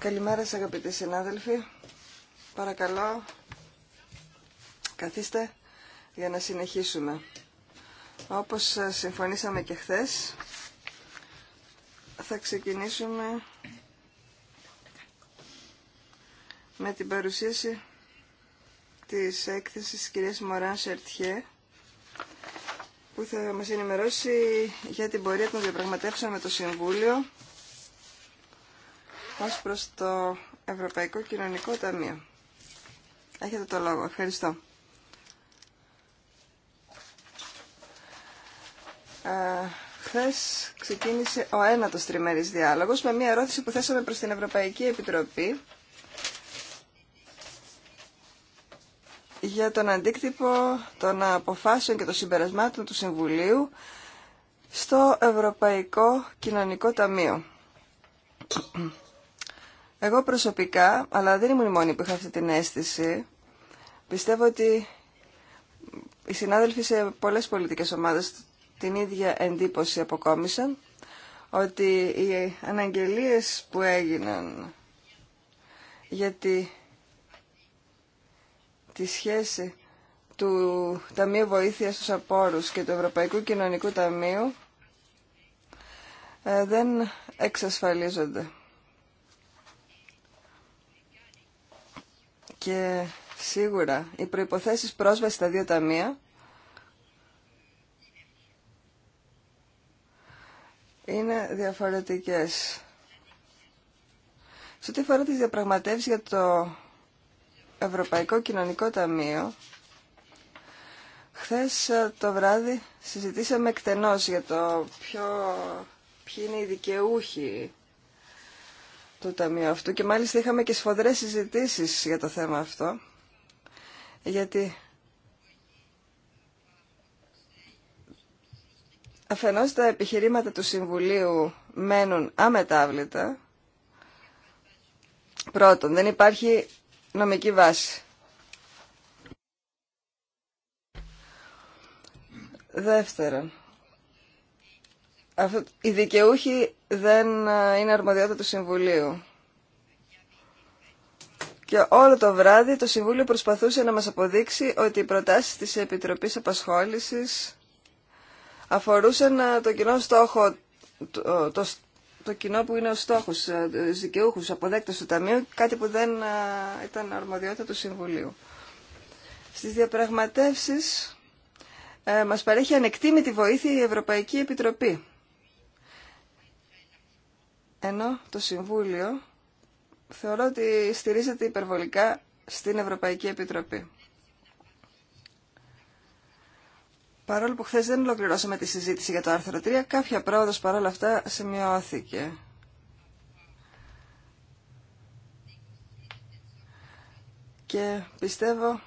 Καλημέρα σας αγαπητοί συνάδελφοι. Παρακαλώ, καθίστε για να συνεχίσουμε. Όπως συμφωνήσαμε και χθες, θα ξεκινήσουμε με την παρουσίαση της έκθεσης της κυρίας Μωράν Σερτιέ που θα μας ενημερώσει για την πορεία των διαπραγματεύσεων με το Συμβούλιο ως προς το Ευρωπαϊκό Κοινωνικό Ταμείο. Έχετε το λόγο. Ευχαριστώ. Ε, Χθε ξεκίνησε ο ένατος τριμερής διάλογος με μια ερώτηση που θέσαμε προς την Ευρωπαϊκή Επιτροπή για τον αντίκτυπο των αποφάσεων και των συμπερασμάτων του Συμβουλίου στο Ευρωπαϊκό Κοινωνικό Ταμείο. Εγώ προσωπικά, αλλά δεν ήμουν η μόνη που είχα αυτή την αίσθηση, πιστεύω ότι οι συνάδελφοι σε πολλές πολιτικές ομάδες την ίδια εντύπωση αποκόμισαν, ότι οι αναγγελίες που έγιναν γιατί τη σχέση του Ταμείου Βοήθειας στους Απόρους και του Ευρωπαϊκού Κοινωνικού Ταμείου ε, δεν εξασφαλίζονται. Και σίγουρα οι προϋποθέσεις πρόσβασης στα δύο ταμεία είναι διαφορετικές. Σε ό,τι αφορά τις διαπραγματεύσεις για το Ευρωπαϊκό Κοινωνικό Ταμείο, χθες ε, το βράδυ συζητήσαμε εκτενώς για το ποιο, ποιοι είναι οι δικαιούχοι του Ταμείου αυτού και μάλιστα είχαμε και σφοδρές συζητήσεις για το θέμα αυτό, γιατί αφενός τα επιχειρήματα του Συμβουλίου μένουν αμετάβλητα. Πρώτον, δεν υπάρχει νομική βάση. Δεύτερον, αυτό, οι δικαιούχοι δεν ε, είναι αρμοδιότητα του Συμβουλίου. Και όλο το βράδυ το Συμβούλιο προσπαθούσε να μας αποδείξει ότι οι προτάσεις της Επιτροπής Απασχόλησης αφορούσαν ε, το κοινό στόχο, το, το, το κοινό που είναι ο στόχος, Δικαιούχου ε, δικαιούχους, αποδέκτες του Ταμείου, κάτι που δεν ε, ήταν αρμοδιότητα του Συμβουλίου. Στις διαπραγματεύσεις ε, μας παρέχει ανεκτήμητη βοήθεια η Ευρωπαϊκή Επιτροπή. Ενώ το Συμβούλιο θεωρώ ότι στηρίζεται υπερβολικά στην Ευρωπαϊκή Επιτροπή. Παρόλο που χθε δεν ολοκληρώσαμε τη συζήτηση για το άρθρο 3, κάποια πρόοδο παρόλα αυτά σημειώθηκε. Και πιστεύω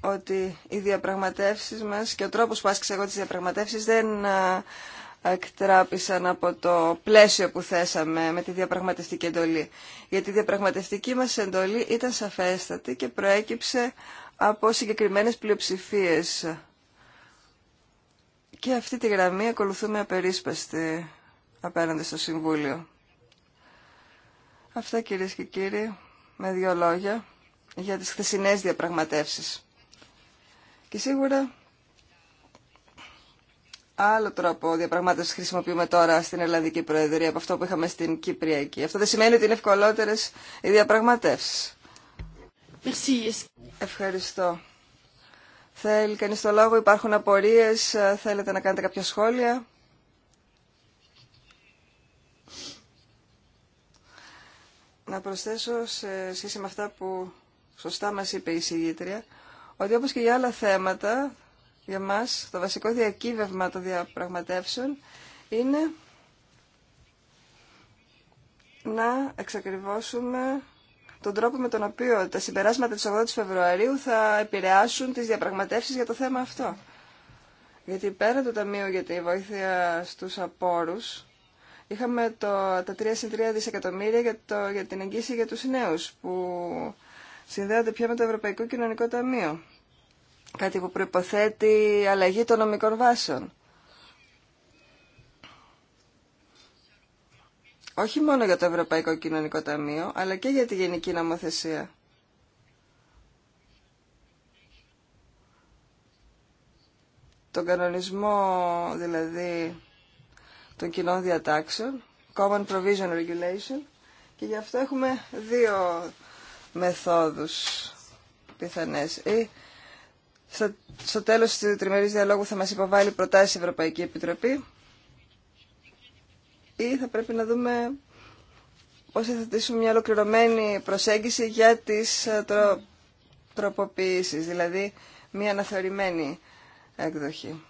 ότι οι διαπραγματεύσεις μας και ο τρόπος που άσκησα εγώ τις διαπραγματεύσεις δεν εκτράπησαν από το πλαίσιο που θέσαμε με τη διαπραγματευτική εντολή. Γιατί η διαπραγματευτική μας εντολή ήταν σαφέστατη και προέκυψε από συγκεκριμένες πλειοψηφίες και αυτή τη γραμμή ακολουθούμε απερίσπαστη απέναντι στο Συμβούλιο. Αυτά κυρίες και κύριοι, με δύο λόγια, για τις χθεσινές διαπραγματεύσεις. Και σίγουρα άλλο τρόπο διαπραγμάτευση χρησιμοποιούμε τώρα στην Ελλανδική Προεδρία από αυτό που είχαμε στην Κυπριακή. Αυτό δεν σημαίνει ότι είναι ευκολότερες οι διαπραγματεύσει. Ευχαριστώ. Θέλει κανείς το λόγο, υπάρχουν απορίες, ε, θέλετε να κάνετε κάποια σχόλια. Να προσθέσω σε σχέση με αυτά που σωστά μας είπε η συγγήτρια, ότι όπως και για άλλα θέματα, για μας το βασικό διακύβευμα των διαπραγματεύσεων είναι να εξακριβώσουμε τον τρόπο με τον οποίο τα συμπεράσματα της 8 Φεβρουαρίου θα επηρεάσουν τις διαπραγματεύσεις για το θέμα αυτό. Γιατί πέρα το Ταμείο για τη βοήθεια στους απόρους, είχαμε το, τα 3 3 δισεκατομμύρια για, το, για την εγγύηση για τους νέους, που συνδέονται πια με το Ευρωπαϊκό Κοινωνικό Ταμείο. Κάτι που προϋποθέτει αλλαγή των νομικών βάσεων. όχι μόνο για το Ευρωπαϊκό Κοινωνικό Ταμείο, αλλά και για τη Γενική Νομοθεσία. Τον κανονισμό, δηλαδή, των κοινών διατάξεων, Common Provision Regulation, και γι' αυτό έχουμε δύο μεθόδους πιθανές. στο, στο τέλος του τριμερής διαλόγου θα μας υποβάλει προτάσεις η Ευρωπαϊκή Επιτροπή ή θα πρέπει να δούμε πώς θα θετήσουμε μια ολοκληρωμένη προσέγγιση για τις ε, τρο... τροποποιήσεις, δηλαδή μια αναθεωρημένη έκδοχη.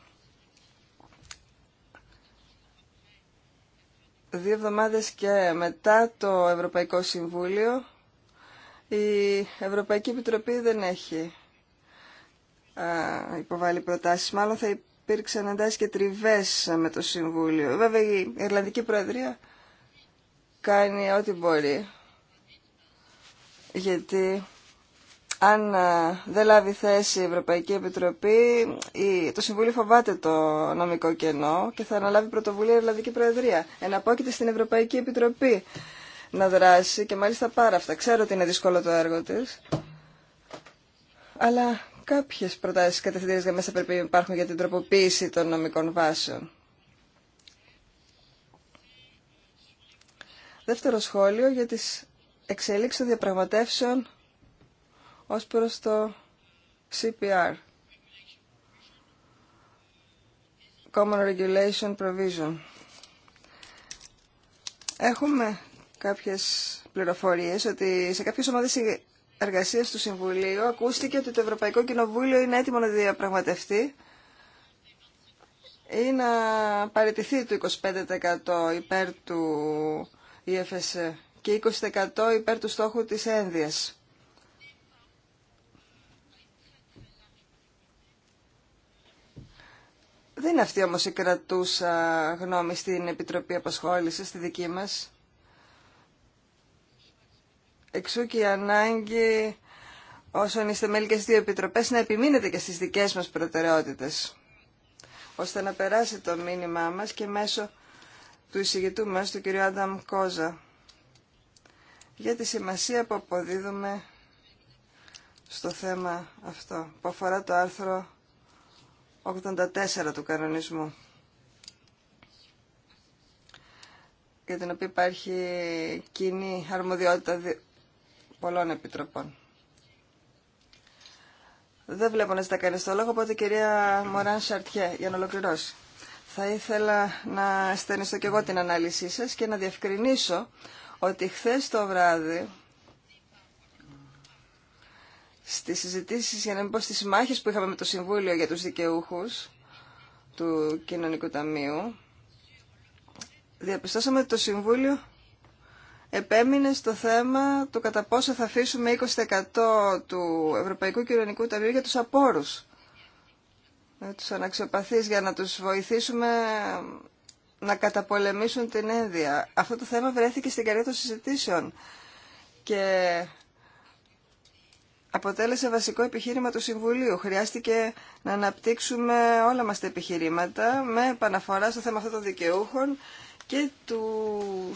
Δύο εβδομάδες και μετά το Ευρωπαϊκό Συμβούλιο η Ευρωπαϊκή Επιτροπή δεν έχει ε, υποβάλει προτάσεις. Μάλλον θα υπήρξαν εντάσεις και τριβές με το Συμβούλιο. Βέβαια η Ιρλανδική Προεδρία κάνει ό,τι μπορεί. Γιατί αν ε, δεν λάβει θέση η Ευρωπαϊκή Επιτροπή, το Συμβούλιο φοβάται το νομικό κενό και θα αναλάβει πρωτοβουλία η Ιρλανδική Προεδρία. Εναπόκειται στην Ευρωπαϊκή Επιτροπή να δράσει και μάλιστα πάρα αυτά. Ξέρω ότι είναι δύσκολο το έργο της. Αλλά Κάποιες προτάσεις κατευθυντήρες για θα πρέπει να υπάρχουν για την τροποποίηση των νομικών βάσεων. Δεύτερο σχόλιο για τις εξελίξεις των διαπραγματεύσεων ως προς το CPR. Common Regulation Provision. Έχουμε κάποιες πληροφορίες ότι σε κάποιες ομάδες Εργασία του Συμβουλίου ακούστηκε ότι το Ευρωπαϊκό Κοινοβούλιο είναι έτοιμο να διαπραγματευτεί ή να παραιτηθεί το 25% υπέρ του ΙΕΦΣ και 20% υπέρ του στόχου της ένδυας. Δεν είναι αυτή όμως η κρατούσα γνώμη στην Επιτροπή Απασχόλησης, στη δική μας. Εξού και η ανάγκη όσων είστε μέλη και στις δύο επιτροπές να επιμείνετε και στις δικές μας προτεραιότητες ώστε να περάσει το μήνυμά μας και μέσω του εισηγητού μας, του κυρίου Άνταμ Κόζα για τη σημασία που αποδίδουμε στο θέμα αυτό που αφορά το άρθρο 84 του κανονισμού για την οποία υπάρχει κοινή αρμοδιότητα πολλών επιτροπών. Δεν βλέπω να ζητά κανείς το λόγο, οπότε κυρία Μωράν Σαρτιέ, για να ολοκληρώσει. Θα ήθελα να στενιστώ και εγώ την ανάλυση σας και να διευκρινίσω ότι χθες το βράδυ στις συζητήσεις, για να μην πω στις μάχες που είχαμε με το Συμβούλιο για τους δικαιούχους του Κοινωνικού Ταμείου, διαπιστώσαμε ότι το Συμβούλιο επέμεινε στο θέμα του κατά πόσο θα αφήσουμε 20% του Ευρωπαϊκού Κοινωνικού Ταμείου για τους απόρους, ε, τους αναξιοπαθείς, για να τους βοηθήσουμε να καταπολεμήσουν την ένδια. Αυτό το θέμα βρέθηκε στην καρδιά των συζητήσεων και αποτέλεσε βασικό επιχείρημα του Συμβουλίου. Χρειάστηκε να αναπτύξουμε όλα μας τα επιχειρήματα με επαναφορά στο θέμα αυτών των δικαιούχων και του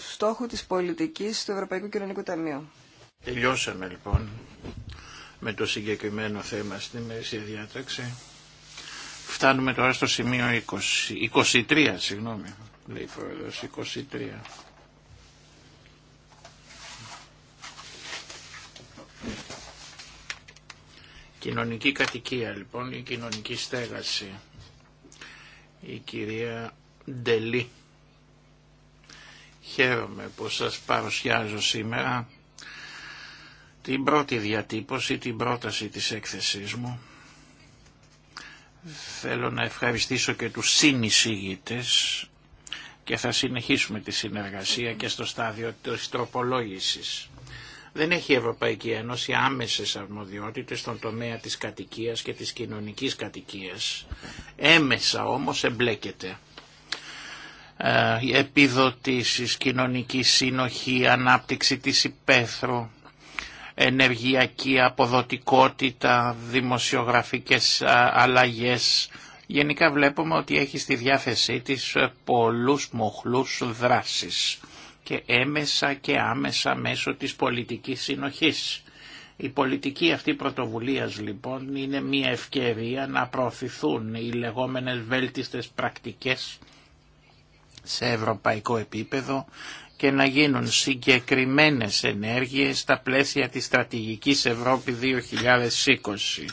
στόχου της πολιτικής του Ευρωπαϊκού Κοινωνικού Ταμείου. Τελειώσαμε λοιπόν με το συγκεκριμένο θέμα στην μέση διάταξη. Φτάνουμε τώρα στο σημείο 20, 23, συγγνώμη, λέει πρόεδρος, 23. Κοινωνική κατοικία λοιπόν, η κοινωνική στέγαση. Η κυρία Ντελή Χαίρομαι που σας παρουσιάζω σήμερα την πρώτη διατύπωση, την πρόταση της έκθεσής μου. Θέλω να ευχαριστήσω και τους συνεισήγητες και θα συνεχίσουμε τη συνεργασία και στο στάδιο της τροπολόγησης. Δεν έχει η Ευρωπαϊκή Ένωση άμεσες αρμοδιότητες στον τομέα της κατοικίας και της κοινωνικής κατοικίας. Έμεσα όμως εμπλέκεται. Ε, επιδοτήσεις, κοινωνική σύνοχη, ανάπτυξη της υπαίθρου, ενεργειακή αποδοτικότητα, δημοσιογραφικές ε, αλλαγές. Γενικά βλέπουμε ότι έχει στη διάθεσή της ε, πολλούς μοχλούς δράσεις και έμεσα και άμεσα μέσω της πολιτικής συνοχής. Η πολιτική αυτή πρωτοβουλίας λοιπόν είναι μια ευκαιρία να προωθηθούν οι λεγόμενες βέλτιστες πρακτικές σε ευρωπαϊκό επίπεδο και να γίνουν συγκεκριμένες ενέργειες στα πλαίσια της στρατηγικής Ευρώπη 2020.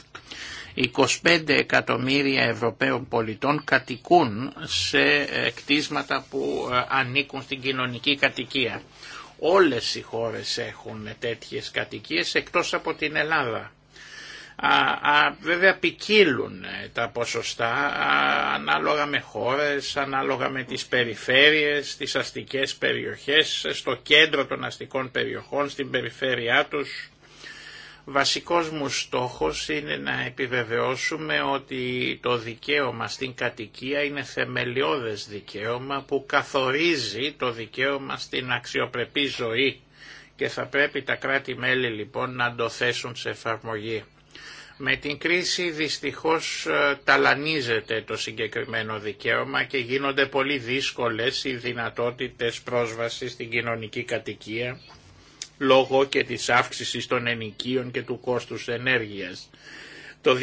25 εκατομμύρια Ευρωπαίων πολιτών κατοικούν σε ε, κτίσματα που ε, ανήκουν στην κοινωνική κατοικία. Όλες οι χώρες έχουν τέτοιες κατοικίες εκτός από την Ελλάδα βέβαια ποικίλουν ε, τα ποσοστά ανάλογα με χώρες, ανάλογα με τις περιφέρειες, τις αστικές περιοχές, στο κέντρο των αστικών περιοχών, στην περιφέρειά τους. Βασικός μου στόχος είναι να επιβεβαιώσουμε ότι το δικαίωμα στην κατοικία είναι θεμελιώδες δικαίωμα που καθορίζει το δικαίωμα στην αξιοπρεπή ζωή και θα πρέπει τα κράτη-μέλη λοιπόν να το θέσουν σε εφαρμογή. Με την κρίση δυστυχώς ε, ταλανίζεται το συγκεκριμένο δικαίωμα και γίνονται πολύ δύσκολες οι δυνατότητες πρόσβασης στην κοινωνική κατοικία λόγω και της αύξησης των ενοικίων και του κόστους ενέργειας. Το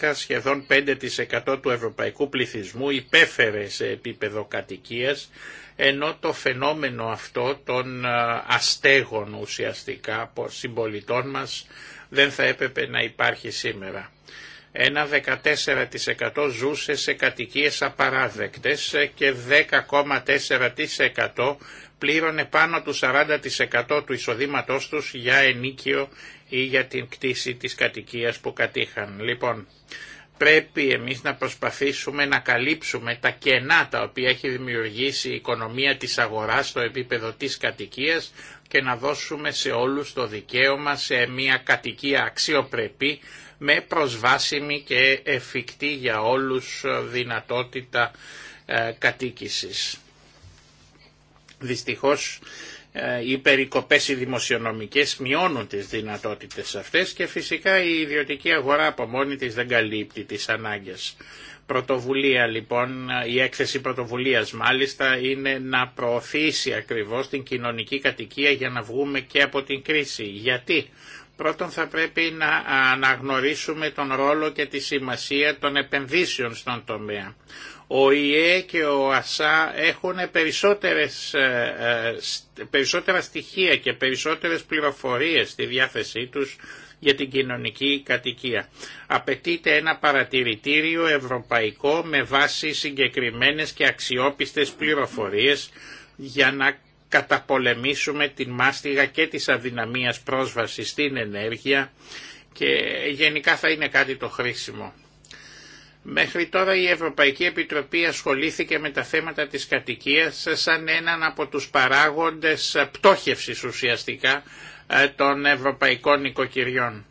2010 σχεδόν 5% του ευρωπαϊκού πληθυσμού υπέφερε σε επίπεδο κατοικίας, ενώ το φαινόμενο αυτό των ε, αστέγων ουσιαστικά συμπολιτών μας δεν θα έπρεπε να υπάρχει σήμερα. Ένα 14% ζούσε σε κατοικίες απαράδεκτες και 10,4% πλήρωνε πάνω του 40% του εισοδήματός τους για ενίκιο ή για την κτήση της κατοικίας που κατήχαν. Λοιπόν, πρέπει εμείς να προσπαθήσουμε να καλύψουμε τα κενά τα οποία έχει δημιουργήσει η οικονομία της αγοράς στο επίπεδο της κατοικίας και να δώσουμε σε όλους το δικαίωμα σε μια κατοικία αξιοπρεπή με προσβάσιμη και εφικτή για όλους δυνατότητα ε, κατοίκησης. Δυστυχώς ε, οι περικοπές οι δημοσιονομικές μειώνουν τις δυνατότητες αυτές και φυσικά η ιδιωτική αγορά από μόνη της δεν καλύπτει τις ανάγκες πρωτοβουλία λοιπόν, η έκθεση πρωτοβουλίας μάλιστα είναι να προωθήσει ακριβώς την κοινωνική κατοικία για να βγούμε και από την κρίση. Γιατί πρώτον θα πρέπει να αναγνωρίσουμε τον ρόλο και τη σημασία των επενδύσεων στον τομέα. Ο ΙΕ και ο ΑΣΑ έχουν περισσότερες, ε, ε, περισσότερα στοιχεία και περισσότερες πληροφορίες στη διάθεσή τους για την κοινωνική κατοικία. Απαιτείται ένα παρατηρητήριο ευρωπαϊκό με βάση συγκεκριμένες και αξιόπιστες πληροφορίες για να καταπολεμήσουμε την μάστιγα και της αδυναμίας πρόσβασης στην ενέργεια και γενικά θα είναι κάτι το χρήσιμο. Μέχρι τώρα η Ευρωπαϊκή Επιτροπή ασχολήθηκε με τα θέματα της κατοικίας σαν έναν από τους παράγοντες πτώχευσης ουσιαστικά ε, των ευρωπαϊκών οικοκυριών.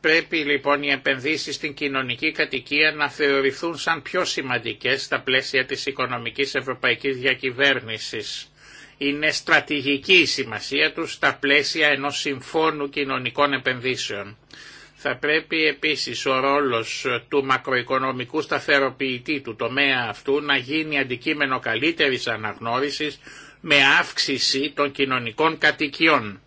Πρέπει λοιπόν οι επενδύσεις στην κοινωνική κατοικία να θεωρηθούν σαν πιο σημαντικές στα πλαίσια της οικονομικής ευρωπαϊκής διακυβέρνησης. Είναι στρατηγική η σημασία τους στα πλαίσια ενός συμφώνου κοινωνικών επενδύσεων. Θα πρέπει επίσης ο ρόλος του μακροοικονομικού σταθεροποιητή του τομέα αυτού να γίνει αντικείμενο καλύτερης αναγνώρισης με αύξηση των κοινωνικών κατοικιών.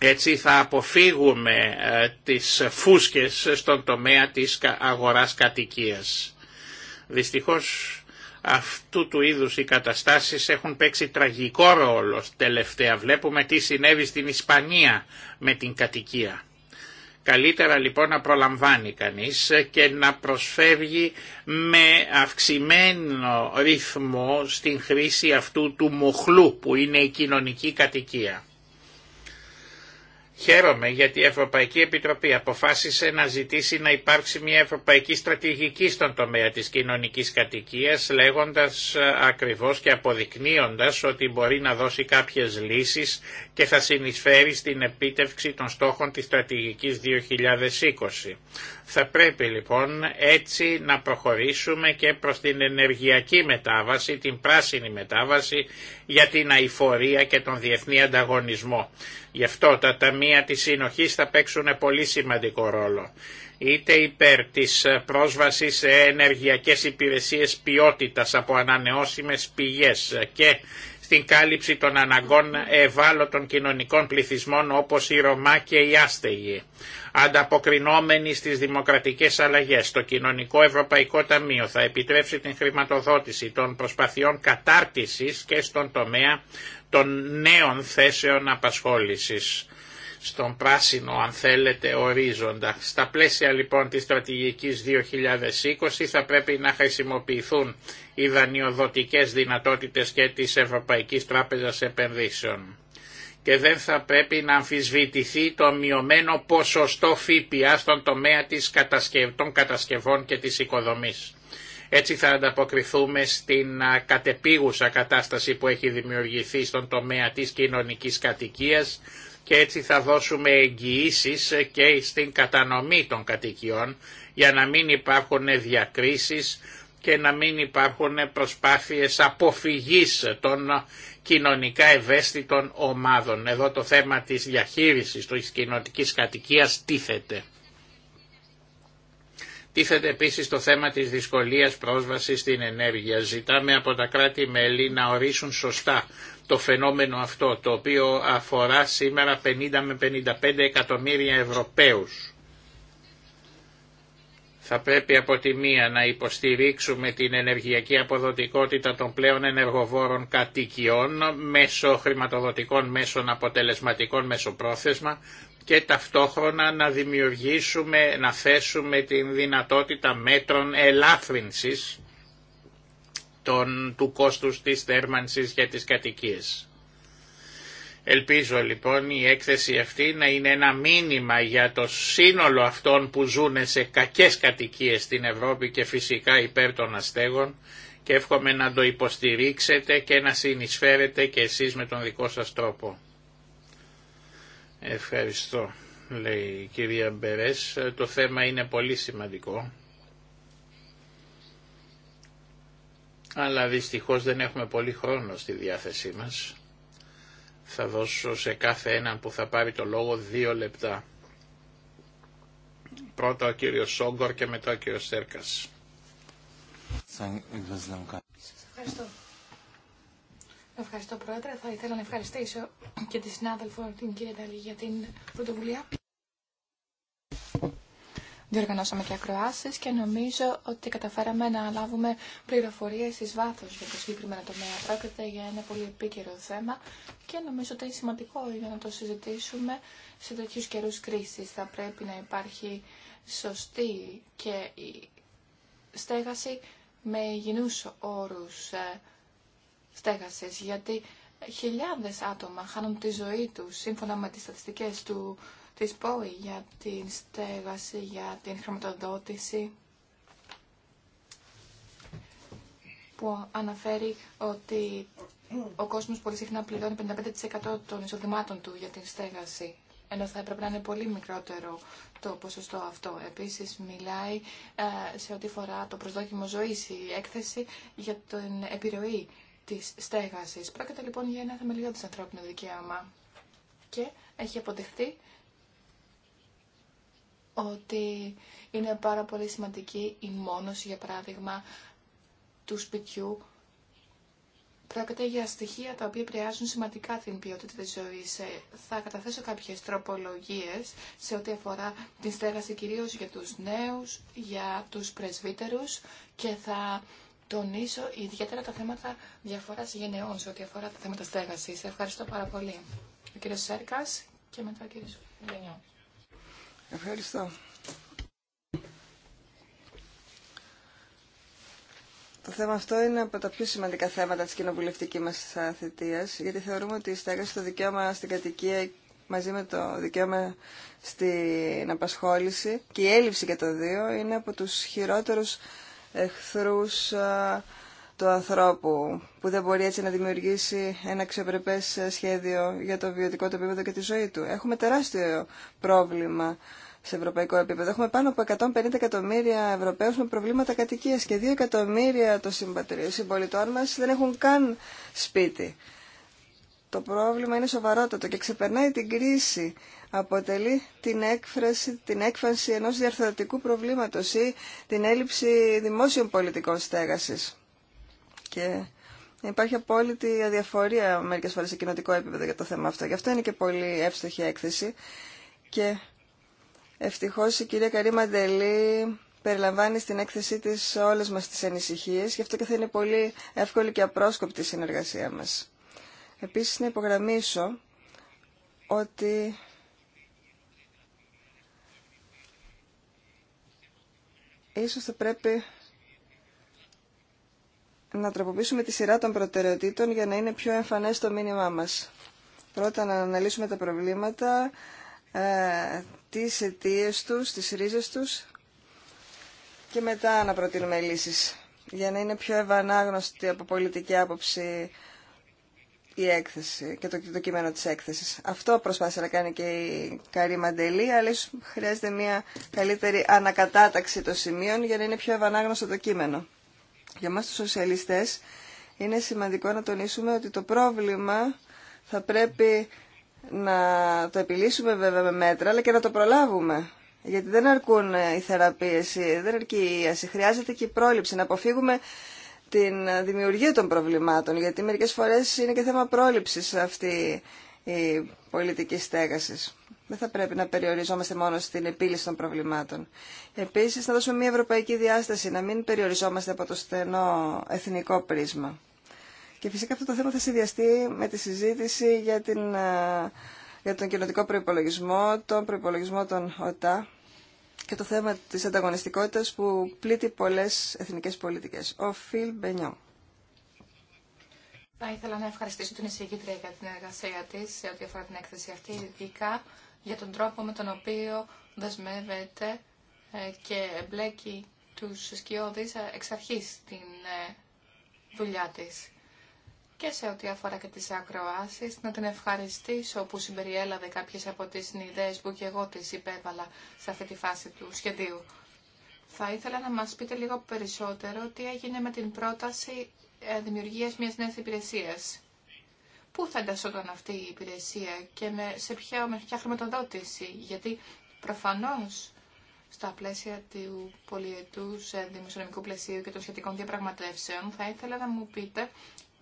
Έτσι θα αποφύγουμε ε, τις φούσκες στον τομέα της αγοράς κατοικίας. Δυστυχώς αυτού του είδους οι καταστάσεις έχουν παίξει τραγικό ρόλο τελευταία. Βλέπουμε τι συνέβη στην Ισπανία με την κατοικία. Καλύτερα λοιπόν να προλαμβάνει κανείς και να προσφεύγει με αυξημένο ρυθμό στην χρήση αυτού του μοχλού που είναι η κοινωνική κατοικία. Χαίρομαι γιατί η Ευρωπαϊκή Επιτροπή αποφάσισε να ζητήσει να υπάρξει μια ευρωπαϊκή στρατηγική στον τομέα της κοινωνικής κατοικίας λέγοντας ε, ακριβώς και αποδεικνύοντας ότι μπορεί να δώσει κάποιες λύσεις και θα συνεισφέρει στην επίτευξη των στόχων της στρατηγικής 2020. Θα πρέπει λοιπόν έτσι να προχωρήσουμε και προς την ενεργειακή μετάβαση, την πράσινη μετάβαση για την αηφορία και τον διεθνή ανταγωνισμό. Γι' αυτό τα ταμεία της συνοχής θα παίξουν πολύ σημαντικό ρόλο είτε υπέρ της πρόσβασης σε ενεργειακές υπηρεσίες ποιότητας από ανανεώσιμες πηγές και στην κάλυψη των αναγκών ευάλωτων κοινωνικών πληθυσμών όπως η Ρωμά και οι Άστεγοι, ανταποκρινόμενοι στις δημοκρατικές αλλαγές. Το Κοινωνικό Ευρωπαϊκό Ταμείο θα επιτρέψει την χρηματοδότηση των προσπαθειών κατάρτισης και στον τομέα των νέων θέσεων απασχόλησης στον πράσινο αν θέλετε ορίζοντα. Στα πλαίσια λοιπόν της στρατηγικής 2020 θα πρέπει να χρησιμοποιηθούν οι δανειοδοτικές δυνατότητες και της Ευρωπαϊκής Τράπεζας Επενδύσεων. Και δεν θα πρέπει να αμφισβητηθεί το μειωμένο ποσοστό ΦΠΑ στον τομέα της των κατασκευών και της οικοδομής. Έτσι θα ανταποκριθούμε στην κατεπίγουσα κατάσταση που έχει δημιουργηθεί στον τομέα της κοινωνικής κατοικίας, και έτσι θα δώσουμε εγγυήσει και στην κατανομή των κατοικιών για να μην υπάρχουν διακρίσεις και να μην υπάρχουν προσπάθειες αποφυγής των κοινωνικά ευαίσθητων ομάδων. Εδώ το θέμα της διαχείρισης της κοινωνικής κατοικίας τίθεται. Τίθεται επίσης το θέμα της δυσκολίας πρόσβασης στην ενέργεια. Ζητάμε από τα κράτη-μέλη να ορίσουν σωστά το φαινόμενο αυτό το οποίο αφορά σήμερα 50 με 55 εκατομμύρια Ευρωπαίους. Θα πρέπει από τη μία να υποστηρίξουμε την ενεργειακή αποδοτικότητα των πλέον ενεργοβόρων κατοικιών μέσω χρηματοδοτικών μέσων αποτελεσματικών μέσω πρόθεσμα και ταυτόχρονα να δημιουργήσουμε, να θέσουμε την δυνατότητα μέτρων ελάφρυνσης των, του κόστους της θέρμανσης για τις κατοικίες. Ελπίζω λοιπόν η έκθεση αυτή να είναι ένα μήνυμα για το σύνολο αυτών που ζουν σε κακές κατοικίες στην Ευρώπη και φυσικά υπέρ των αστέγων και εύχομαι να το υποστηρίξετε και να συνεισφέρετε και εσείς με τον δικό σας τρόπο. Ευχαριστώ, λέει η κυρία Μπερές. Το θέμα είναι πολύ σημαντικό. αλλά δυστυχώς δεν έχουμε πολύ χρόνο στη διάθεσή μας. Θα δώσω σε κάθε έναν που θα πάρει το λόγο δύο λεπτά. Πρώτα ο κύριος Σόγκορ και μετά ο κύριος Σέρκας. ευχαριστώ. Ευχαριστώ Πρόεδρε. Θα ήθελα να ευχαριστήσω και τη συνάδελφο την κυρία Νταλή για την πρωτοβουλία διοργανώσαμε και ακροάσεις και νομίζω ότι καταφέραμε να λάβουμε πληροφορίες εις βάθος για το συγκεκριμένο τομέα. Πρόκειται για ένα πολύ επίκαιρο θέμα και νομίζω ότι είναι σημαντικό για να το συζητήσουμε σε τέτοιου καιρού κρίση. Θα πρέπει να υπάρχει σωστή και στέγαση με υγιεινούς όρους ε, στέγασης, γιατί χιλιάδες άτομα χάνουν τη ζωή τους σύμφωνα με τις στατιστικές του της ΠΟΗ για την στέγαση, για την χρηματοδότηση που αναφέρει ότι ο κόσμος πολύ συχνά πληρώνει 55% των εισοδημάτων του για την στέγαση ενώ θα έπρεπε να είναι πολύ μικρότερο το ποσοστό αυτό. Επίσης μιλάει ε, σε ό,τι φορά το προσδόκιμο ζωής η έκθεση για την επιρροή της στέγασης. Πρόκειται λοιπόν για ένα θεμελιώδης ανθρώπινο δικαίωμα και έχει αποδεχτεί ότι είναι πάρα πολύ σημαντική η μόνωση, για παράδειγμα, του σπιτιού. Πρόκειται για στοιχεία τα οποία επηρεάζουν σημαντικά την ποιότητα της ζωής. Ε, θα καταθέσω κάποιες τροπολογίες σε ό,τι αφορά την στέγαση κυρίως για τους νέους, για τους πρεσβύτερους και θα τονίσω ιδιαίτερα τα θέματα διαφοράς γενεών σε ό,τι αφορά τα θέματα στέγασης. Ευχαριστώ πάρα πολύ. Ο κύριος Σέρκας και μετά ο κύριος Ευχαριστώ. Το θέμα αυτό είναι από τα πιο σημαντικά θέματα της κοινοβουλευτική μας θητείας, γιατί θεωρούμε ότι η στέγαση στο δικαίωμα στην κατοικία μαζί με το δικαίωμα στην απασχόληση και η έλλειψη για το δύο είναι από τους χειρότερους εχθρούς ε, του ανθρώπου που δεν μπορεί έτσι να δημιουργήσει ένα αξιοπρεπέ σχέδιο για το βιωτικό του επίπεδο και τη ζωή του. Έχουμε τεράστιο πρόβλημα σε ευρωπαϊκό επίπεδο. Έχουμε πάνω από 150 εκατομμύρια Ευρωπαίους με προβλήματα κατοικίας και 2 εκατομμύρια των συμπολιτών μας δεν έχουν καν σπίτι. Το πρόβλημα είναι σοβαρότατο και ξεπερνάει την κρίση. Αποτελεί την, έκφραση, την έκφανση ενός διαρθρωτικού προβλήματος ή την έλλειψη δημόσιων πολιτικών στέγασης. Και υπάρχει απόλυτη αδιαφορία μερικές φορές σε κοινωτικό επίπεδο για το θέμα αυτό. Γι' αυτό είναι και πολύ εύστοχη έκθεση. Και ευτυχώς η κυρία Καρή Μαντελή περιλαμβάνει στην έκθεσή της όλες μας τις ανησυχίες. Γι' αυτό και θα είναι πολύ εύκολη και απρόσκοπτη η συνεργασία μας. Επίσης να υπογραμμίσω ότι ίσως θα πρέπει να τροποποιήσουμε τη σειρά των προτεραιοτήτων για να είναι πιο εμφανές το μήνυμά μας. Πρώτα να αναλύσουμε τα προβλήματα, ε, τις αιτίε τους, τις ρίζες τους και μετά να προτείνουμε λύσεις για να είναι πιο ευανάγνωστη από πολιτική άποψη η έκθεση και το, κείμενο της έκθεσης. Αυτό προσπάθησε να κάνει και η Καρή Μαντελή, αλλά χρειάζεται μια καλύτερη ανακατάταξη των σημείων για να είναι πιο ευανάγνωστο το κείμενο. Για μας τους σοσιαλιστές είναι σημαντικό να τονίσουμε ότι το πρόβλημα θα πρέπει να το επιλύσουμε βέβαια με μέτρα, αλλά και να το προλάβουμε. Γιατί δεν αρκούν ε, οι θεραπείες, ε, δεν αρκεί η ίαση, χρειάζεται και η πρόληψη, να αποφύγουμε την δημιουργία των προβλημάτων, γιατί μερικές φορές είναι και θέμα πρόληψης αυτή η πολιτική στέγασης. Δεν θα πρέπει να περιοριζόμαστε μόνο στην επίλυση των προβλημάτων. Επίσης, να δώσουμε μια ευρωπαϊκή διάσταση, να μην περιοριζόμαστε από το στενό εθνικό πρίσμα. Και φυσικά αυτό το θέμα θα συνδυαστεί με τη συζήτηση για, την, ε, για τον κοινοτικό προϋπολογισμό, τον προϋπολογισμό των ΟΤΑ και το θέμα της ανταγωνιστικότητας που πλήττει πολλές εθνικές πολιτικές. Ο Φιλ Μπενιό. Θα ήθελα να ευχαριστήσω την εισηγήτρια για την εργασία τη σε ό,τι αφορά την έκθεση αυτή, ειδικά για τον τρόπο με τον οποίο δεσμεύεται ε, και εμπλέκει τους σκιώδεις ε, εξ αρχής την ε, δουλειά της. Και σε ό,τι αφορά και τις ακροάσεις, να την ευχαριστήσω που συμπεριέλαβε κάποιες από τις ιδέες που και εγώ τις υπέβαλα σε αυτή τη φάση του σχεδίου. Θα ήθελα να μας πείτε λίγο περισσότερο τι έγινε με την πρόταση δημιουργίας μιας νέας υπηρεσίας πού θα εντασσόταν αυτή η υπηρεσία και με, σε ποια, με ποια χρηματοδότηση. Γιατί προφανώς στα πλαίσια του σε δημοσιονομικού πλαισίου και των σχετικών διαπραγματεύσεων θα ήθελα να μου πείτε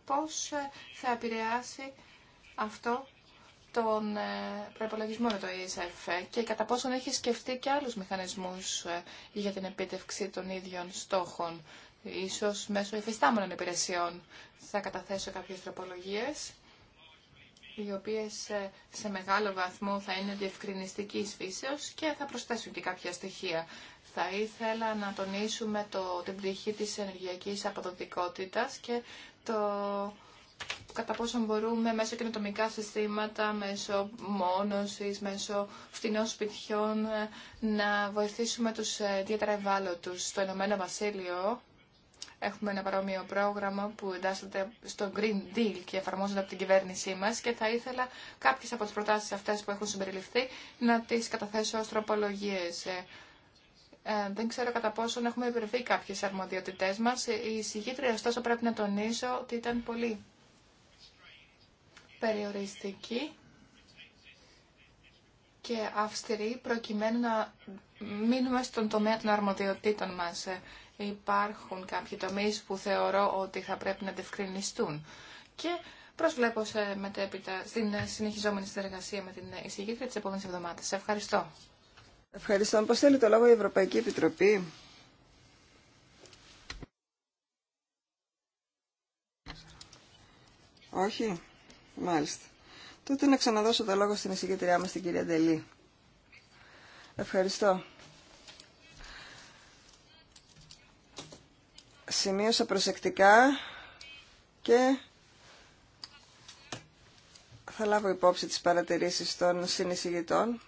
πώς ε, θα επηρεάσει αυτό τον ε, προπολογισμό με το ESF και κατά πόσον έχει σκεφτεί και άλλους μηχανισμούς ε, για την επίτευξη των ίδιων στόχων, ίσως μέσω υφιστάμενων υπηρεσιών. Θα καταθέσω κάποιες τροπολογίες οι οποίες ε, σε μεγάλο βαθμό θα είναι διευκρινιστική φύσεως και θα προσθέσουν και κάποια στοιχεία. Θα ήθελα να τονίσουμε το, την πτυχή της ενεργειακής αποδοτικότητας και το κατά πόσο μπορούμε μέσω καινοτομικά συστήματα, μέσω μόνωσης, μέσω φτηνών σπιτιών ε, να βοηθήσουμε τους ε, ιδιαίτερα ευάλωτους. Στο Ηνωμένο Βασίλειο Έχουμε ένα παρόμοιο πρόγραμμα που εντάσσεται στο Green Deal και εφαρμόζεται από την κυβέρνησή μα και θα ήθελα κάποιε από τι προτάσει αυτέ που έχουν συμπεριληφθεί να τι καταθέσω ω τροπολογίε. Ε, ε, δεν ξέρω κατά πόσον έχουμε υπερβεί κάποιε αρμοδιότητέ μα. Η συγκίτρια, ωστόσο, πρέπει να τονίσω ότι ήταν πολύ περιοριστική και αυστηρή προκειμένου να μείνουμε στον τομέα των αρμοδιοτήτων μας. Ε, υπάρχουν κάποιοι τομείς που θεωρώ ότι θα πρέπει να διευκρινιστούν. Και προσβλέπω σε μετέπειτα στην συνεχιζόμενη συνεργασία με την εισηγήτρια της επόμενης εβδομάδας. ευχαριστώ. Ευχαριστώ. Πώς θέλει το λόγο η Ευρωπαϊκή Επιτροπή. Όχι. Μάλιστα. Τότε να ξαναδώσω το λόγο στην εισηγήτριά μας, την κυρία Ντελή. Ευχαριστώ. σημείωσα προσεκτικά και θα λάβω υπόψη τις παρατηρήσεις των συνεισηγητών.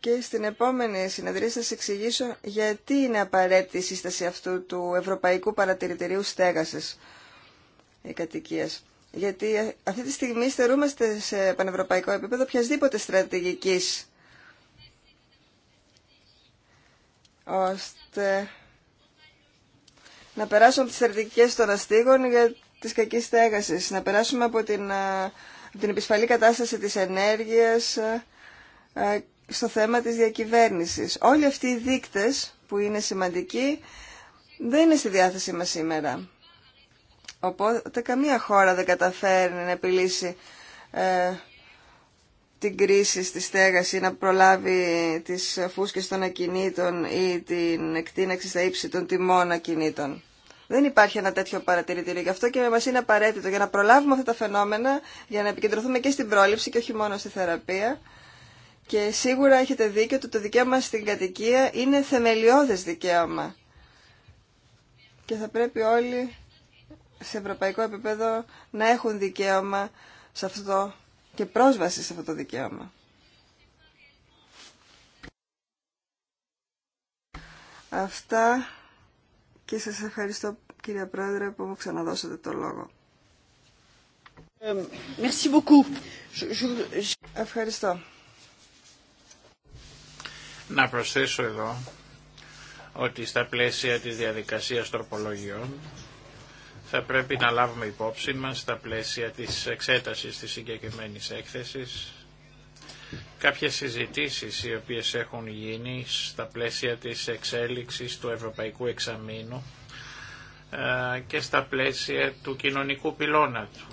Και στην επόμενη συνεδρία σας εξηγήσω γιατί είναι απαραίτητη η σύσταση αυτού του Ευρωπαϊκού Παρατηρητηρίου Στέγασης η κατοικίας. Γιατί αυτή τη στιγμή στερούμαστε σε πανευρωπαϊκό επίπεδο οποιασδήποτε στρατηγικής ώστε να περάσουμε από τις θερτικές των αστίγων για τις κακή στέγασης, να περάσουμε από την, ε, την επισφαλή κατάσταση της ενέργειας ε, ε, στο θέμα της διακυβέρνησης. Όλοι αυτοί οι δείκτες που είναι σημαντικοί δεν είναι στη διάθεσή μας σήμερα. Οπότε καμία χώρα δεν καταφέρνει να επιλύσει την κρίση στη στέγαση, να προλάβει τις φούσκες των ακινήτων ή την εκτείναξη στα ύψη των τιμών ακινήτων. Δεν υπάρχει ένα τέτοιο παρατηρητήριο. Γι' αυτό και μα είναι απαραίτητο για να προλάβουμε αυτά τα φαινόμενα, για να επικεντρωθούμε και στην πρόληψη και όχι μόνο στη θεραπεία. Και σίγουρα έχετε δίκιο ότι το δικαίωμα στην κατοικία είναι θεμελιώδες δικαίωμα. Και θα πρέπει όλοι σε ευρωπαϊκό επίπεδο να έχουν δικαίωμα σε αυτό και πρόσβαση σε αυτό το δικαίωμα. Αυτά και σας ευχαριστώ κυρία Πρόεδρε που μου ξαναδώσατε το λόγο. Ε, ευχαριστώ. Να προσθέσω εδώ ότι στα πλαίσια της διαδικασίας τροπολογιών θα πρέπει να λάβουμε υπόψη μας στα πλαίσια της εξέτασης της συγκεκριμένης έκθεσης κάποιες συζητήσεις οι οποίες έχουν γίνει στα πλαίσια της εξέλιξης του Ευρωπαϊκού Εξαμήνου ε, και στα πλαίσια του κοινωνικού πυλώνα του.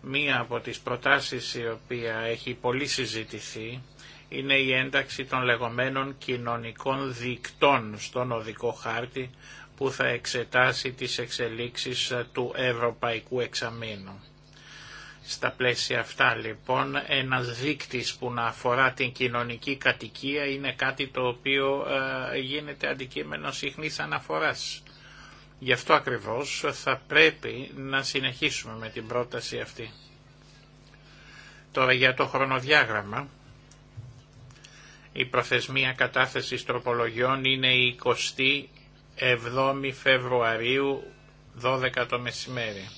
Μία από τις προτάσεις η οποία έχει πολύ συζητηθεί είναι η ένταξη των λεγόμενων κοινωνικών δικτών στον οδικό χάρτη που θα εξετάσει τις εξελίξεις ε, του Ευρωπαϊκού Εξαμήνου. Στα πλαίσια αυτά λοιπόν ένας δείκτης που να αφορά την κοινωνική κατοικία είναι κάτι το οποίο ε, γίνεται αντικείμενο συχνής αναφοράς. Γι' αυτό ακριβώς θα πρέπει να συνεχίσουμε με την πρόταση αυτή. Τώρα για το χρονοδιάγραμμα. Η προθεσμία κατάθεσης τροπολογιών είναι η 20 7 Φεβρουαρίου 12 το μεσημέρι.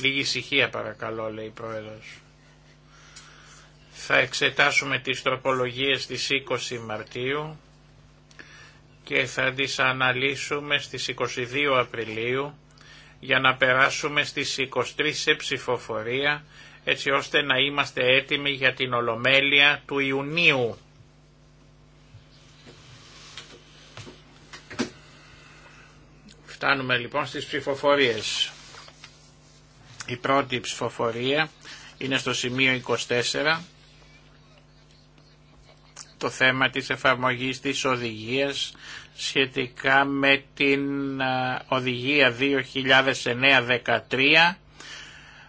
Λίγη ησυχία παρακαλώ λέει η Πρόεδρος. Θα εξετάσουμε τις τροπολογίες της 20 Μαρτίου και θα τις αναλύσουμε στις 22 Απριλίου για να περάσουμε στις 23 σε ψηφοφορία έτσι ώστε να είμαστε έτοιμοι για την Ολομέλεια του Ιουνίου. Φτάνουμε λοιπόν στις ψηφοφορίες. Η πρώτη ψηφοφορία είναι στο σημείο 24 το θέμα της εφαρμογής της οδηγίας σχετικά με την οδηγία 2009-13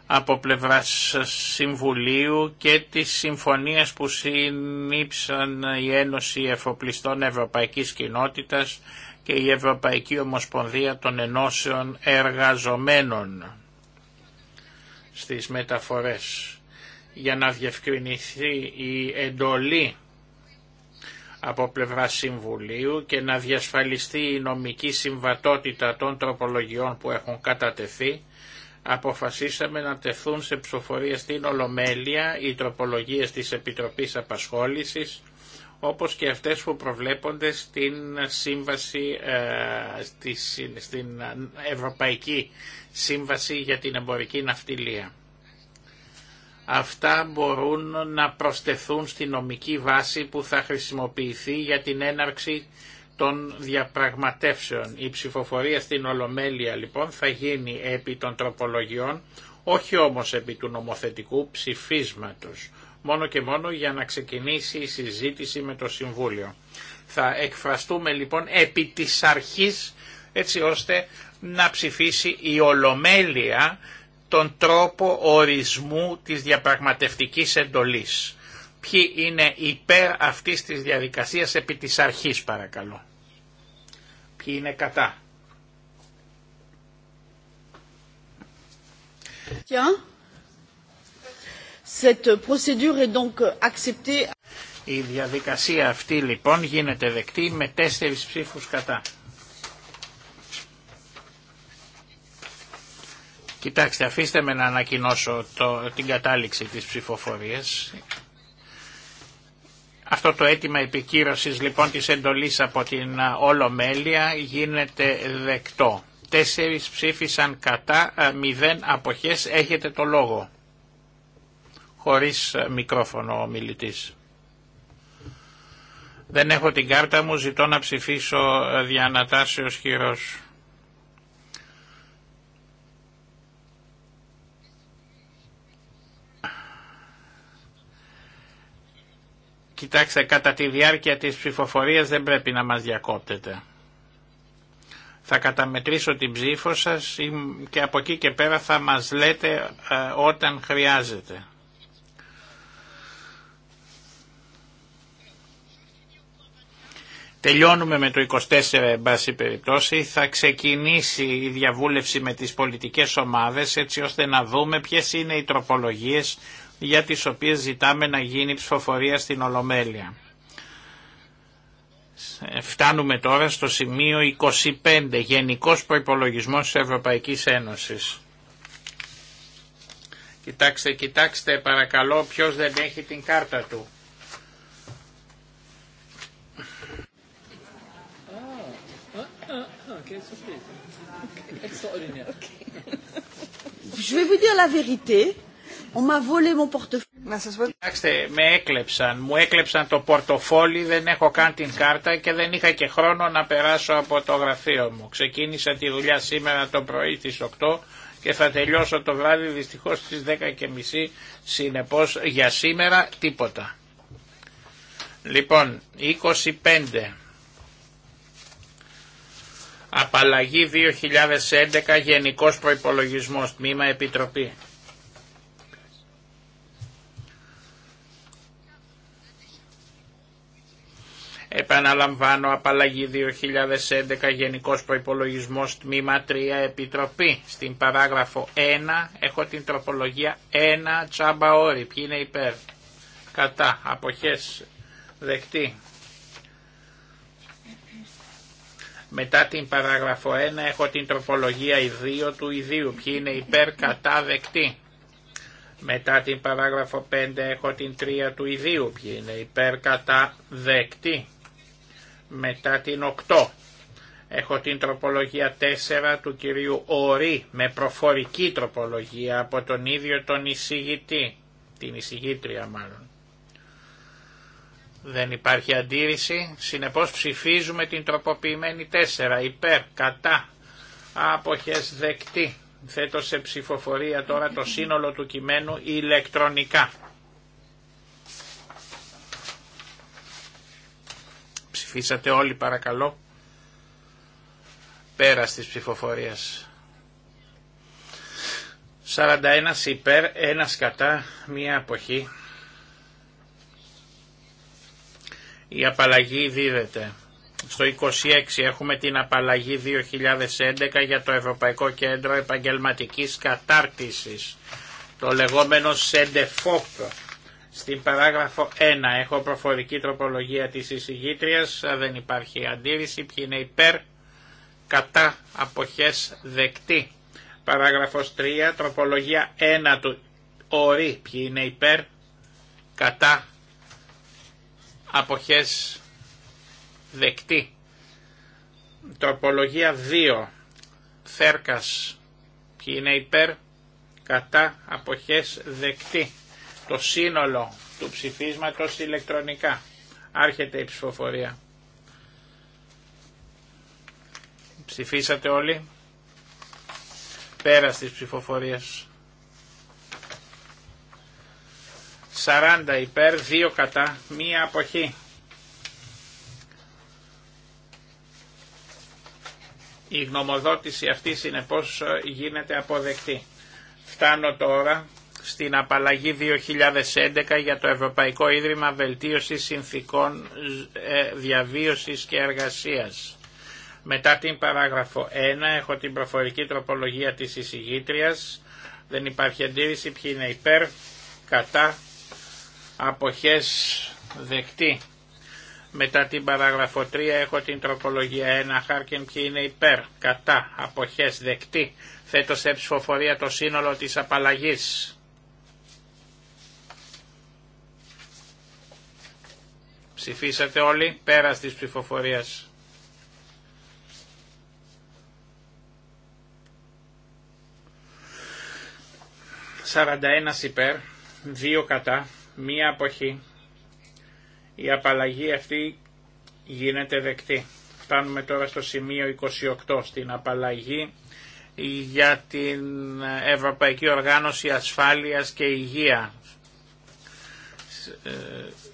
από πλευράς Συμβουλίου και της Συμφωνίας που συνήψαν η Ένωση Εφοπλιστών Ευρωπαϊκής Κοινότητας και η Ευρωπαϊκή Ομοσπονδία των Ενώσεων Εργαζομένων στις μεταφορές για να διευκρινηθεί η εντολή από πλευρά Συμβουλίου και να διασφαλιστεί η νομική συμβατότητα των τροπολογιών που έχουν κατατεθεί, αποφασίσαμε να τεθούν σε ψηφοφορία στην Ολομέλεια οι τροπολογίες της Επιτροπής Απασχόλησης όπως και αυτές που προβλέπονται στην σύμβαση, ε, στην ε, Ευρωπαϊκή Σύμβαση για την Εμπορική Ναυτιλία. Αυτά μπορούν να προστεθούν στη νομική βάση που θα χρησιμοποιηθεί για την έναρξη των διαπραγματεύσεων. Η ψηφοφορία στην Ολομέλεια λοιπόν θα γίνει επί των τροπολογιών, όχι όμως επί του νομοθετικού ψηφίσματος μόνο και μόνο για να ξεκινήσει η συζήτηση με το Συμβούλιο. Θα εκφραστούμε λοιπόν επί της αρχής έτσι ώστε να ψηφίσει η Ολομέλεια τον τρόπο ορισμού της διαπραγματευτικής εντολής. Ποιοι είναι υπέρ αυτής της διαδικασίας επί της αρχής παρακαλώ. Ποιοι είναι κατά. Yeah. Cette procédure est donc Η διαδικασία αυτή λοιπόν γίνεται δεκτή με τέσσερις ψήφους κατά. Κοιτάξτε, αφήστε με να ανακοινώσω το, την κατάληξη της ψηφοφορίας. Αυτό το αίτημα επικύρωσης λοιπόν της εντολής από την Ολομέλεια γίνεται δεκτό. Τέσσερις ψήφισαν κατά, μηδέν αποχές, έχετε το λόγο χωρίς ε, μικρόφωνο ο μιλητής. Δεν έχω την κάρτα μου, ζητώ να ψηφίσω ε, διανατάσεως χειρός. Κοιτάξτε, κατά τη διάρκεια της ψηφοφορίας δεν πρέπει να μας διακόπτεται. Θα καταμετρήσω την ψήφο σας και από εκεί και πέρα θα μας λέτε ε, όταν χρειάζεται. Τελειώνουμε με το 24 εν περιπτώσει. Θα ξεκινήσει η διαβούλευση με τις πολιτικές ομάδες έτσι ώστε να δούμε ποιες είναι οι τροπολογίες για τις οποίες ζητάμε να γίνει ψηφοφορία στην Ολομέλεια. Φτάνουμε τώρα στο σημείο 25, Γενικός Προϋπολογισμός της Ευρωπαϊκής Ένωσης. Κοιτάξτε, κοιτάξτε παρακαλώ ποιος δεν έχει την κάρτα του. Je Κοιτάξτε, με έκλεψαν. Μου έκλεψαν το πορτοφόλι, δεν έχω καν την κάρτα και δεν είχα και χρόνο να περάσω από το γραφείο μου. Ξεκίνησα τη δουλειά σήμερα το πρωί στις 8 και θα τελειώσω το βράδυ δυστυχώς στις 10.30. Συνεπώς για σήμερα τίποτα. Λοιπόν, 25. Απαλλαγή 2011 Γενικός Προϋπολογισμός Τμήμα Επιτροπή. Επαναλαμβάνω απαλλαγή 2011 Γενικός Προϋπολογισμός Τμήμα 3 Επιτροπή. Στην παράγραφο 1 έχω την τροπολογία 1 τσάμπα όρη. Ποιοι είναι υπέρ. Κατά. Αποχές. Δεκτή. Μετά την παράγραφο 1 έχω την τροπολογία 2 του ιδίου. Ποιοι είναι υπέρ κατά δεκτή. Μετά την παράγραφο 5 έχω την 3 του ιδίου. Ποιοι είναι υπέρ κατά δεκτή. Μετά την 8 έχω την τροπολογία 4 του κυρίου Ορή με προφορική τροπολογία από τον ίδιο τον εισηγητή. Την εισηγήτρια μάλλον. Δεν υπάρχει αντίρρηση. Συνεπώς ψηφίζουμε την τροποποιημένη 4. Υπέρ, κατά, άποχες δεκτή. Θέτω σε ψηφοφορία τώρα το σύνολο του κειμένου ηλεκτρονικά. Ψηφίσατε όλοι παρακαλώ. Πέρα της ψηφοφορίας. 41 υπέρ, 1 κατά, μία αποχή. Η απαλλαγή δίδεται. Στο 26 έχουμε την απαλλαγή 2011 για το Ευρωπαϊκό Κέντρο Επαγγελματικής Κατάρτισης, το λεγόμενο σεντεφόκ Στην παράγραφο 1 έχω προφορική τροπολογία της εισηγήτριας, δεν υπάρχει αντίρρηση, ποιοι είναι υπέρ, κατά, αποχές, δεκτή. Παράγραφος 3, τροπολογία 1 του ορί, ποιοι είναι υπέρ, κατά, αποχές δεκτή. απολογία 2. Θέρκας. Ποιοι είναι υπέρ. Κατά αποχές δεκτή. Το σύνολο του ψηφίσματος ηλεκτρονικά. Άρχεται η ψηφοφορία. Ψηφίσατε όλοι. Πέρα στις ψηφοφορίες. 40 υπέρ, 2 κατά, μία αποχή. Η γνωμοδότηση αυτή συνεπώς γίνεται αποδεκτή. Φτάνω τώρα στην απαλλαγή 2011 για το Ευρωπαϊκό Ίδρυμα Βελτίωσης Συνθήκων ε, Διαβίωσης και Εργασίας. Μετά την παράγραφο 1 έχω την προφορική τροπολογία της εισηγήτριας. Δεν υπάρχει αντίρρηση ποιοι είναι υπέρ, κατά, αποχές δεκτή. Μετά την παράγραφο 3 έχω την τροπολογία 1 χάρκιν ποιοι είναι υπέρ, κατά, αποχές δεκτή. Θέτω σε ψηφοφορία το σύνολο της απαλλαγής. Ψηφίσατε όλοι πέρα της ψηφοφορίας. «41 υπέρ, 2 κατά, μία αποχή. Η απαλλαγή αυτή γίνεται δεκτή. Φτάνουμε τώρα στο σημείο 28 στην απαλλαγή για την Ευρωπαϊκή Οργάνωση Ασφάλειας και Υγεία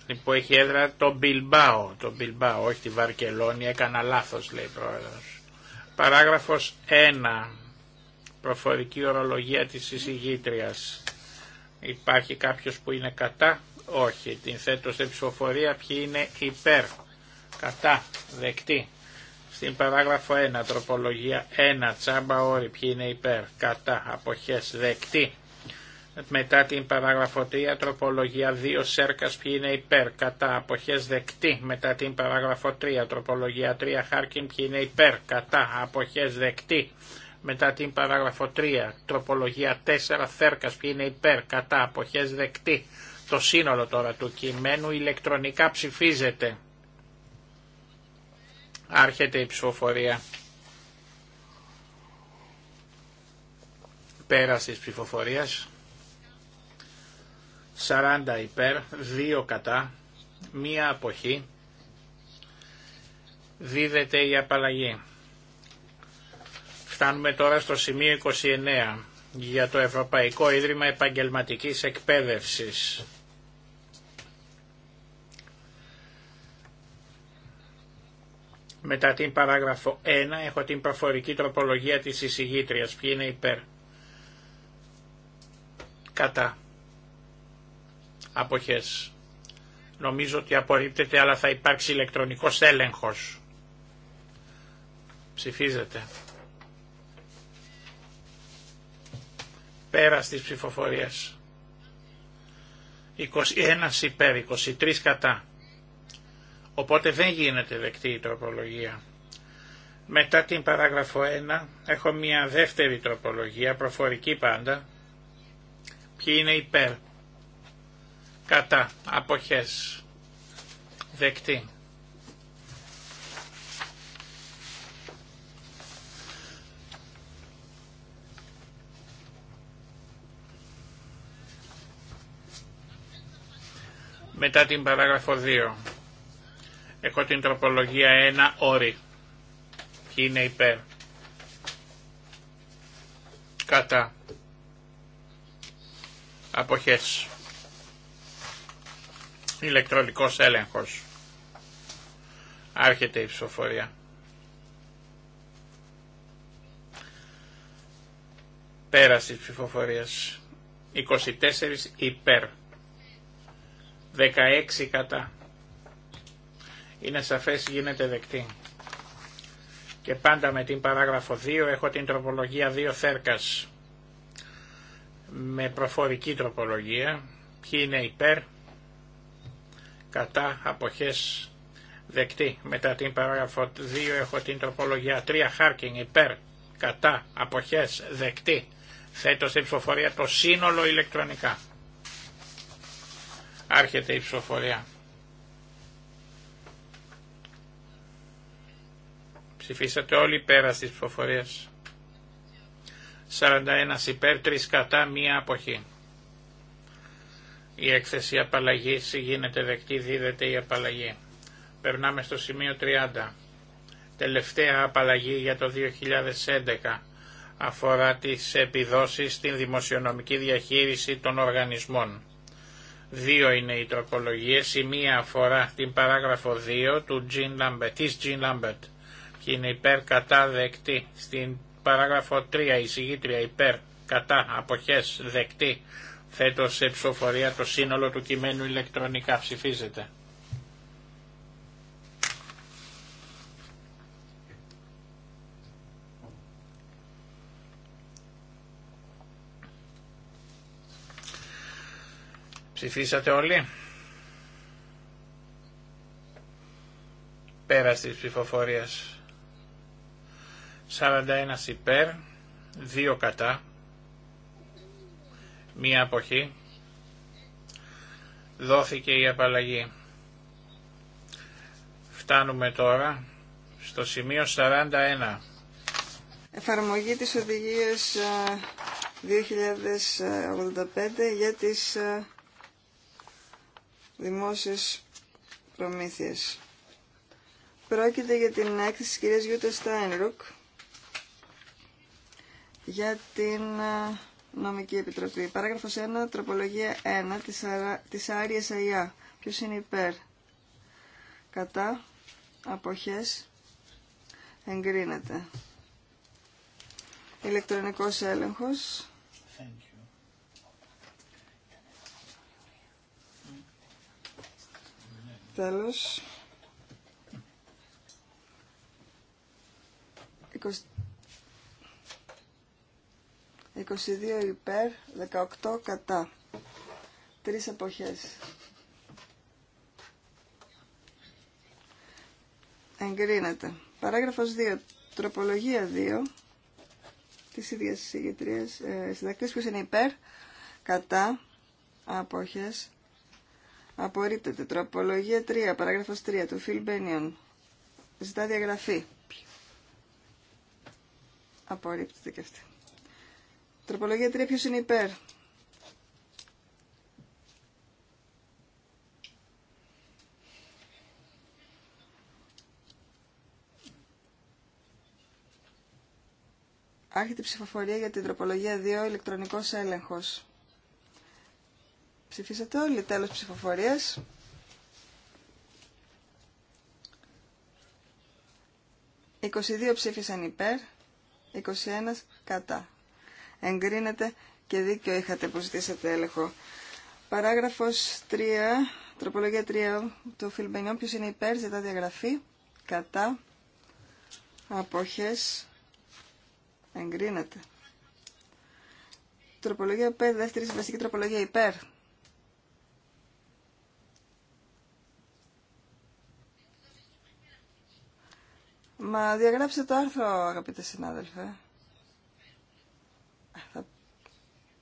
ε, που έχει έδρα το Μπιλμπάο, το Μπιλμπάο, όχι τη Βαρκελόνη, έκανα λάθος λέει πρόεδρος. Παράγραφος 1, προφορική ορολογία της εισηγήτριας. Υπάρχει κάποιος που είναι κατά. Όχι. Την θέτω σε ψηφοφορία ποιοι είναι υπέρ. Κατά. Δεκτή. Στην παράγραφο 1. Τροπολογία 1. Τσάμπα όρη. Ποιοι είναι υπέρ. Κατά. Αποχές. Δεκτή. Μετά την παράγραφο 3. Τροπολογία 2. Σέρκας. Ποιοι είναι υπέρ. Κατά. Αποχές. Δεκτή. Μετά την παράγραφο 3. Τροπολογία 3. Χάρκιν. Ποιοι είναι υπέρ. Κατά. Αποχές. Δεκτή μετά την παράγραφο 3, τροπολογία 4, θέρκας, ποιοι είναι υπέρ, κατά, αποχές δεκτή. Το σύνολο τώρα του κειμένου ηλεκτρονικά ψηφίζεται. Άρχεται η ψηφοφορία. Πέρας της ψηφοφορίας. 40 υπέρ, 2 κατά, 1 αποχή. Δίδεται η απαλλαγή. Φτάνουμε τώρα στο σημείο 29 για το Ευρωπαϊκό Ίδρυμα Επαγγελματικής Εκπαίδευσης. Μετά την παράγραφο 1 έχω την προφορική τροπολογία της εισηγήτριας. Ποιοι είναι υπέρ. Κατά. Αποχές. Νομίζω ότι απορρίπτεται αλλά θα υπάρξει ηλεκτρονικός έλεγχος. Ψηφίζεται. Πέρα της ψηφοφορίας. 21 υπέρ, 23 κατά. Οπότε δεν γίνεται δεκτή η τροπολογία. Μετά την παράγραφο 1 έχω μια δεύτερη τροπολογία, προφορική πάντα. Ποιοι είναι υπέρ. Κατά. Αποχές. Δεκτή. Μετά την παράγραφο 2. Έχω την τροπολογία 1 όρη. Ποιοι είναι υπέρ. Κατά. Αποχές. Ηλεκτρολικός έλεγχος. Άρχεται η ψηφοφορία. Πέραση ψηφοφορίας. 24 υπέρ. 16 κατά. Είναι σαφές γίνεται δεκτή. Και πάντα με την παράγραφο 2 έχω την τροπολογία 2 θέρκας. Με προφορική τροπολογία. Ποιοι είναι υπέρ. Κατά αποχές δεκτή. Μετά την παράγραφο 2 έχω την τροπολογία 3 χάρκινγκ υπέρ. Κατά αποχές δεκτή. Θέτω στην ψηφοφορία το σύνολο ηλεκτρονικά. Άρχεται η ψηφοφορία. Ψηφίσατε όλοι πέρα στις ψηφοφορίες. 41 υπέρ, 3 κατά, μία αποχή. Η έκθεση απαλλαγή γίνεται δεκτή, δίδεται η απαλλαγή. Περνάμε στο σημείο 30. Τελευταία απαλλαγή για το 2011 αφορά τις επιδόσεις στην δημοσιονομική διαχείριση των οργανισμών. Δύο είναι οι τροπολογίε, η μία αφορά την παράγραφο 2 του Jean Lambert, της Jean Lambert και είναι υπέρ κατά δεκτή. Στην παράγραφο 3 η συγγήτρια υπέρ κατά αποχές δεκτή. Θέτω σε ψηφοφορία το σύνολο του κειμένου ηλεκτρονικά ψηφίζεται. Ψηφίσατε όλοι. Πέρα της ψηφοφορίας. 41 υπέρ, 2 κατά, μία αποχή. Δόθηκε η απαλλαγή. Φτάνουμε τώρα στο σημείο 41. Εφαρμογή της οδηγίας 2085 ε, για τις ε, δημόσιες προμήθειες. Πρόκειται για την έκθεση της κυρίας Γιούτα Στάινρουκ για την ε, νομική επιτροπή. Παράγραφος 1, τροπολογία 1 της, Άρια ΑΙΑ. Ποιος είναι υπέρ. Κατά. Αποχές. Εγκρίνεται. Ηλεκτρονικός έλεγχος. Τέλος. 22 υπέρ, 18 κατά. Τρεις εποχές. Εγκρίνεται. Παράγραφος 2. Τροπολογία 2 της ίδιας συγκεκριτρίας Ε, Συντακτής είναι υπέρ, κατά, αποχές, Απορρίπτεται. Τροπολογία 3, παράγραφος 3 του Φιλ Μπένιον. Ζητά διαγραφή. Απορρίπτεται και αυτή. Τροπολογία 3, ποιο είναι υπέρ. Άρχεται η ψηφοφορία για την τροπολογία 2, ηλεκτρονικός έλεγχος. Ψηφίσατε όλοι. Τέλος ψηφοφορίας. «22 ψήφισαν υπέρ, 21 κατά». Εγκρίνεται και δίκιο είχατε που ζητήσατε έλεγχο. Παράγραφος 3, τροπολογία 3 του Φιλμπενιών. Ποιος είναι υπέρ, ζητά διαγραφή. Κατά. Αποχές. Εγκρίνεται. Τροπολογία 5, δεύτερη συμβαστική τροπολογία υπέρ. Μα διαγράψτε το άρθρο, αγαπητέ συνάδελφε. Θα...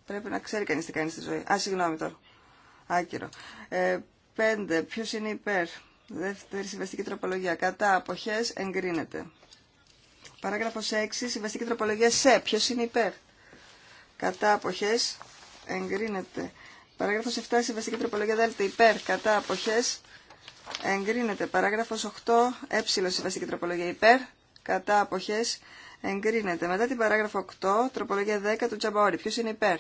Πρέπει να ξέρει κανείς τι κάνει στη ζωή. Α, συγγνώμη τώρα. Άκυρο. Ε, πέντε. Ποιο είναι υπέρ. Δεύτερη συμβαστική τροπολογία. Κατά Αποχέ. εγκρίνεται. Παράγραφό 6. Συμβαστική τροπολογία σε. Ποιο είναι υπέρ. Κατά Αποχέ. εγκρίνεται. Παράγραφος 7. Συμβαστική τροπολογία δέλτα υπέρ. Κατά Αποχέ εγκρίνεται. Παράγραφος 8, ε, συμβαστική τροπολογία υπέρ, κατά αποχές, εγκρίνεται. Μετά την παράγραφο 8, τροπολογία 10 του Τζαμπαόρη. Ποιος είναι υπέρ.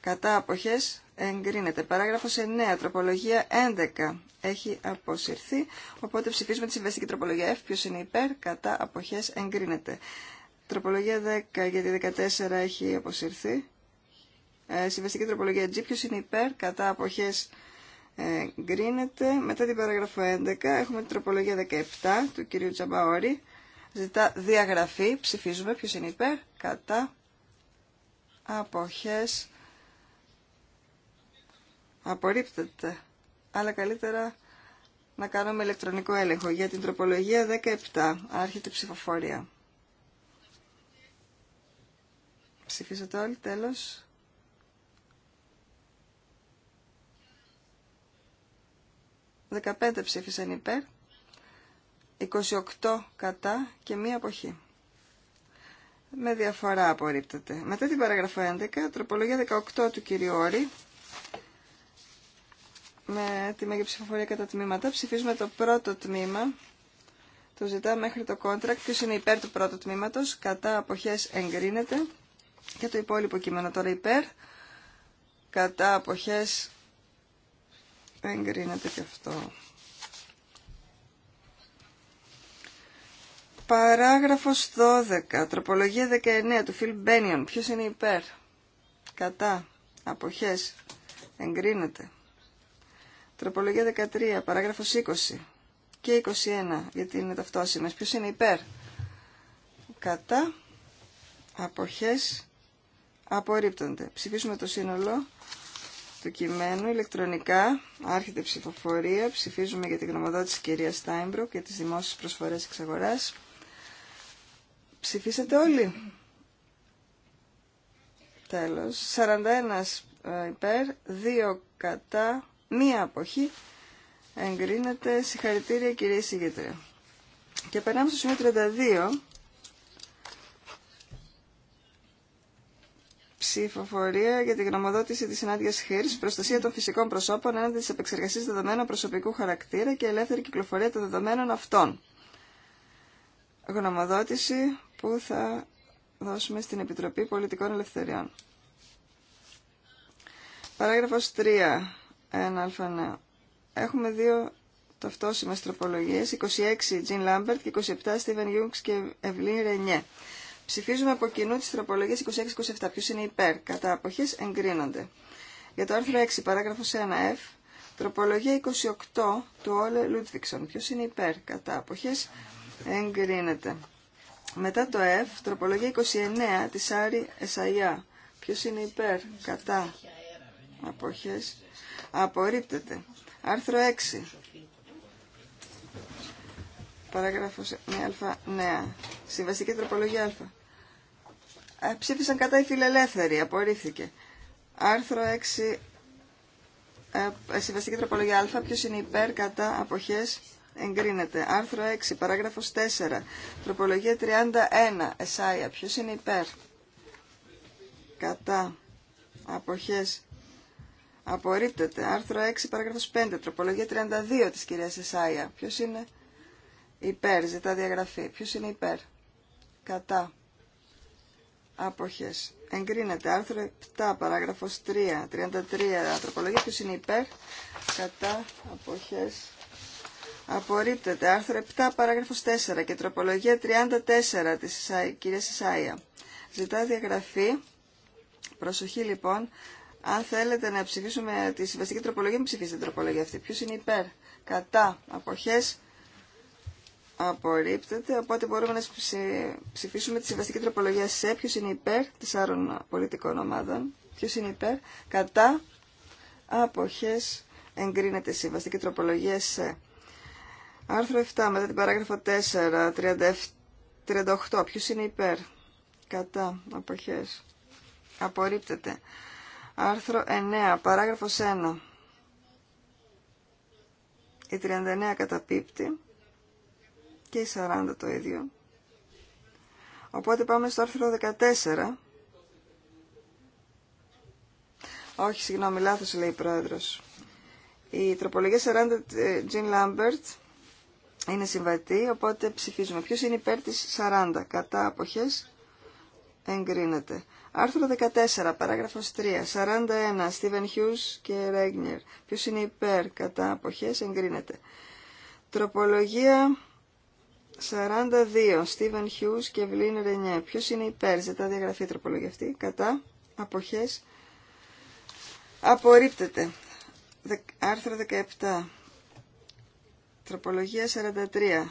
Κατά αποχές, εγκρίνεται. Παράγραφος 9, τροπολογία 11. Έχει αποσυρθεί, οπότε ψηφίζουμε τη συμβαστική τροπολογία F. Ποιος είναι υπέρ, κατά αποχές, εγκρίνεται. Τροπολογία 10 γιατί 14 έχει αποσυρθεί. Ε, συμβαστική τροπολογία G. Ποιος είναι υπέρ, κατά αποχές, εγκρίνεται Γκρίνεται. Μετά την παράγραφο 11 έχουμε την τροπολογία 17 του κυρίου Τσαμπαόρη. Ζητά διαγραφή. Ψηφίζουμε ποιος είναι υπέρ. Κατά. Αποχές. Απορρίπτεται. Αλλά καλύτερα να κάνουμε ηλεκτρονικό έλεγχο για την τροπολογία 17. Άρχεται ψηφοφορία. Ψηφίσατε όλοι, τέλος. 15 ψήφισαν υπέρ, 28 κατά και μία αποχή. Με διαφορά απορρίπτεται. Μετά την παράγραφο 11, τροπολογία 18 του κυρίου με τη μεγεψηφοφορία ψηφοφορία κατά τμήματα, ψηφίζουμε το πρώτο τμήμα, το ζητά μέχρι το contract, ποιος είναι υπέρ του πρώτου τμήματος, κατά αποχές εγκρίνεται, και το υπόλοιπο κείμενο τώρα υπέρ, κατά αποχές Εγκρίνεται και αυτό. Παράγραφος 12, τροπολογία 19 του Φιλ Μπένιον. Ποιος είναι υπέρ, κατά, αποχές, εγκρίνεται. Τροπολογία 13, παράγραφος 20 και 21, γιατί είναι ταυτόσημες. Ποιος είναι υπέρ, κατά, αποχές, απορρίπτονται. Ψηφίσουμε το σύνολο του κειμένου ηλεκτρονικά. Άρχεται ψηφοφορία. Ψηφίζουμε για την γνωμοδότηση κυρία Στάιμπρουκ και τις δημόσιες προσφορές εξαγοράς. Ψηφίσατε όλοι. Τέλος. 41 ε, υπέρ, 2 κατά, μία αποχή. Εγκρίνεται. Συγχαρητήρια κυρία Συγγετρία. Και περνάμε στο σημείο 32 ψηφοφορία για τη γνωμοδότηση τη συνάντια Χέρι, προστασία των φυσικών προσώπων έναντι τη επεξεργασία δεδομένων προσωπικού χαρακτήρα και ελεύθερη κυκλοφορία των δεδομένων αυτών. Γνωμοδότηση που θα δώσουμε στην Επιτροπή Πολιτικών Ελευθεριών. Παράγραφος 3. 1α. Ναι. Έχουμε δύο ταυτόσιμες τροπολογίες, 26 Jean Λάμπερτ και 27 Στίβεν Hughes και Evelyn Ρενιέ. Ψηφίζουμε από κοινού τι τροπολογίες 26-27. Ποιος είναι υπέρ. Κατά αποχές εγκρίνονται. Για το άρθρο 6, παράγραφο 1 1F, τροπολογία 28 του Όλε Λούτβιξον. Ποιο είναι υπέρ. Κατά αποχές εγκρίνεται. Μετά το F, τροπολογία 29 τη Άρη Εσαϊά. Ποιος είναι υπέρ. Κατά αποχές απορρίπτεται. Άρθρο 6. Παράγραφος 1α νέα. Συμβαστική τροπολογία α. Ε, ψήφισαν κατά οι φιλελεύθεροι, απορρίφθηκε. Άρθρο 6, ε, ε, συμβαστική τροπολογία α, ποιος είναι υπέρ, κατά, αποχές, εγκρίνεται. Άρθρο 6, παράγραφος 4, τροπολογία 31, εσάια, ποιος είναι υπέρ, κατά, αποχές, απορρίπτεται. Άρθρο 6, παράγραφος 5, τροπολογία 32 της κυρίας εσάια, ποιος είναι υπέρ, ζητά διαγραφή, ποιος είναι υπέρ, κατά, Αποχές. Εγκρίνεται άρθρο 7, παράγραφος 3, 33, τροπολογία του είναι υπέρ, κατά, αποχές. Απορρίπτεται άρθρο 7, παράγραφος 4 και τροπολογία 34 της κυρίας Ισάια. Ζητά διαγραφή. Προσοχή λοιπόν, αν θέλετε να ψηφίσουμε τη συμβαστική τροπολογία, μην ψηφίσετε την τροπολογία αυτή. Ποιος είναι υπέρ, κατά, αποχές, απορρίπτεται, οπότε μπορούμε να ψηφίσουμε τη συμβαστική τροπολογία σε ποιος είναι υπέρ τεσσάρων πολιτικών ομάδων, ποιος είναι υπέρ, κατά, αποχές, εγκρίνεται η συμβαστική τροπολογία σε. Άρθρο 7, μετά την παράγραφο 4, 38, ποιος είναι υπέρ, κατά, αποχές, απορρίπτεται. Άρθρο 9, παράγραφος 1, η 39 καταπίπτει και η 40 το ίδιο. Οπότε πάμε στο άρθρο 14. Όχι, συγγνώμη, λάθος λέει η πρόεδρος. Η τροπολογία 40 Τζιν Λάμπερτ είναι συμβατή, οπότε ψηφίζουμε. Ποιος είναι υπέρ της 40, κατά αποχές, εγκρίνεται. Άρθρο 14, παράγραφος 3, 41, Στίβεν Hughes και Regner. Ποιος είναι υπέρ, κατά αποχές, εγκρίνεται. Τροπολογία 42. Στίβεν Χιούς και Ευλίν Ρενιέ. Ποιος είναι υπέρ, ζητά διαγραφή τροπολογία αυτή. Κατά, αποχές, απορρίπτεται. Άρθρο 17. Τροπολογία 43.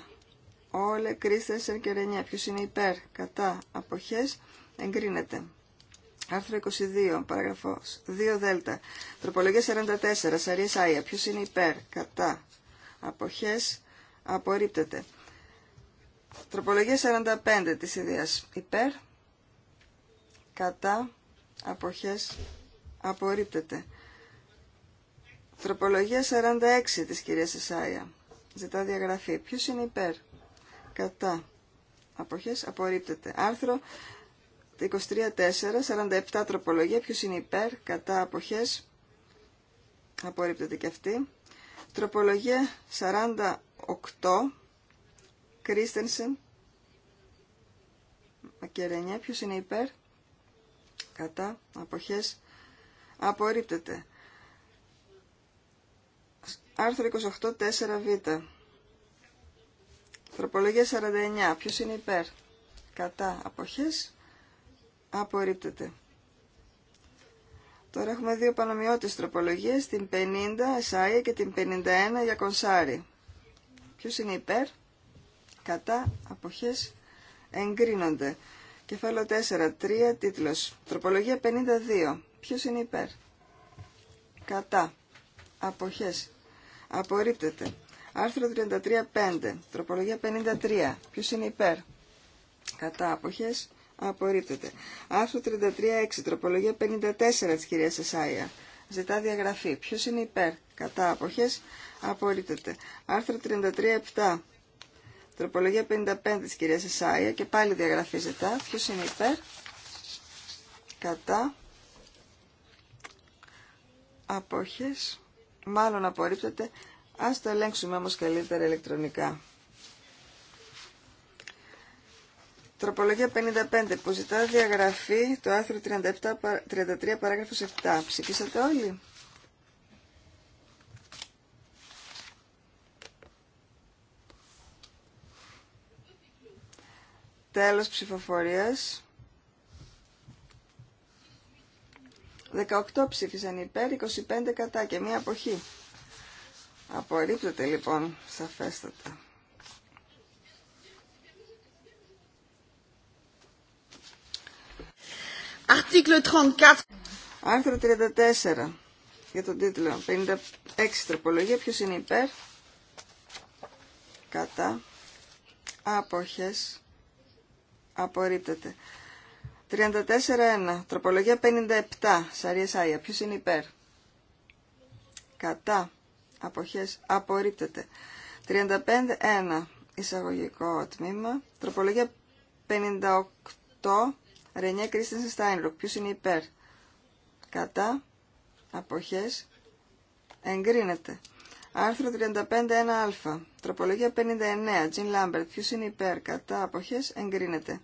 Όλε κρίστερ και Ρενιέ. Ποιο είναι υπέρ, κατά, αποχέ, εγκρίνεται. Άρθρο 22, παραγραφός 2 Δέλτα. Τροπολογία 44, Σαρίε Άια. Ποιο είναι υπέρ, κατά, Αποχέ, απορρίπτεται. Τροπολογία 45 της ιδέας υπέρ, κατά, αποχές, απορρίπτεται. Τροπολογία 46 της κυρίας Εσάια. Ζητά διαγραφή. Ποιος είναι υπέρ. Κατά. Αποχές απορρίπτεται. Άρθρο 23.4, 47 τροπολογία. Ποιος είναι υπέρ. Κατά. Αποχές. Απορρίπτεται και αυτή. Τροπολογία 48 Κρίστενσεν. Μακερενιέ, Ποιος είναι υπέρ. Κατά. Αποχές. Απορρίπτεται. Άρθρο 28, 4β. Τροπολογία 49. Ποιο είναι υπέρ. Κατά. Αποχές. Απορρίπτεται. Τώρα έχουμε δύο πανομοιώτες τροπολογίες, την 50 Εσάια και την 51 για Κονσάρι. Ποιος είναι υπέρ, κατά αποχές εγκρίνονται. Κεφάλαιο 4, 3, τίτλος. Τροπολογία 52. Ποιος είναι υπέρ. Κατά. Αποχές. Απορρίπτεται. Άρθρο 33, 5. Τροπολογία 53. Ποιος είναι υπέρ. Κατά. Αποχές. Απορρίπτεται. Άρθρο 33, 6. Τροπολογία 54 της κυρίας Εσάια. Ζητά διαγραφή. Ποιος είναι υπέρ. Κατά. Αποχές. Απορρίπτεται. Άρθρο 33, 7. Τροπολογία 55 της κυρίας Εσάια και πάλι διαγραφίζεται. ζητά. Ποιος είναι υπέρ. Κατά. Απόχες. Μάλλον απορρίπτεται. Ας το ελέγξουμε όμως καλύτερα ηλεκτρονικά. Τροπολογία 55 που ζητά διαγραφή το άρθρο 37, 33 παράγραφος 7. Ψηφίσατε όλοι. Τέλος ψηφοφορίας. 18 ψήφισαν υπέρ, 25 κατά και μία αποχή. Απορρίπτεται λοιπόν, σαφέστατα. Άρθρο 34. Άρθρο 34 για τον τίτλο 56 τροπολογία. Ποιος είναι υπέρ, κατά, άποχες, απορρίπτεται. 34-1. Τροπολογία 57. Σαρίες Σάια. Ποιος είναι υπέρ. Κατά. Αποχές. Απορρίπτεται. 35-1. Εισαγωγικό τμήμα. Τροπολογία 58. Ρενιέ Κρίστινσεν Στάινρουκ. Ποιος είναι υπέρ. Κατά. Αποχές. Εγκρίνεται. Άρθρο 35.1α. Τροπολογία 59. Τζιν Λάμπερτ. Ποιο είναι υπέρ. Κατά. Αποχέ. Εγκρίνεται.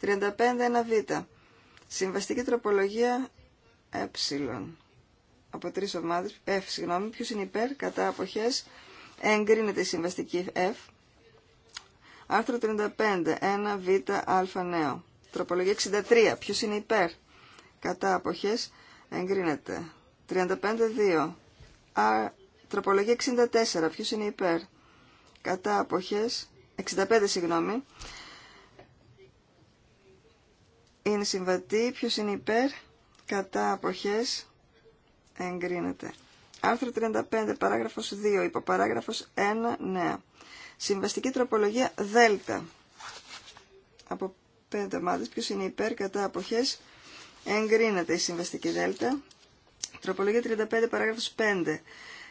35.1β. Συμβαστική τροπολογία ε. Από τρει ομάδε. Ε, Συγγνώμη. Ποιο είναι υπέρ. Κατά. Αποχέ. Εγκρίνεται η συμβαστική F. Άρθρο 35. 1β. Α. Νέο. Τροπολογία 63. Ποιο είναι υπέρ. Κατά. Αποχέ. Εγκρίνεται. 35.2. Τροπολογία 64. Ποιο είναι υπέρ. Κατά αποχές. 65 συγγνώμη. Είναι συμβατή. Ποιο είναι υπέρ. Κατά απόχέ. Εγκρίνεται. Άρθρο 35. Παράγραφος 2. Υποπαράγραφος 1. Νέα. Συμβαστική τροπολογία Δέλτα. Από πέντε ομάδες. Ποιος είναι υπέρ. Κατά αποχές. Εγκρίνεται η συμβαστική Δέλτα. Τροπολογία 35. Παράγραφος 5.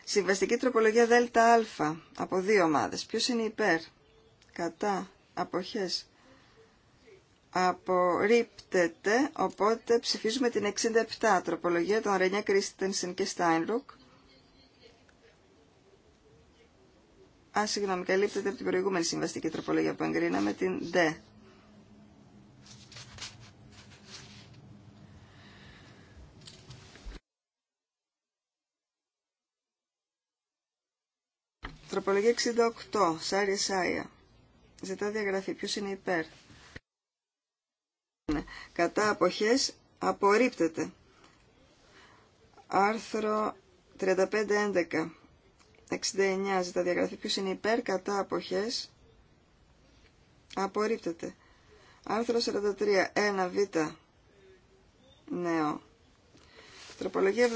Συμβαστική τροπολογία ΔΑ από δύο ομάδες. Ποιος είναι υπέρ, κατά, αποχές. Απορρίπτεται, οπότε ψηφίζουμε την 67 τροπολογία των Ρενιά Κρίστενσεν και Στάινρουκ. Α, συγγνώμη, καλύπτεται από την προηγούμενη συμβαστική τροπολογία που εγκρίναμε, την D. Τροπολογία 68. Σάρι Σάια. Ναι. Ζητά διαγραφή. Ποιος είναι υπέρ. Κατά αποχές απορρίπτεται. Άρθρο 35-11. 69. Ζητά διαγραφή. Ποιος είναι υπέρ. Κατά αποχές απορρίπτεται. Άρθρο 43. 1β. Νέο. Τροπολογία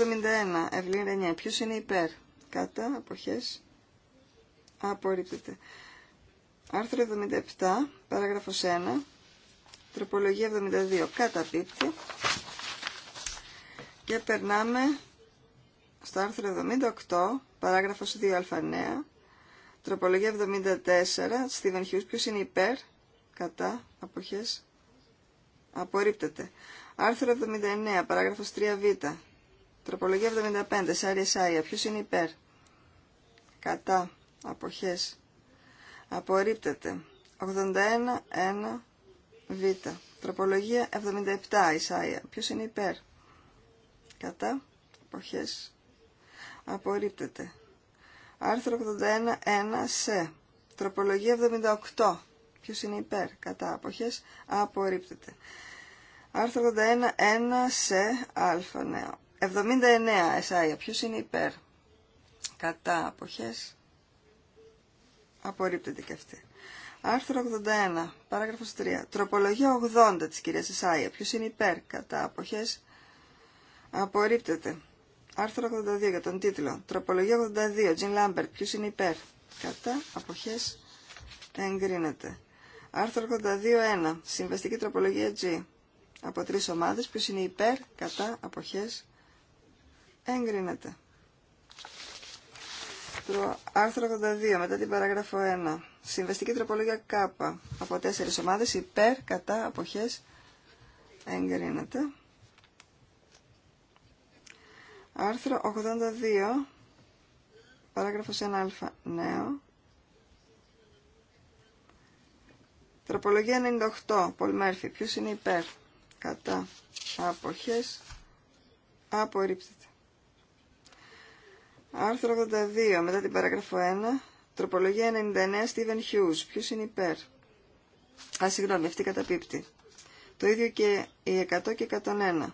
71. Ευλήν 9 Ποιο είναι υπέρ. Κατά αποχές Απορρίπτεται. Άρθρο 77, παράγραφος 1, τροπολογία 72, καταπίπτει. Και περνάμε στο άρθρο 78, παράγραφος 2α 9 τροπολογία 74, Στίβεν Χιούς, ποιος είναι υπέρ, κατά, αποχές, απορρίπτεται. Άρθρο 79, παράγραφος 3β, τροπολογία 75, Σάρια Σάια, ποιος είναι υπέρ, κατά, αποχές απορρίπτεται 81 1 β τροπολογία 77 Ισάια ποιος είναι υπέρ κατά αποχές απορρίπτεται άρθρο 81 1 σε τροπολογία 78 ποιος είναι υπέρ κατά αποχές απορρίπτεται άρθρο 81 1 σε α ναι. νέο 79 Ισάια ποιος είναι υπέρ κατά αποχές Απορρίπτεται και αυτή. Άρθρο 81, παράγραφος 3. Τροπολογία 80 της κυρίας Ισάια. Ποιο είναι υπέρ, κατά αποχές. Απορρίπτεται. Άρθρο 82 για τον τίτλο. Τροπολογία 82, Τζιν Λάμπερτ. Ποιο είναι υπέρ, κατά αποχές. Εγκρίνεται. Άρθρο 82.1. Συμβαστική τροπολογία G. Από τρεις ομάδες. Ποιος είναι υπέρ, κατά αποχές. Εγκρίνεται. Άρθρο άρθρο 82 μετά την παράγραφο 1. Συμβαστική τροπολογία Κ από τέσσερις ομάδες υπέρ, κατά, αποχές εγκρίνεται. Άρθρο 82, παράγραφος 1α νέο. Τροπολογία 98, Πολμέρφη. Ποιος είναι υπέρ, κατά, αποχές, απορρίπτεται. Άρθρο 82, μετά την παράγραφο 1, τροπολογία 99, Steven Hughes. Ποιος είναι υπέρ. Α, συγγνώμη, αυτή καταπίπτει. Το ίδιο και η 100 και 101.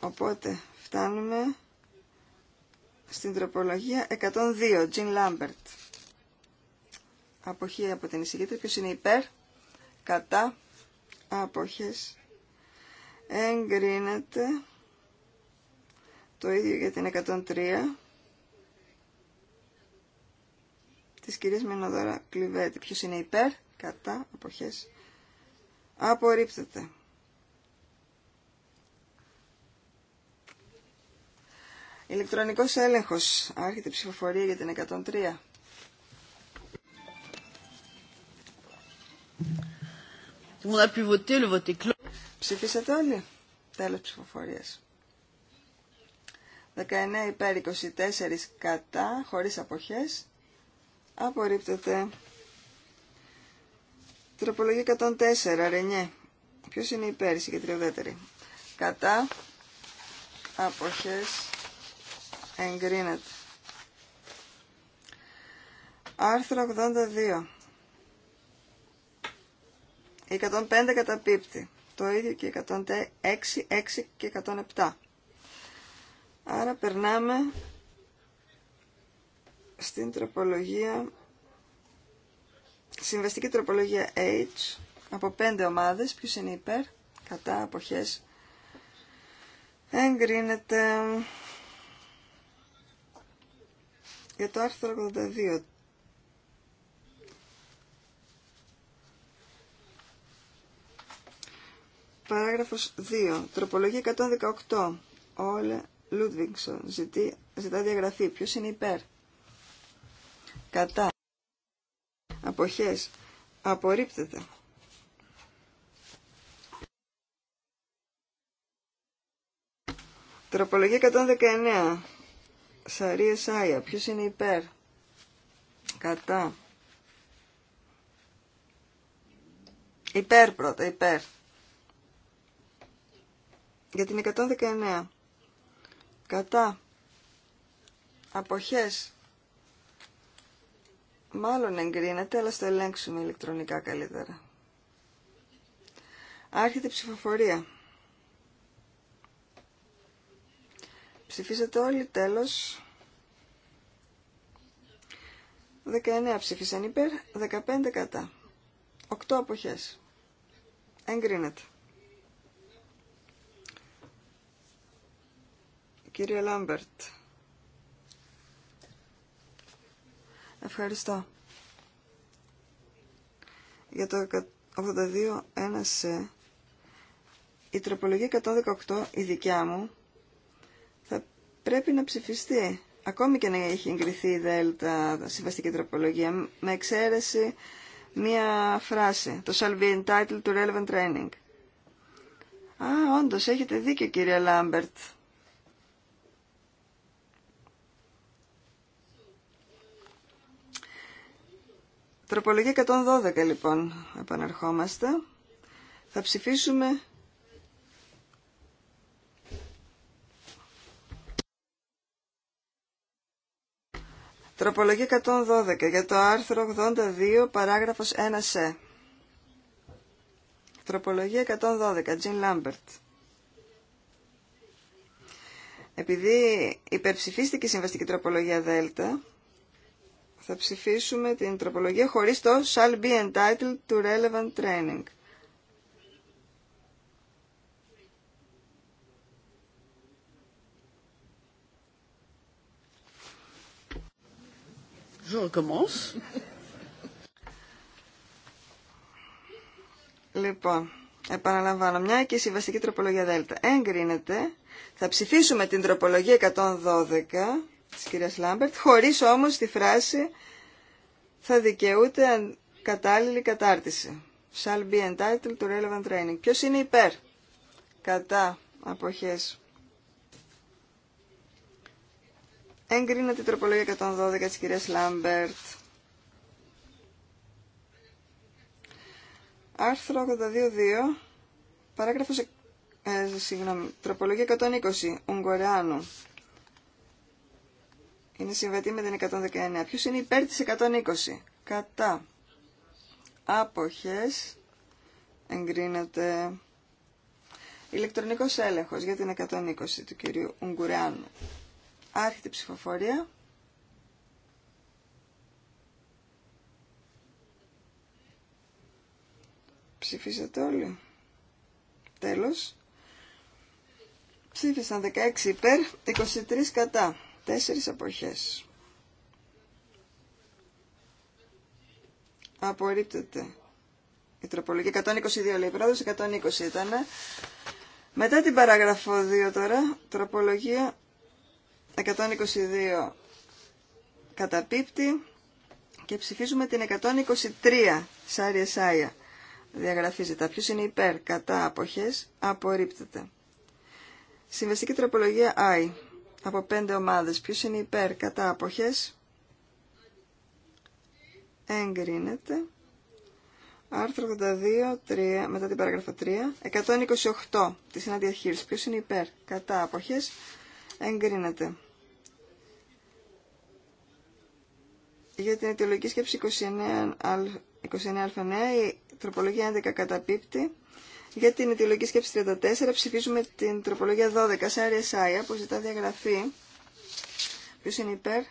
Οπότε φτάνουμε στην τροπολογία 102, Jean Lambert. Αποχή από την εισηγήτρια. Ποιος είναι υπέρ, κατά, αποχές. Εγκρίνεται. Το ίδιο για την 103. της κυρίας Μενοδόρα Κλειβέτη. Ποιος είναι υπέρ, κατά, αποχές. Απορρίπτεται. Ηλεκτρονικός έλεγχος. Άρχεται η ψηφοφορία για την 103. Ψηφίσατε όλοι. Τέλος ψηφοφορίας. 19 υπέρ 24 κατά, χωρίς αποχές. Απορρίπτεται. Τροπολογία 104, Ρενιέ. Ποιος είναι και τριοδέτερη; Κατά αποχές εγκρίνεται. Άρθρο 82. 105 καταπίπτει. Το ίδιο και 106, 6 και 107. Άρα περνάμε στην τροπολογία, συμβαστική τροπολογία H, από πέντε ομάδες, ποιος είναι υπέρ, κατά, αποχές, εγκρίνεται για το άρθρο 82. Παράγραφος 2. Τροπολογία 118. Όλε Λούντβιγκσον ζητά διαγραφή. Ποιος είναι υπέρ κατά αποχές απορρίπτεται. Τροπολογία 119. Σαρία Σάια. Ποιος είναι υπέρ. Κατά. Υπέρ πρώτα, υπέρ. Για την 119. Κατά. Αποχές. Μάλλον εγκρίνεται, αλλά στο ελέγξουμε ηλεκτρονικά καλύτερα. Άρχεται η ψηφοφορία. Ψηφίσατε όλοι, τέλος. 19 ψήφισαν υπέρ, 15 κατά. 8 αποχές. Εγκρίνεται. Κύριε Λάμπερτ. Ευχαριστώ. Για το 82.1 σε η τροπολογία 118, η δικιά μου, θα πρέπει να ψηφιστεί. Ακόμη και να έχει εγκριθεί η ΔΕΛΤΑ συμβαστική τροπολογία, με εξαίρεση μία φράση. Το shall be entitled to relevant training. Α, όντως, έχετε δίκιο κύριε Λάμπερτ. Τροπολογία 112 λοιπόν, επαναρχόμαστε. Θα ψηφίσουμε... Τροπολογία 112 για το άρθρο 82 παράγραφος 1σε. Τροπολογία 112, Τζιν Λάμπερτ. Επειδή υπερψηφίστηκε η συμβαστική τροπολογία Δέλτα, θα ψηφίσουμε την τροπολογία χωρίς το shall be entitled to relevant training. Λοιπόν, επαναλαμβάνω μια και η συμβαστική τροπολογία Δέλτα εγκρίνεται. Θα ψηφίσουμε την τροπολογία 112 της κυρίας Λάμπερτ, χωρίς όμως τη φράση θα δικαιούται κατάλληλη κατάρτιση. Shall be entitled to relevant training. Ποιος είναι υπέρ κατά αποχές. Εγκρίνεται την τροπολογία 112 της κυρίας Λάμπερτ. Άρθρο 82.2, παράγραφος, ε, συγγνώμη, τροπολογία 120, Ουγγορεάνου. Είναι συμβατή με την 119. Ποιος είναι υπέρ της 120. Κατά. Άποχες. Εγκρίνεται. Ηλεκτρονικός έλεγχος για την 120 του κυρίου Ουγγουρεάνου. Άρχεται ψηφοφορία. Ψηφίσατε όλοι. Τέλος. Ψήφισαν 16 υπέρ, 23 κατά. Τέσσερις αποχές. Απορρίπτεται. Η τροπολογία 122 λέει πρόεδρος, 120 ήταν. Μετά την παράγραφο 2 τώρα, τροπολογία 122 καταπίπτει και ψηφίζουμε την 123 Σάρια Σάια. Διαγραφή ζητά. ποιος είναι υπέρ, κατά, αποχές, απορρίπτεται. Συμβαστική τροπολογία I από πέντε ομάδες. Ποιος είναι υπέρ κατά αποχές. Εγκρίνεται. Άρθρο 82, 3, μετά την παράγραφα 3, 128 τη συναντιαχείριση. Ποιος είναι υπέρ κατά αποχές. Εγκρίνεται. Για την αιτιολογική σκέψη 29α, 29α, η τροπολογία 11 καταπίπτει. Για την αιτιολογική σκέψη 34 ψηφίζουμε την τροπολογία 12 σε που ζητά διαγραφή. Ποιος είναι υπέρ,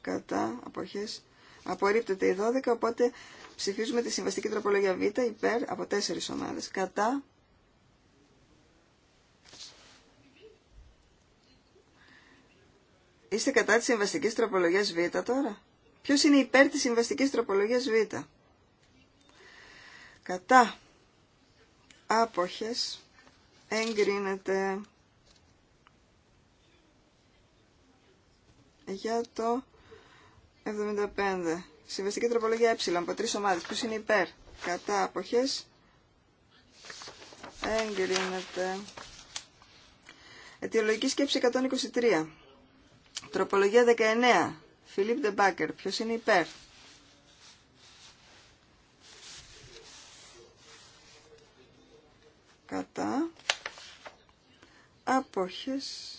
κατά, αποχές. Απορρίπτεται η 12, οπότε ψηφίζουμε τη συμβαστική τροπολογία Β υπέρ από 4 ομάδες. Κατά, Είστε κατά τη συμβαστική τροπολογία Β τώρα. Ποιο είναι υπέρ τη συμβαστική τροπολογία Β. Κατά άποχες εγκρίνεται για το 75. Συμβαστική τροπολογία ε από τρεις ομάδες. Ποιος είναι υπέρ. Κατά άποχες εγκρίνεται. Αιτιολογική σκέψη 123. Τροπολογία 19. Φιλίπ Ντεμπάκερ. Ποιος είναι υπέρ. κατά απόχες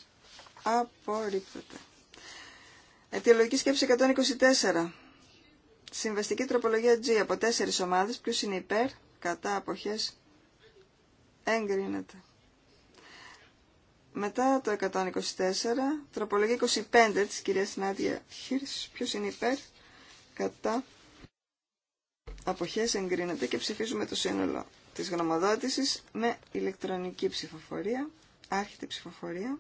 απορρίπτεται. Αιτιολογική σκέψη 124. Συμβαστική τροπολογία G από τέσσερις ομάδες. Ποιος είναι υπέρ, κατά, αποχές. Εγκρίνεται. Μετά το 124, τροπολογία 25 της κυρία Νάντια Χίρς. Ποιος είναι υπέρ, κατά, αποχές εγκρίνεται και ψηφίζουμε το σύνολο της γνωμοδότησης με ηλεκτρονική ψηφοφορία, άρχιτη ψηφοφορία.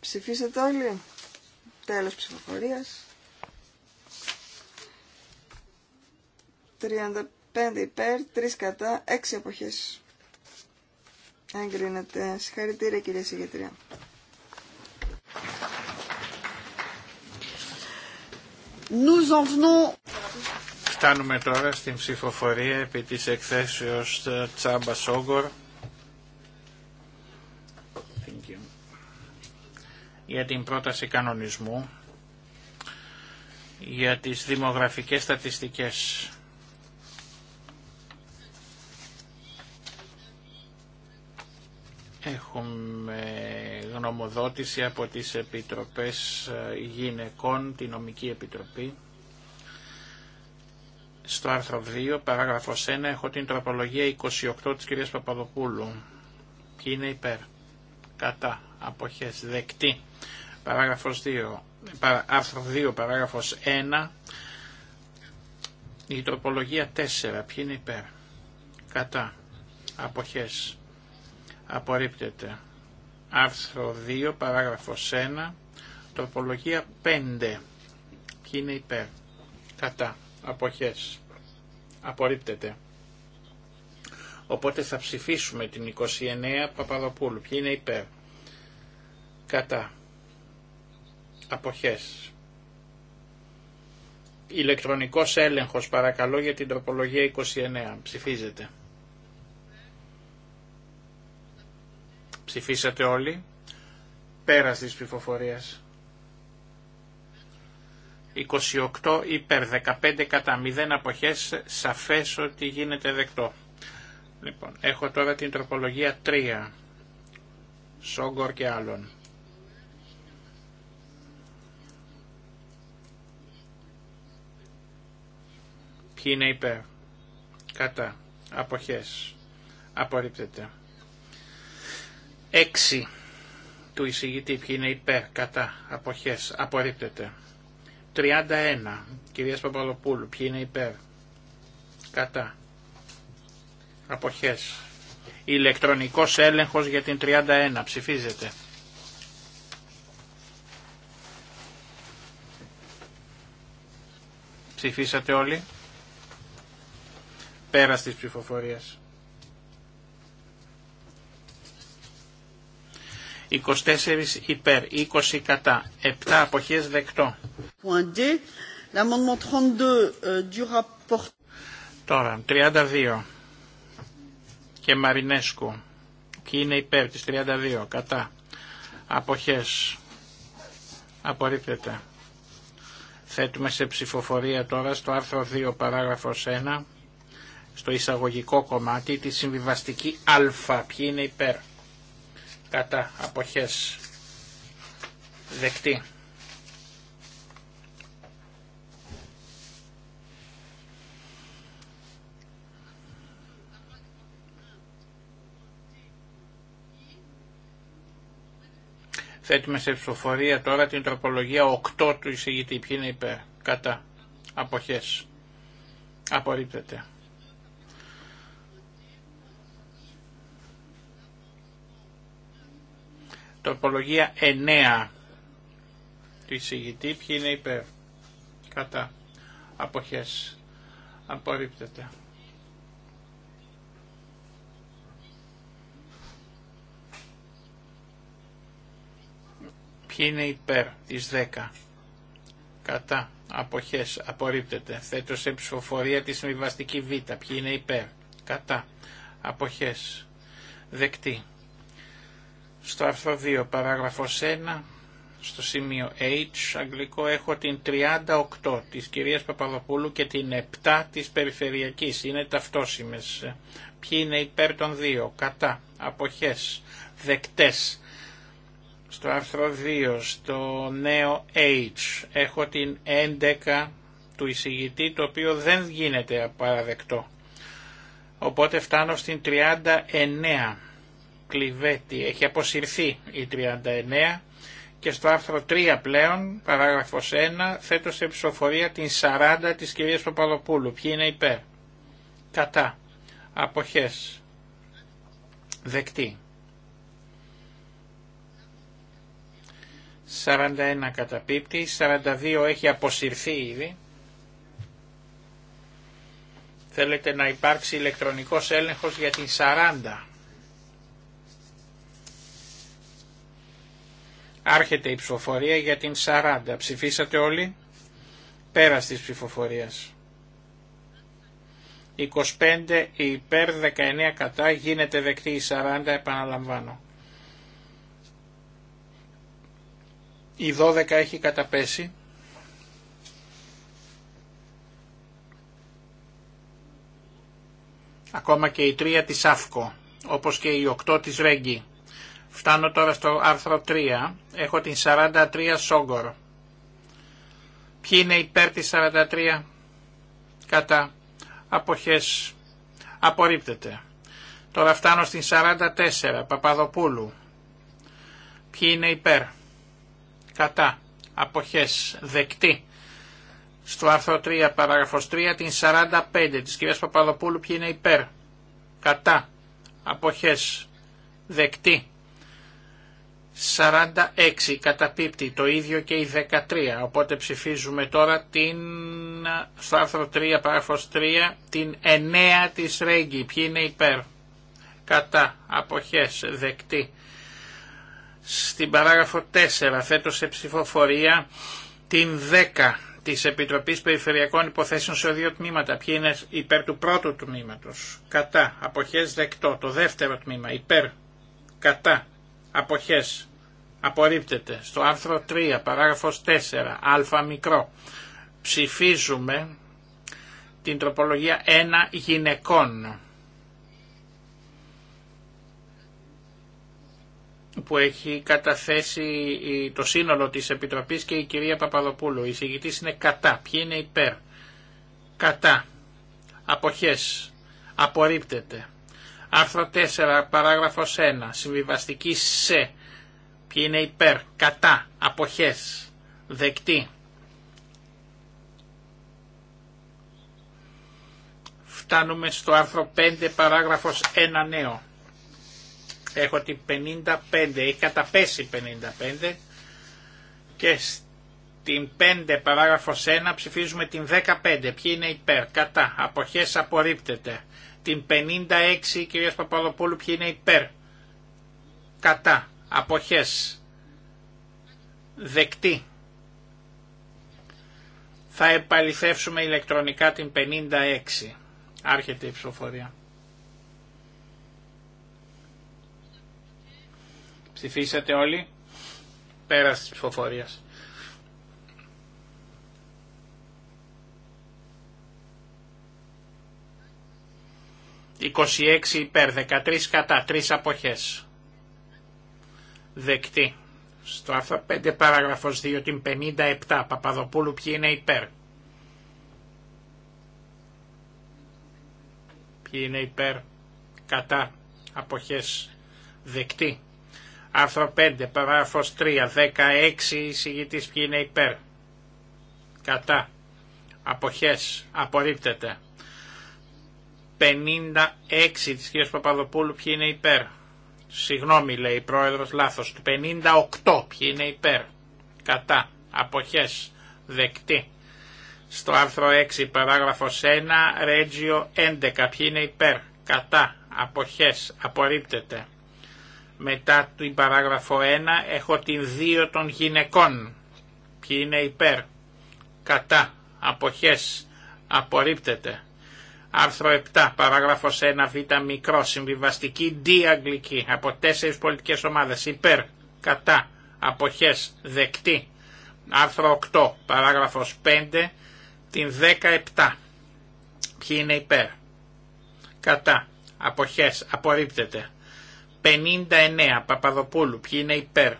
Ψηφίσατε όλοι. Τέλος ψηφοφορίας. 35 υπέρ, 3 κατά, 6 εποχέ. Εγκρίνεται. Συγχαρητήρια κυρία Συγγετρία. Nous en venons Φτάνουμε τώρα στην ψηφοφορία επί της εκθέσεως ε, Τσάμπα Σόγκορ για την πρόταση κανονισμού για τις δημογραφικές στατιστικές. Έχουμε γνωμοδότηση από τις Επιτροπές ε, Γυναικών, την Νομική Επιτροπή. Στο άρθρο 2, παράγραφος 1, έχω την τροπολογία 28 της κυρίας Παπαδοπούλου. Ποιοι είναι υπέρ. Κατά. Αποχές. Δεκτή. Παράγραφος 2. Παρα, άρθρο 2, παράγραφος 1. Η τροπολογία 4. Ποιοι είναι υπέρ. Κατά. Αποχές. Απορρίπτεται. Άρθρο 2, παράγραφος 1. Τροπολογία 5. Ποιοι είναι υπέρ. Κατά αποχές απορρίπτεται. Οπότε θα ψηφίσουμε την 29 Παπαδοπούλου. Ποιοι είναι υπέρ. Κατά. Αποχές. Ηλεκτρονικός έλεγχος παρακαλώ για την τροπολογία 29. Ψηφίζετε. Ψηφίσατε όλοι. Πέρας της ψηφοφορίας. 28 υπέρ 15 κατά 0 αποχές σαφές ότι γίνεται δεκτό. Λοιπόν, έχω τώρα την τροπολογία 3. Σόγκορ και άλλων. Ποιοι είναι υπέρ. Κατά. Αποχές. Απορρίπτεται. 6 του εισηγητή. Ποιοι είναι υπέρ. Κατά. Αποχές. Απορρίπτεται. 31. Κυρία Παπαλοπούλου, ποιοι είναι υπέρ. Κατά. Αποχές. Ηλεκτρονικός έλεγχος για την 31. Ψηφίζεται. Ψηφίσατε όλοι. Πέρα της ψηφοφορίας. 24 υπέρ, 20 κατά, 7 αποχές δεκτό. Euh, τώρα, 32 και Μαρινέσκου. Ποιοι είναι υπέρ της 32, κατά. Αποχές. Απορρίπτεται. Θέτουμε σε ψηφοφορία τώρα στο άρθρο 2 παράγραφος 1 στο εισαγωγικό κομμάτι τη συμβιβαστική α. Ποιοι είναι υπέρ κατά αποχές δεκτή. Θέτουμε σε ψηφοφορία τώρα την τροπολογία 8 του εισηγητή. Ποιοι είναι υπέρ, κατά, αποχές. Απορρίπτεται. Τοπολογία 9 του εισηγητή. Ποιοι είναι υπέρ. Κατά. Αποχές. Απορρίπτεται. Ποιοι είναι υπέρ της 10. Κατά. Αποχές. Απορρίπτεται. Θέτω σε ψηφοφορία τη συμβιβαστική β. Ποιοι είναι υπέρ. Κατά. Αποχές. Δεκτή. Στο άρθρο 2, παράγραφος 1, στο σημείο H, αγγλικό, έχω την 38 της κυρίας Παπαδοπούλου και την 7 της περιφερειακής. Είναι ταυτόσιμες. Ποιοι είναι υπέρ των δύο, κατά, αποχές, δεκτές. Στο άρθρο 2, στο νέο H, έχω την 11 του εισηγητή, το οποίο δεν γίνεται παραδεκτό. Οπότε φτάνω στην 39 Κλειβέτη έχει αποσυρθεί η 39 και στο άρθρο 3 πλέον, παράγραφος 1, θέτω σε ψηφοφορία την 40 της κυρίας Παπαδοπούλου. Ποιοι είναι υπέρ. Κατά. Αποχές. Δεκτή. 41 καταπίπτει, 42 έχει αποσυρθεί ήδη. Θέλετε να υπάρξει ηλεκτρονικός έλεγχος για την 40. Άρχεται η ψηφοφορία για την 40. Ψηφίσατε όλοι. πέρα της ψηφοφορίας. 25 υπέρ 19 κατά γίνεται δεκτή η 40 επαναλαμβάνω. Η 12 έχει καταπέσει. Ακόμα και η 3 της ΑΦΚΟ, όπως και η 8 της Ρέγγι. Φτάνω τώρα στο άρθρο 3. Έχω την 43 Σόγκορ. Ποιοι είναι υπέρ της 43 κατά αποχές απορρίπτεται. Τώρα φτάνω στην 44 Παπαδοπούλου. Ποιοι είναι υπέρ κατά αποχές δεκτή. Στο άρθρο 3 παράγραφος 3 την 45 της κυρίας Παπαδοπούλου ποιοι είναι υπέρ κατά αποχές δεκτή. 46 καταπίπτει, το ίδιο και η 13, οπότε ψηφίζουμε τώρα την, στο άρθρο 3 παράγραφος 3 την 9 της Ρέγγι, ποιοι είναι υπέρ, κατά, αποχές, δεκτή. Στην παράγραφο 4 θέτω σε ψηφοφορία την 10 της Επιτροπής Περιφερειακών Υποθέσεων σε δύο τμήματα, ποιοι είναι υπέρ του πρώτου τμήματος, κατά, αποχές, δεκτό, το δεύτερο τμήμα, υπέρ, κατά, αποχές Απορρίπτεται. Στο άρθρο 3, παράγραφος 4, α μικρό. Ψηφίζουμε την τροπολογία 1 γυναικών. που έχει καταθέσει το σύνολο της Επιτροπής και η κυρία Παπαδοπούλου. Η συγητής είναι κατά. Ποιοι είναι υπέρ. Κατά. Αποχές. Απορρίπτεται. Άρθρο 4, παράγραφος 1. Συμβιβαστική σε Ποιοι είναι υπέρ, κατά, αποχές, δεκτή. Φτάνουμε στο άρθρο 5 παράγραφος 1 νέο. Έχω την 55, έχει καταπέσει 55 και την 5 παράγραφος 1 ψηφίζουμε την 15. Ποιοι είναι υπέρ, κατά, αποχές απορρίπτεται. Την 56 κυρίας Παπαδοπούλου ποιοι είναι υπέρ, κατά, αποχές δεκτή θα επαληθεύσουμε ηλεκτρονικά την 56 άρχεται η ψηφοφορία ψηφίσατε όλοι πέρας της ψηφοφορίας «26 υπέρ, 13 κατά, 3 αποχές» δεκτή. Στο άρθρο 5 παράγραφος 2 την 57 Παπαδοπούλου ποιοι είναι υπέρ. Ποιοι είναι υπέρ κατά αποχές δεκτή. Άρθρο 5 παράγραφος 3 16 εισηγητής ποιοι είναι υπέρ. Κατά αποχές απορρίπτεται. 56 της κ. Παπαδοπούλου ποιοι είναι υπέρ Συγγνώμη λέει η πρόεδρος λάθος. 58. Ποιοι είναι υπέρ. Κατά. Αποχές. Δεκτή. Στο άρθρο 6 παράγραφος 1. Ρέτζιο 11. Ποιοι είναι υπέρ. Κατά. Αποχές. Απορρίπτεται. Μετά την παράγραφο 1 έχω την 2 των γυναικών. Ποιοι είναι υπέρ. Κατά. Αποχές. Απορρίπτεται. Άρθρο 7, παράγραφο 1, β, μικρό, συμβιβαστική, δι, αγγλική, από τέσσερι πολιτικέ ομάδε. υπέρ, κατά, απόχέ. δεκτή. Άρθρο 8, παράγραφο 5, την 17. Ποιοι είναι υπέρ. Κατά, απόχέ. απορρίπτεται. 59, Παπαδοπούλου, ποιοι είναι υπέρ.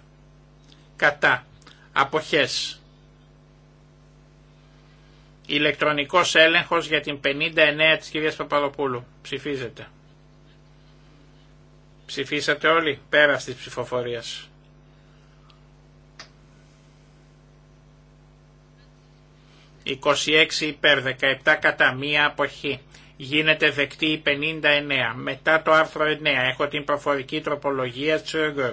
Κατά, αποχές, Ηλεκτρονικός έλεγχος για την 59 της κυρίας Παπαδοπούλου. ψηφίζετε; Ψηφίσατε όλοι πέρα της ψηφοφορίας. 26 υπέρ 17 κατά μία αποχή. Γίνεται δεκτή η 59. Μετά το άρθρο 9 έχω την προφορική τροπολογία Τσέγκορ.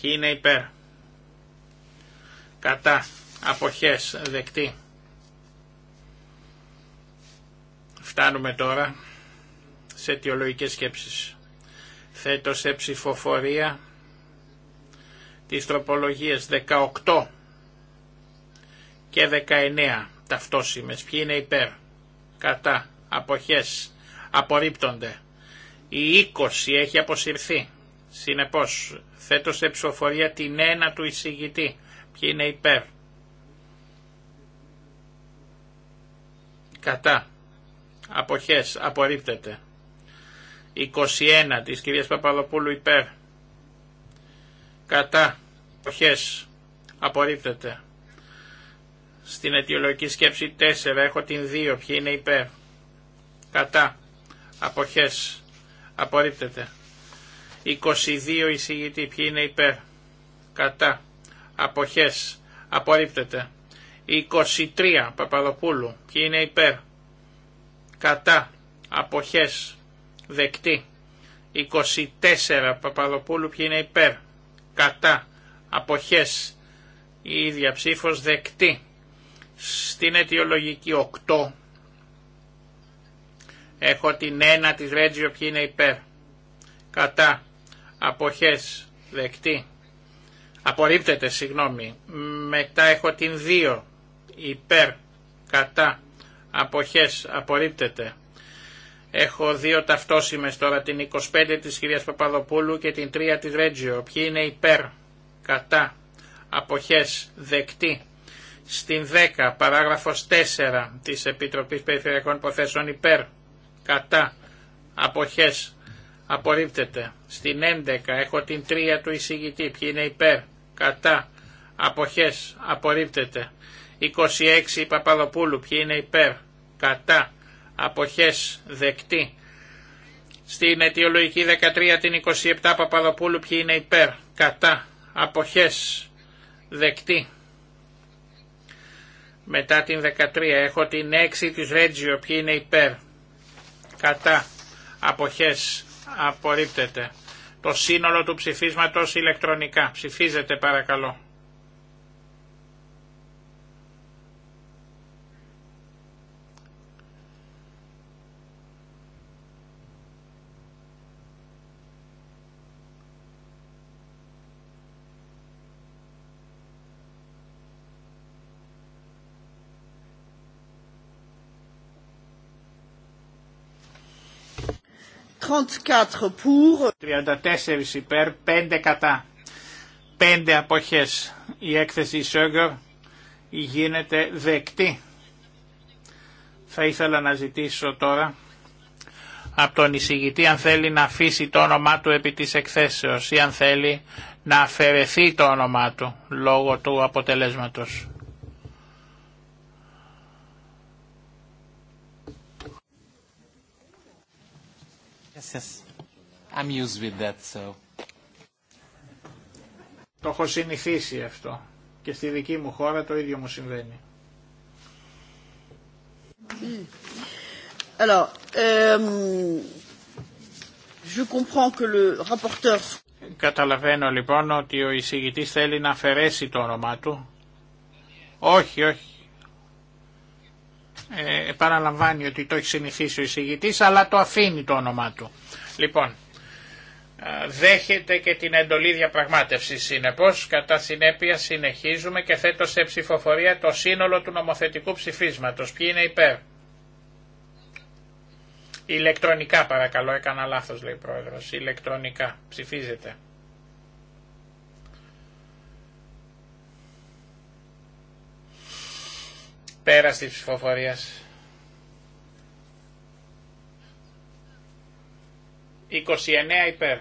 Ποιοι είναι υπέρ. Κατά. Αποχές δεκτή. Φτάνουμε τώρα σε αιτιολογικές σκέψεις. Θέτω σε ψηφοφορία τις τροπολογίες 18 και 19 ταυτόσημες. Ποιοι είναι υπέρ, κατά, αποχές, απορρίπτονται. Η 20 έχει αποσυρθεί. Συνεπώς θέτω σε ψηφοφορία την 1 του εισηγητή. Ποιοι είναι υπέρ, κατά, αποχές, απορρίπτεται. 21 της κυρίας Παπαδοπούλου υπέρ, κατά, αποχές, απορρίπτεται. Στην αιτιολογική σκέψη 4 έχω την 2, ποιοι είναι υπέρ, κατά, αποχές, απορρίπτεται. 22 εισηγητή, ποιοι είναι υπέρ, κατά, αποχές, απορρίπτεται. 23 Παπαδοπούλου. Ποιοι είναι υπέρ. Κατά. Αποχές. Δεκτή. 24 Παπαδοπούλου. Ποιοι είναι υπέρ. Κατά. Αποχές. Η ίδια ψήφος δεκτή. Στην αιτιολογική 8. Έχω την 1 της Ρέτζιο. Ποιοι είναι υπέρ. Κατά. Αποχές. Δεκτή. Απορρίπτεται, συγγνώμη. Μετά έχω την 2 υπέρ, κατά, αποχές, απορρίπτεται. Έχω δύο ταυτόσημες τώρα, την 25 της κυρίας Παπαδοπούλου και την 3 της Ρέτζιο. Ποιοι είναι υπέρ, κατά, αποχές, δεκτή. Στην 10, παράγραφος 4 της Επιτροπής Περιφερειακών Υποθέσεων υπέρ, κατά, αποχές, απορρίπτεται. Στην 11, έχω την 3 του εισηγητή. Ποιοι είναι υπέρ, κατά, αποχές, απορρίπτεται. 26 Παπαδοπούλου, ποιοι είναι υπέρ, κατά, αποχές, δεκτή. Στην αιτιολογική 13 την 27 Παπαδοπούλου, ποιοι είναι υπέρ, κατά, αποχές, δεκτή. Μετά την 13 έχω την 6 της Ρέτζιο, ποιοι είναι υπέρ, κατά, αποχές, απορρίπτεται. Το σύνολο του ψηφίσματος ηλεκτρονικά. ψηφίζετε παρακαλώ. 34 υπέρ, 5 κατά. 5 αποχές. Η έκθεση Σόγκορ γίνεται δεκτή. Θα ήθελα να ζητήσω τώρα από τον εισηγητή αν θέλει να αφήσει το όνομά του επί της εκθέσεως ή αν θέλει να αφαιρεθεί το όνομά του λόγω του αποτελέσματος. with that, Το έχω συνηθίσει αυτό και στη δική μου χώρα το ίδιο μου συμβαίνει. Alors, euh, je comprends que le rapporteur... Καταλαβαίνω λοιπόν ότι ο εισηγητής θέλει να αφαιρέσει το όνομά του. Όχι, όχι. Ε, επαναλαμβάνει ότι το έχει συνηθίσει ο εισηγητής, αλλά το αφήνει το όνομά του. Λοιπόν, δέχεται και την εντολή διαπραγμάτευση. Συνεπώ, κατά συνέπεια συνεχίζουμε και θέτω σε ψηφοφορία το σύνολο του νομοθετικού ψηφίσματος. Ποιοι είναι υπέρ. Ηλεκτρονικά παρακαλώ, έκανα λάθος λέει ο Πρόεδρος. Ηλεκτρονικά ψηφίζεται. Πέραστη ψηφοφορία. ψηφοφορίας. 29 υπέρ,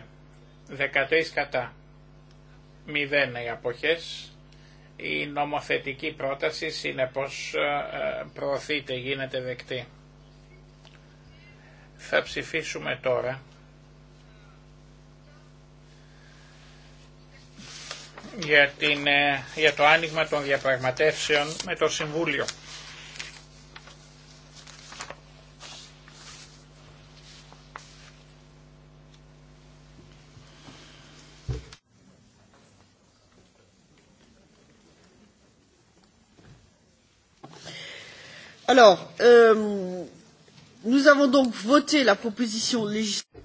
13 κατά, 0 οι αποχές. Η νομοθετική πρόταση συνεπώς ε, ε, προωθείται, γίνεται δεκτή. Θα ψηφίσουμε τώρα. Για, ε, για το άνοιγμα των διαπραγματεύσεων με το Συμβούλιο. Euh,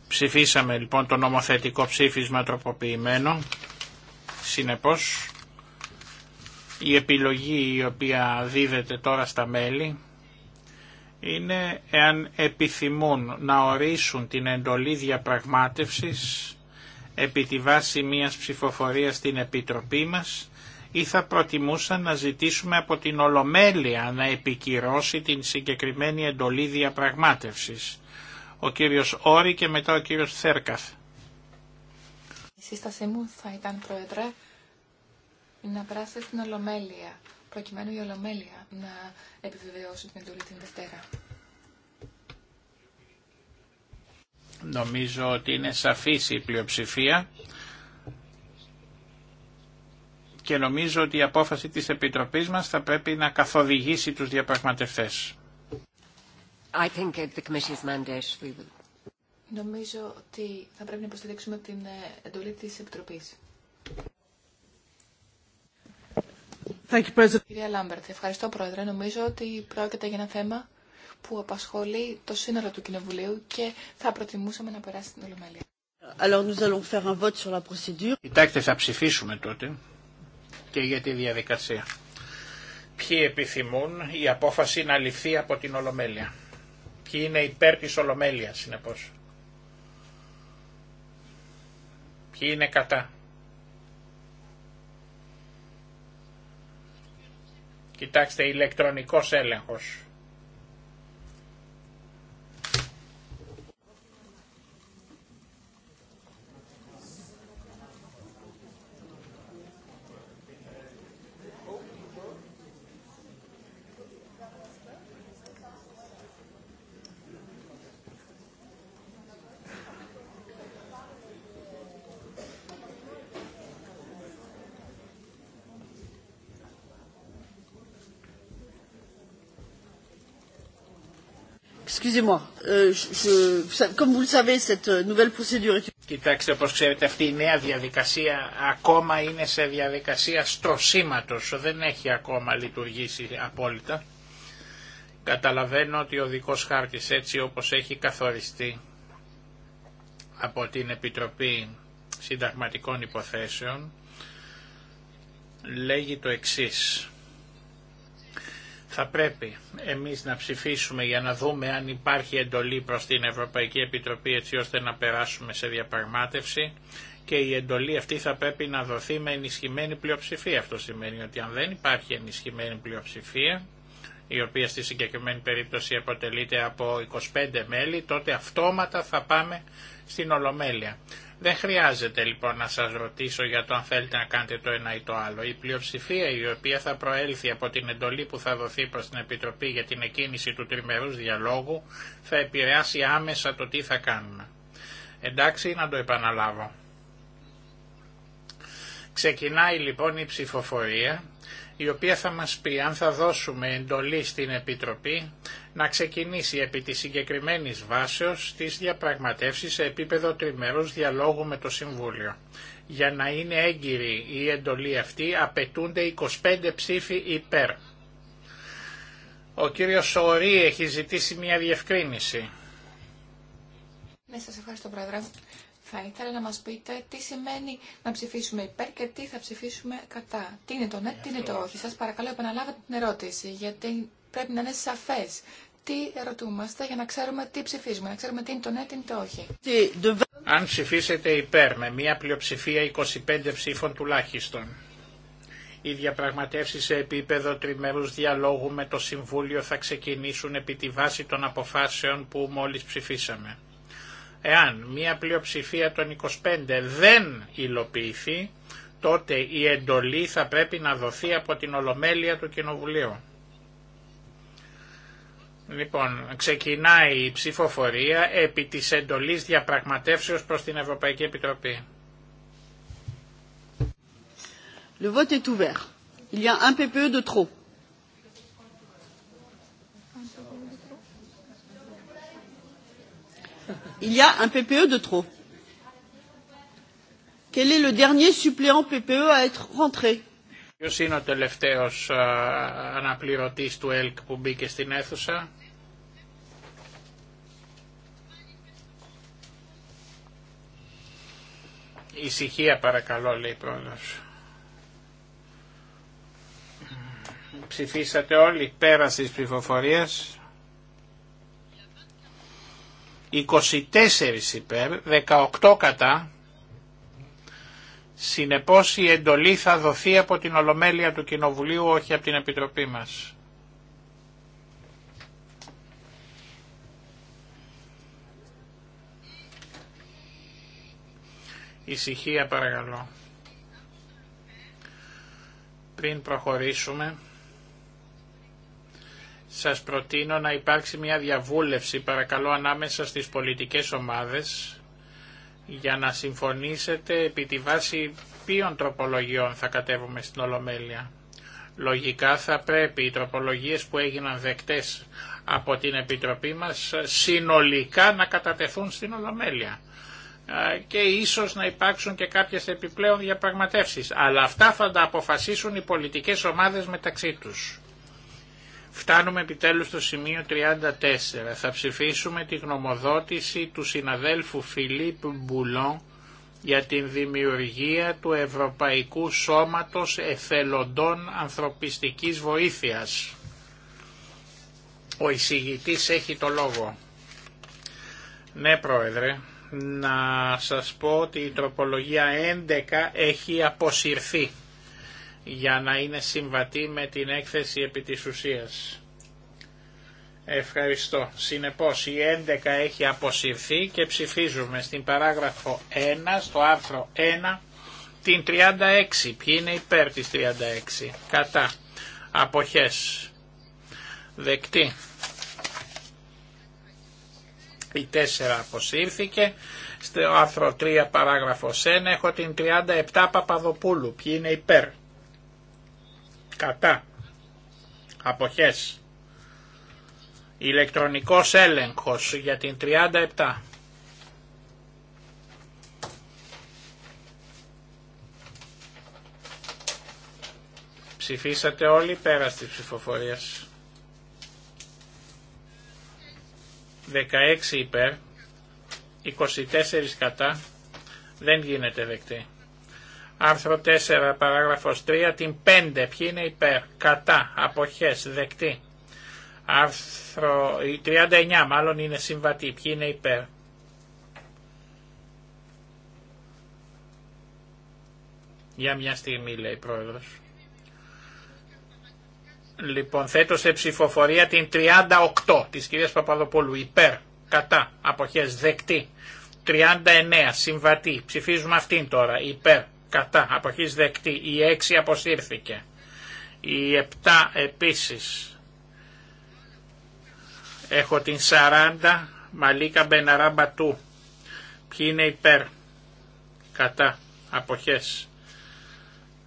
Ψηφίσαμε λοιπόν το νομοθετικό ψήφισμα τροποποιημένο. Συνεπώς, η επιλογή η οποία δίδεται τώρα στα μέλη είναι εάν επιθυμούν να ορίσουν την εντολή διαπραγμάτευσης επί τη βάση μιας ψηφοφορίας στην Επιτροπή μας ή θα προτιμούσαν να ζητήσουμε από την Ολομέλεια να επικυρώσει την συγκεκριμένη εντολή διαπραγμάτευσης. Ο κύριος Όρη και μετά ο κύριος Θέρκαθ. Η θα προτιμούσα να ζητησουμε απο την ολομελεια να επικυρωσει την συγκεκριμενη εντολη διαπραγματευσης ο κυριος ορη και μετα ο κυριος θερκαθ η συσταση μου θα ήταν, Πρόεδρε, να περάσει στην Ολομέλεια, προκειμένου η Ολομέλεια να επιβεβαιώσει την εντολή την Δευτέρα. Νομίζω ότι είναι σαφής η πλειοψηφία και νομίζω ότι η απόφαση της Επιτροπής μας θα πρέπει να καθοδηγήσει τους διαπραγματευτές. Νομίζω ότι θα πρέπει να υποστηρίξουμε την ε, εντολή της Επιτροπής. Κυρία Λάμπερτ, ευχαριστώ Πρόεδρε. Νομίζω ότι πρόκειται για ένα θέμα που απασχολεί το σύνολο του Κοινοβουλίου και θα προτιμούσαμε να περάσει την Ολομέλεια. Alors nous allons faire un vote sur la procédure. Κοιτάξτε, θα ψηφίσουμε τότε και για τη διαδικασία. Ποιοι επιθυμούν η απόφαση να ληφθεί από την Ολομέλεια. Ποιοι είναι υπέρ της Ολομέλειας, συνεπώς. Ποιοι είναι κατά. Κοιτάξτε, ηλεκτρονικός έλεγχος. Κοιτάξτε, όπως ξέρετε, αυτή η νέα διαδικασία ακόμα είναι σε διαδικασία στρωσίματος. Δεν έχει ακόμα λειτουργήσει απόλυτα. Καταλαβαίνω ότι ο δικός χάρτης έτσι όπως έχει καθοριστεί από την Επιτροπή Συνταγματικών Υποθέσεων λέγει το εξής θα πρέπει εμείς να ψηφίσουμε για να δούμε αν υπάρχει εντολή προς την Ευρωπαϊκή Επιτροπή έτσι ώστε να περάσουμε σε διαπραγμάτευση και η εντολή αυτή θα πρέπει να δοθεί με ενισχυμένη πλειοψηφία. Αυτό σημαίνει ότι αν δεν υπάρχει ενισχυμένη πλειοψηφία, η οποία στη συγκεκριμένη περίπτωση αποτελείται από 25 μέλη, τότε αυτόματα θα πάμε στην Ολομέλεια. Δεν χρειάζεται λοιπόν να σας ρωτήσω για το αν θέλετε να κάνετε το ένα ή το άλλο. Η πλειοψηφία η οποία θα προέλθει από την εντολή που θα δοθεί προς την Επιτροπή για την εκκίνηση του τριμερούς διαλόγου θα επηρεάσει άμεσα το τι θα κάνουμε. Εντάξει, να το επαναλάβω. Ξεκινάει λοιπόν η ψηφοφορία η οποία θα μας πει αν θα δώσουμε εντολή στην Επιτροπή να ξεκινήσει επί της συγκεκριμένης βάσεως τις διαπραγματεύσεις σε επίπεδο τριμερούς διαλόγου με το Συμβούλιο. Για να είναι έγκυρη η εντολή αυτή απαιτούνται 25 ψήφοι υπέρ. Ο κύριος Σορή έχει ζητήσει μια διευκρίνηση. Ναι, σας ευχαριστώ πρόεδρε. Θα ήθελα να μας πείτε τι σημαίνει να ψηφίσουμε υπέρ και τι θα ψηφίσουμε κατά. Τι είναι το ναι, τι είναι το όχι. Σας παρακαλώ επαναλάβετε την ερώτηση, γιατί πρέπει να είναι σαφές. Τι ερωτούμαστε για να ξέρουμε τι ψηφίζουμε, να ξέρουμε τι είναι το ναι, τι είναι το όχι. Αν ψηφίσετε υπέρ με μια πλειοψηφία 25 ψήφων τουλάχιστον, οι διαπραγματεύσεις σε επίπεδο τριμερούς διαλόγου με το Συμβούλιο θα ξεκινήσουν επί τη βάση των αποφάσεων που μόλις ψηφίσαμε. Εάν μία πλειοψηφία των 25 δεν υλοποιηθεί, τότε η εντολή θα πρέπει να δοθεί από την Ολομέλεια του Κοινοβουλίου. Λοιπόν, ξεκινάει η ψηφοφορία επί της εντολής διαπραγματεύσεως προς την Ευρωπαϊκή Επιτροπή. Le vote est ouvert. Il y a un e Il y a un PPE de trop. Quel est le dernier suppléant PPE à être rentré Ποιος είναι ο τελευταίος ε, αναπληρωτής του ΕΛΚ που μπήκε στην αίθουσα. Ησυχία παρακαλώ λέει πρόεδρος. Ψηφίσατε όλοι πέρα της ψηφοφορίας. 24 υπέρ, 18 κατά. Συνεπώς η εντολή θα δοθεί από την Ολομέλεια του Κοινοβουλίου, όχι από την Επιτροπή μας. Ησυχία παρακαλώ. Πριν προχωρήσουμε σας προτείνω να υπάρξει μια διαβούλευση παρακαλώ ανάμεσα στις πολιτικές ομάδες για να συμφωνήσετε επί τη βάση ποιων τροπολογιών θα κατέβουμε στην Ολομέλεια. Λογικά θα πρέπει οι τροπολογίες που έγιναν δεκτές από την Επιτροπή μας συνολικά να κατατεθούν στην Ολομέλεια και ίσως να υπάρξουν και κάποιες επιπλέον διαπραγματεύσεις. Αλλά αυτά θα τα αποφασίσουν οι πολιτικές ομάδες μεταξύ τους. Φτάνουμε επιτέλους στο σημείο 34. Θα ψηφίσουμε τη γνωμοδότηση του συναδέλφου Φιλίπ Μπουλόν για την δημιουργία του Ευρωπαϊκού Σώματος Εθελοντών Ανθρωπιστικής Βοήθειας. Ο εισηγητής έχει το λόγο. Ναι, Πρόεδρε, να σας πω ότι η τροπολογία 11 έχει αποσυρθεί για να είναι συμβατή με την έκθεση επί της ουσίας. Ευχαριστώ. Συνεπώς η 11 έχει αποσυρθεί και ψηφίζουμε στην παράγραφο 1, στο άρθρο 1, την 36. Ποιοι είναι υπέρ της 36. Κατά. Αποχές. Δεκτή. Η 4 αποσύρθηκε. Στο άρθρο 3 παράγραφος 1 έχω την 37 Παπαδοπούλου. Ποιοι είναι υπέρ κατά, αποχές, ηλεκτρονικός έλεγχος για την 37. Ψηφίσατε όλοι πέρα στη ψηφοφορία. 16 υπέρ, 24 κατά, δεν γίνεται δεκτή. Άρθρο 4 παράγραφος 3 την 5 ποιοι είναι υπέρ, κατά, αποχές, δεκτή. Άρθρο 39 μάλλον είναι συμβατή, ποιοι είναι υπέρ. Για μια στιγμή λέει η πρόεδρος. Λοιπόν, θέτω σε ψηφοφορία την 38 της κυρίας Παπαδοπούλου. Υπέρ, κατά, αποχές, δεκτή. 39, συμβατή. Ψηφίζουμε αυτήν τώρα. Υπέρ, κατά αποχής δεκτή. Η 6 αποσύρθηκε. Η 7 επίσης. Έχω την 40 Μαλίκα Μπεναρά Μπατού. Ποιοι είναι υπέρ. Κατά αποχές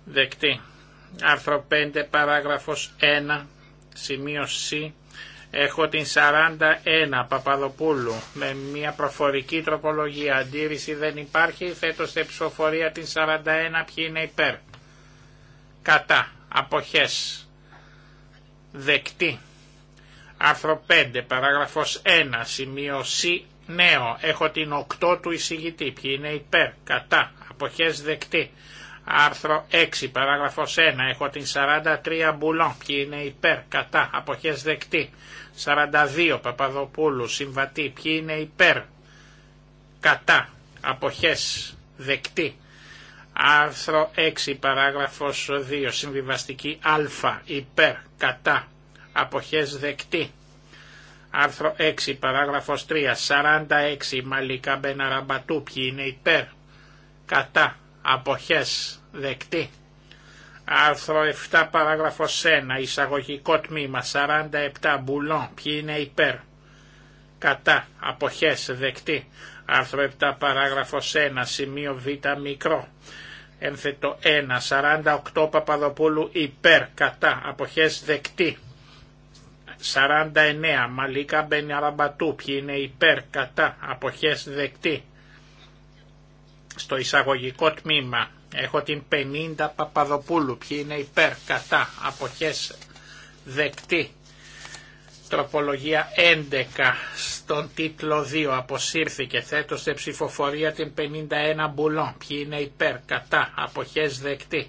δεκτή. Άρθρο 5 παράγραφος 1 σημείο C Έχω την 41 Παπαδοπούλου με μια προφορική τροπολογία. Αντίρρηση δεν υπάρχει. Θέτω σε ψηφοφορία την 41 ποιοι είναι υπέρ. Κατά. Αποχές. Δεκτή. Άρθρο 5 παράγραφος 1 σημείο C νέο. Έχω την 8 του εισηγητή. Ποιοι είναι υπέρ. Κατά. Αποχές δεκτή. Άρθρο 6, παράγραφος 1, έχω την 43 μπουλόν, ποιοι είναι υπέρ, κατά, αποχές δεκτή. 42 Παπαδοπούλου, συμβατή, ποιοι είναι υπέρ, κατά, αποχές δεκτή. Άρθρο 6, παράγραφος 2, συμβιβαστική α, υπέρ, κατά, αποχές δεκτή. Άρθρο 6, παράγραφος 3, 46, Μαλικά Μπεναραμπατού, ποιοι είναι υπέρ, κατά, αποχές δεκτή. Άρθρο 7 παράγραφος 1 εισαγωγικό τμήμα 47 μπουλόν ποιοι είναι υπέρ κατά αποχές δεκτή. Άρθρο 7 παράγραφος 1 σημείο β μικρό ένθετο 1 48 Παπαδοπούλου υπέρ κατά αποχές δεκτή. 49 Μαλίκα Μπενιαραμπατού ποιοι είναι υπέρ κατά αποχές δεκτή στο εισαγωγικό τμήμα. Έχω την 50 Παπαδοπούλου. Ποιοι είναι υπέρ, κατά, αποχές, δεκτή. Τροπολογία 11 στον τίτλο 2 αποσύρθηκε. Θέτω σε ψηφοφορία την 51 Μπουλόν. Ποιοι είναι υπέρ, κατά, αποχές, δεκτή.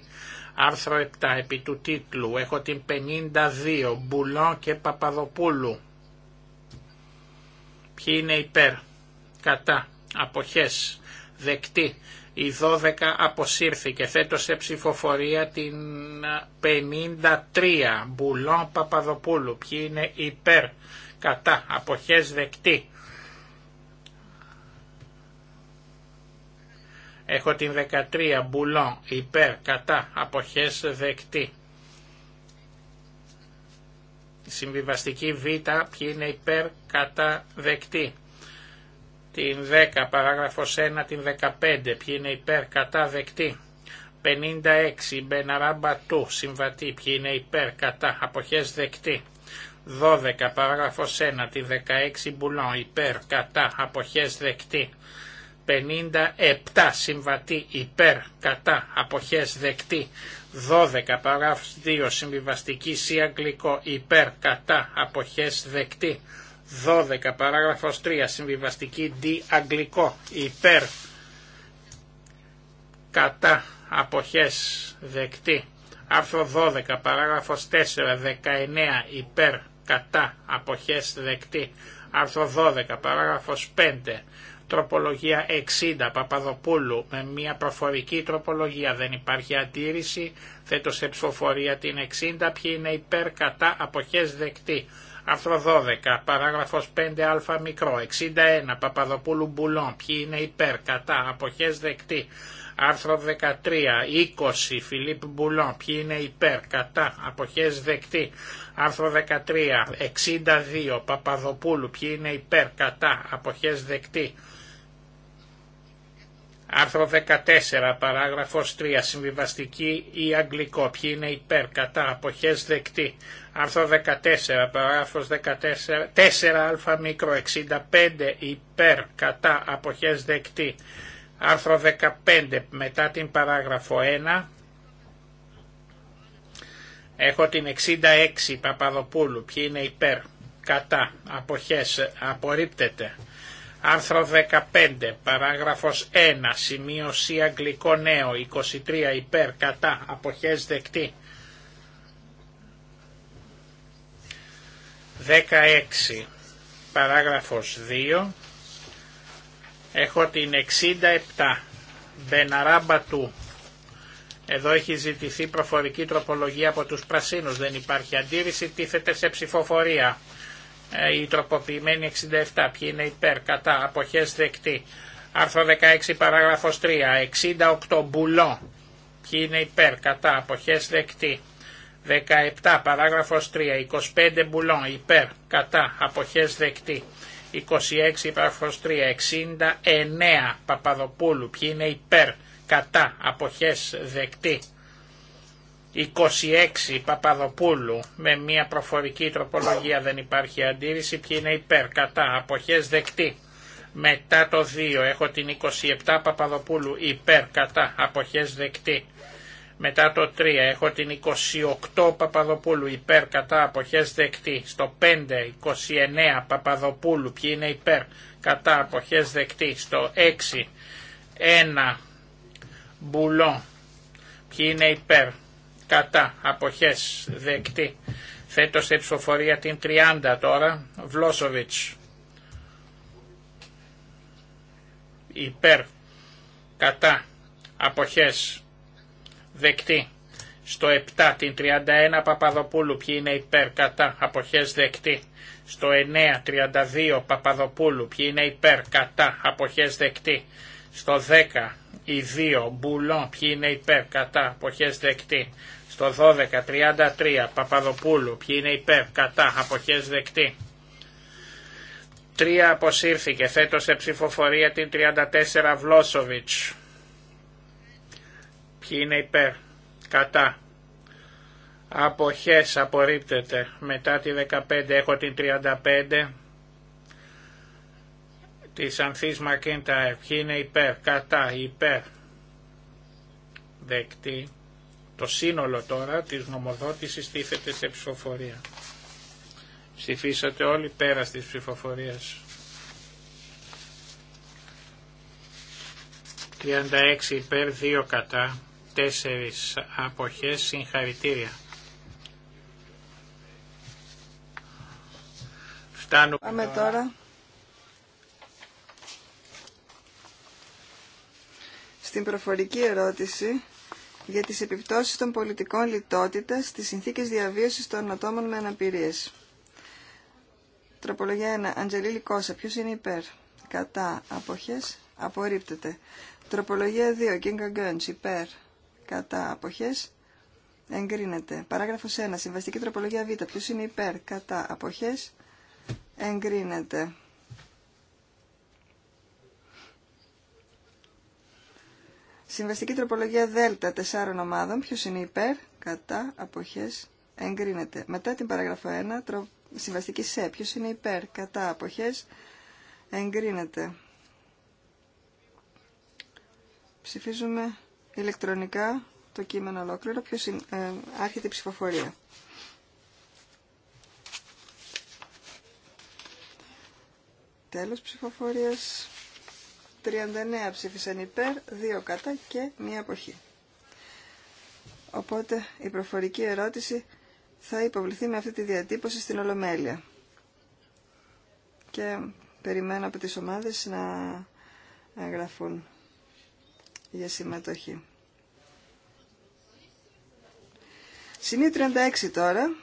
Άρθρο 7 επί του τίτλου. Έχω την 52 Μπουλόν και Παπαδοπούλου. Ποιοι είναι υπέρ, κατά, αποχές, δεκτή. Η 12 αποσύρθηκε. Θέτω σε ψηφοφορία την 53. Μπουλόν Παπαδοπούλου. Ποιοι είναι υπέρ. Κατά. Αποχές δεκτή. Έχω την 13. Μπουλόν. Υπέρ. Κατά. Αποχές δεκτή. Συμβιβαστική Β. Ποιοι είναι υπέρ. Κατά. Δεκτή την 10 παράγραφος 1 την 15 ποιοι είναι υπέρ κατά δεκτή 56 Μπεναράμπα του συμβατή ποιοι είναι υπέρ κατά αποχές δεκτή 12 παράγραφος 1 την 16 Μπουλόν υπέρ κατά αποχές δεκτή 57 συμβατή υπέρ κατά αποχές δεκτή 12 παράγραφος 2 συμβιβαστική σι αγγλικό υπέρ κατά αποχές δεκτή 12 παράγραφος 3 συμβιβαστική D αγγλικό υπέρ κατά αποχές δεκτή άρθρο 12 παράγραφος 4 19 υπέρ κατά αποχές δεκτή άρθρο 12 παράγραφος 5 τροπολογία 60 Παπαδοπούλου με μια προφορική τροπολογία δεν υπάρχει αντίρρηση θέτω σε ψηφοφορία την 60 ποιοι είναι υπέρ κατά αποχές δεκτή Άρθρο 12, παραγραφο 5 5α μικρό, 61, Παπαδοπούλου Μπουλόν, ποιοι είναι υπέρ, κατά, αποχέ δεκτή. Άρθρο 13, 20, Φιλίπ Μπουλόν, ποιοι είναι υπέρ, κατά, αποχέ δεκτή. Άρθρο 13, 62, Παπαδοπούλου, ποιοι είναι υπέρ, κατά, αποχέ δεκτή. Άρθρο 14, παράγραφος 3, συμβιβαστική ή αγγλικό, ποιοι είναι υπέρ, κατά, αποχές δεκτή. Άρθρο 14, παράγραφος 14, 4 αλφα μικρό, 65, υπέρ, κατά, αποχές δεκτή. Άρθρο 15, μετά την παράγραφο 1, έχω την 66, Παπαδοπούλου, ποιοι είναι υπέρ, κατά, αποχές, απορρίπτεται. Άρθρο 15, παράγραφος 1, σημείωση αγγλικό νέο, 23 υπέρ, κατά, αποχές δεκτή. 16, παράγραφος 2, έχω την 67, Μπεναράμπα του. Εδώ έχει ζητηθεί προφορική τροπολογία από τους πρασίνους, δεν υπάρχει αντίρρηση, τίθεται σε ψηφοφορία. Ε, η τροποποιημένη 67, ποιοι είναι υπέρ, κατά, αποχές δεκτή. Άρθρο 16 παράγραφος 3, 68 μπουλό, ποιοι είναι υπέρ, κατά, αποχές δεκτή. 17 παράγραφος 3, 25 μπουλό, υπέρ, κατά, αποχές δεκτή. 26 παράγραφος 3, 69 Παπαδοπούλου, ποιοι είναι υπέρ, κατά, αποχές δεκτή. 26 Παπαδοπούλου με μια προφορική τροπολογία δεν υπάρχει αντίρρηση. Ποιοι είναι υπέρ, κατά, αποχές δεκτή. Μετά το 2 έχω την 27 Παπαδοπούλου υπέρ, κατά, αποχές δεκτή. Μετά το 3 έχω την 28 Παπαδοπούλου υπέρ, κατά, αποχές δεκτή. Στο 5 29 Παπαδοπούλου ποιοι είναι υπέρ, κατά, αποχές δεκτή. Στο 6 1 Μπουλό ποιοι είναι υπέρ, κατά αποχές δεκτή. Θέτω σε ψηφοφορία την 30 τώρα, Βλόσοβιτς. Υπέρ, κατά, αποχές, δεκτή. Στο 7 την 31 Παπαδοπούλου, ποιοι είναι υπέρ, κατά, αποχές, δεκτή. Στο 9, 32 Παπαδοπούλου, ποιοι είναι υπέρ, κατά, αποχές, δεκτή. Στο 10, οι δύο, Μπουλόν, ποιοι είναι υπέρ, κατά, αποχές δεκτή. Στο 12.33, Παπαδοπούλου, ποιοι είναι υπέρ, κατά, αποχές δεκτή. Τρία αποσύρθηκε, θέτω σε ψηφοφορία την 34 Βλόσοβιτς. Ποιοι είναι υπέρ, κατά. Αποχές απορρίπτεται. Μετά τη 15 έχω την 35 Τη Ανθής Μακίνταερ. ευχή είναι υπέρ, κατά, υπέρ. Δεκτή. Το σύνολο τώρα της νομοδότησης τίθεται σε ψηφοφορία. Ψηφίσατε όλοι πέρα της ψηφοφορία. 36 υπέρ, 2 κατά, 4 αποχές, συγχαρητήρια. Φτάνουμε Πάμε τώρα στην προφορική ερώτηση για τις επιπτώσεις των πολιτικών λιτότητας στις συνθήκες διαβίωσης των ατόμων με αναπηρίες. Τροπολογία 1. Αντζελίλη Κώσα. Ποιος είναι υπέρ. Κατά. Αποχές. Απορρίπτεται. Τροπολογία 2. Κίνγκα Γκέντς. Υπέρ. Κατά. Αποχές. Εγκρίνεται. Παράγραφος 1. Συμβαστική τροπολογία Β. Ποιος είναι υπέρ. Κατά. Αποχές. Εγκρίνεται. Συμβαστική τροπολογία Δέλτα τεσσάρων ομάδων. Ποιο είναι υπέρ, κατά, αποχέ, εγκρίνεται. Μετά την παράγραφο 1, τρο... συμβαστική ΣΕ. Ποιο είναι υπέρ, κατά, αποχέ, εγκρίνεται. Ψηφίζουμε ηλεκτρονικά το κείμενο ολόκληρο. Ποιο είναι, ε, ψηφοφορία. Τέλος ψηφοφορίας. 39 ψήφισαν υπέρ, 2 κατά και μία αποχή. Οπότε η προφορική ερώτηση θα υποβληθεί με αυτή τη διατύπωση στην Ολομέλεια. Και περιμένω από τις ομάδες να γραφούν για συμμετοχή. Σημείο 36 τώρα.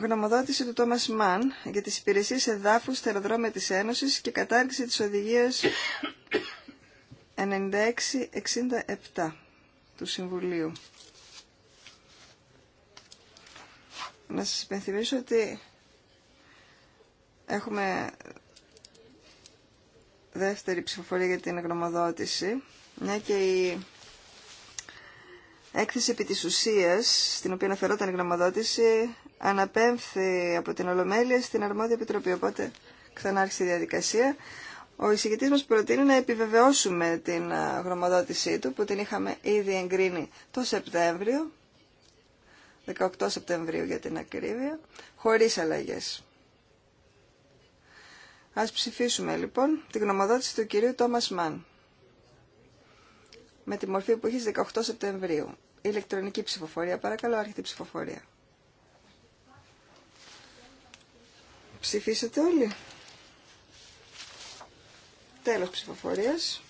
γνωμοδότηση του Τόμας Μαν για τις υπηρεσίες εδάφους στα αεροδρόμια της Ένωσης και κατάργηση της οδηγίας 96-67 του Συμβουλίου. Να σας υπενθυμίσω ότι έχουμε δεύτερη ψηφοφορία για την γνωμοδότηση, μια και η έκθεση επί της ουσίας, στην οποία αναφερόταν η γνωμοδότηση, αναπέμφθη από την Ολομέλεια στην αρμόδια επιτροπή. Οπότε ξανάρχισε η διαδικασία. Ο εισηγητή μα προτείνει να επιβεβαιώσουμε την γνωμοδότησή του που την είχαμε ήδη εγκρίνει το Σεπτέμβριο, 18 Σεπτεμβρίου για την ακρίβεια, χωρίς αλλαγές. Ας ψηφίσουμε λοιπόν την γνωμοδότηση του κυρίου Τόμας Μαν με τη μορφή που έχει 18 Σεπτεμβρίου. Ηλεκτρονική ψηφοφορία. Παρακαλώ, άρχεται η ψηφοφορία. Ψηφίσατε όλοι. Τέλος ψηφοφορίας.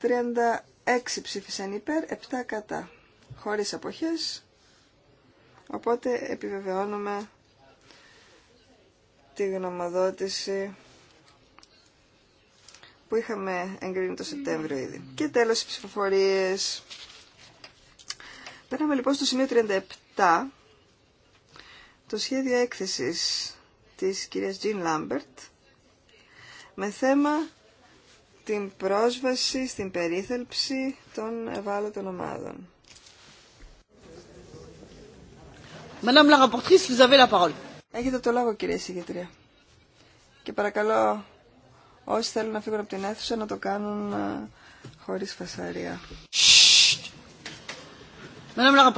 36 ψήφισαν υπέρ, 7 κατά. Χωρίς αποχές. Οπότε επιβεβαιώνουμε τη γνωμοδότηση που είχαμε εγκρίνει το Σεπτέμβριο ήδη. Και τέλος ψηφοφορίες. Πέραμε λοιπόν στο σημείο 37 το σχέδιο έκθεσης της κυρίας Τζιν Λάμπερτ με θέμα την πρόσβαση στην περίθαλψη των ευάλωτων ομάδων. Madame la vous avez la parole. Έχετε το λόγο, κυρία Συγγετρία. Και παρακαλώ όσοι θέλουν να φύγουν από την αίθουσα να το κάνουν ε, χωρίς φασαρία. Madame la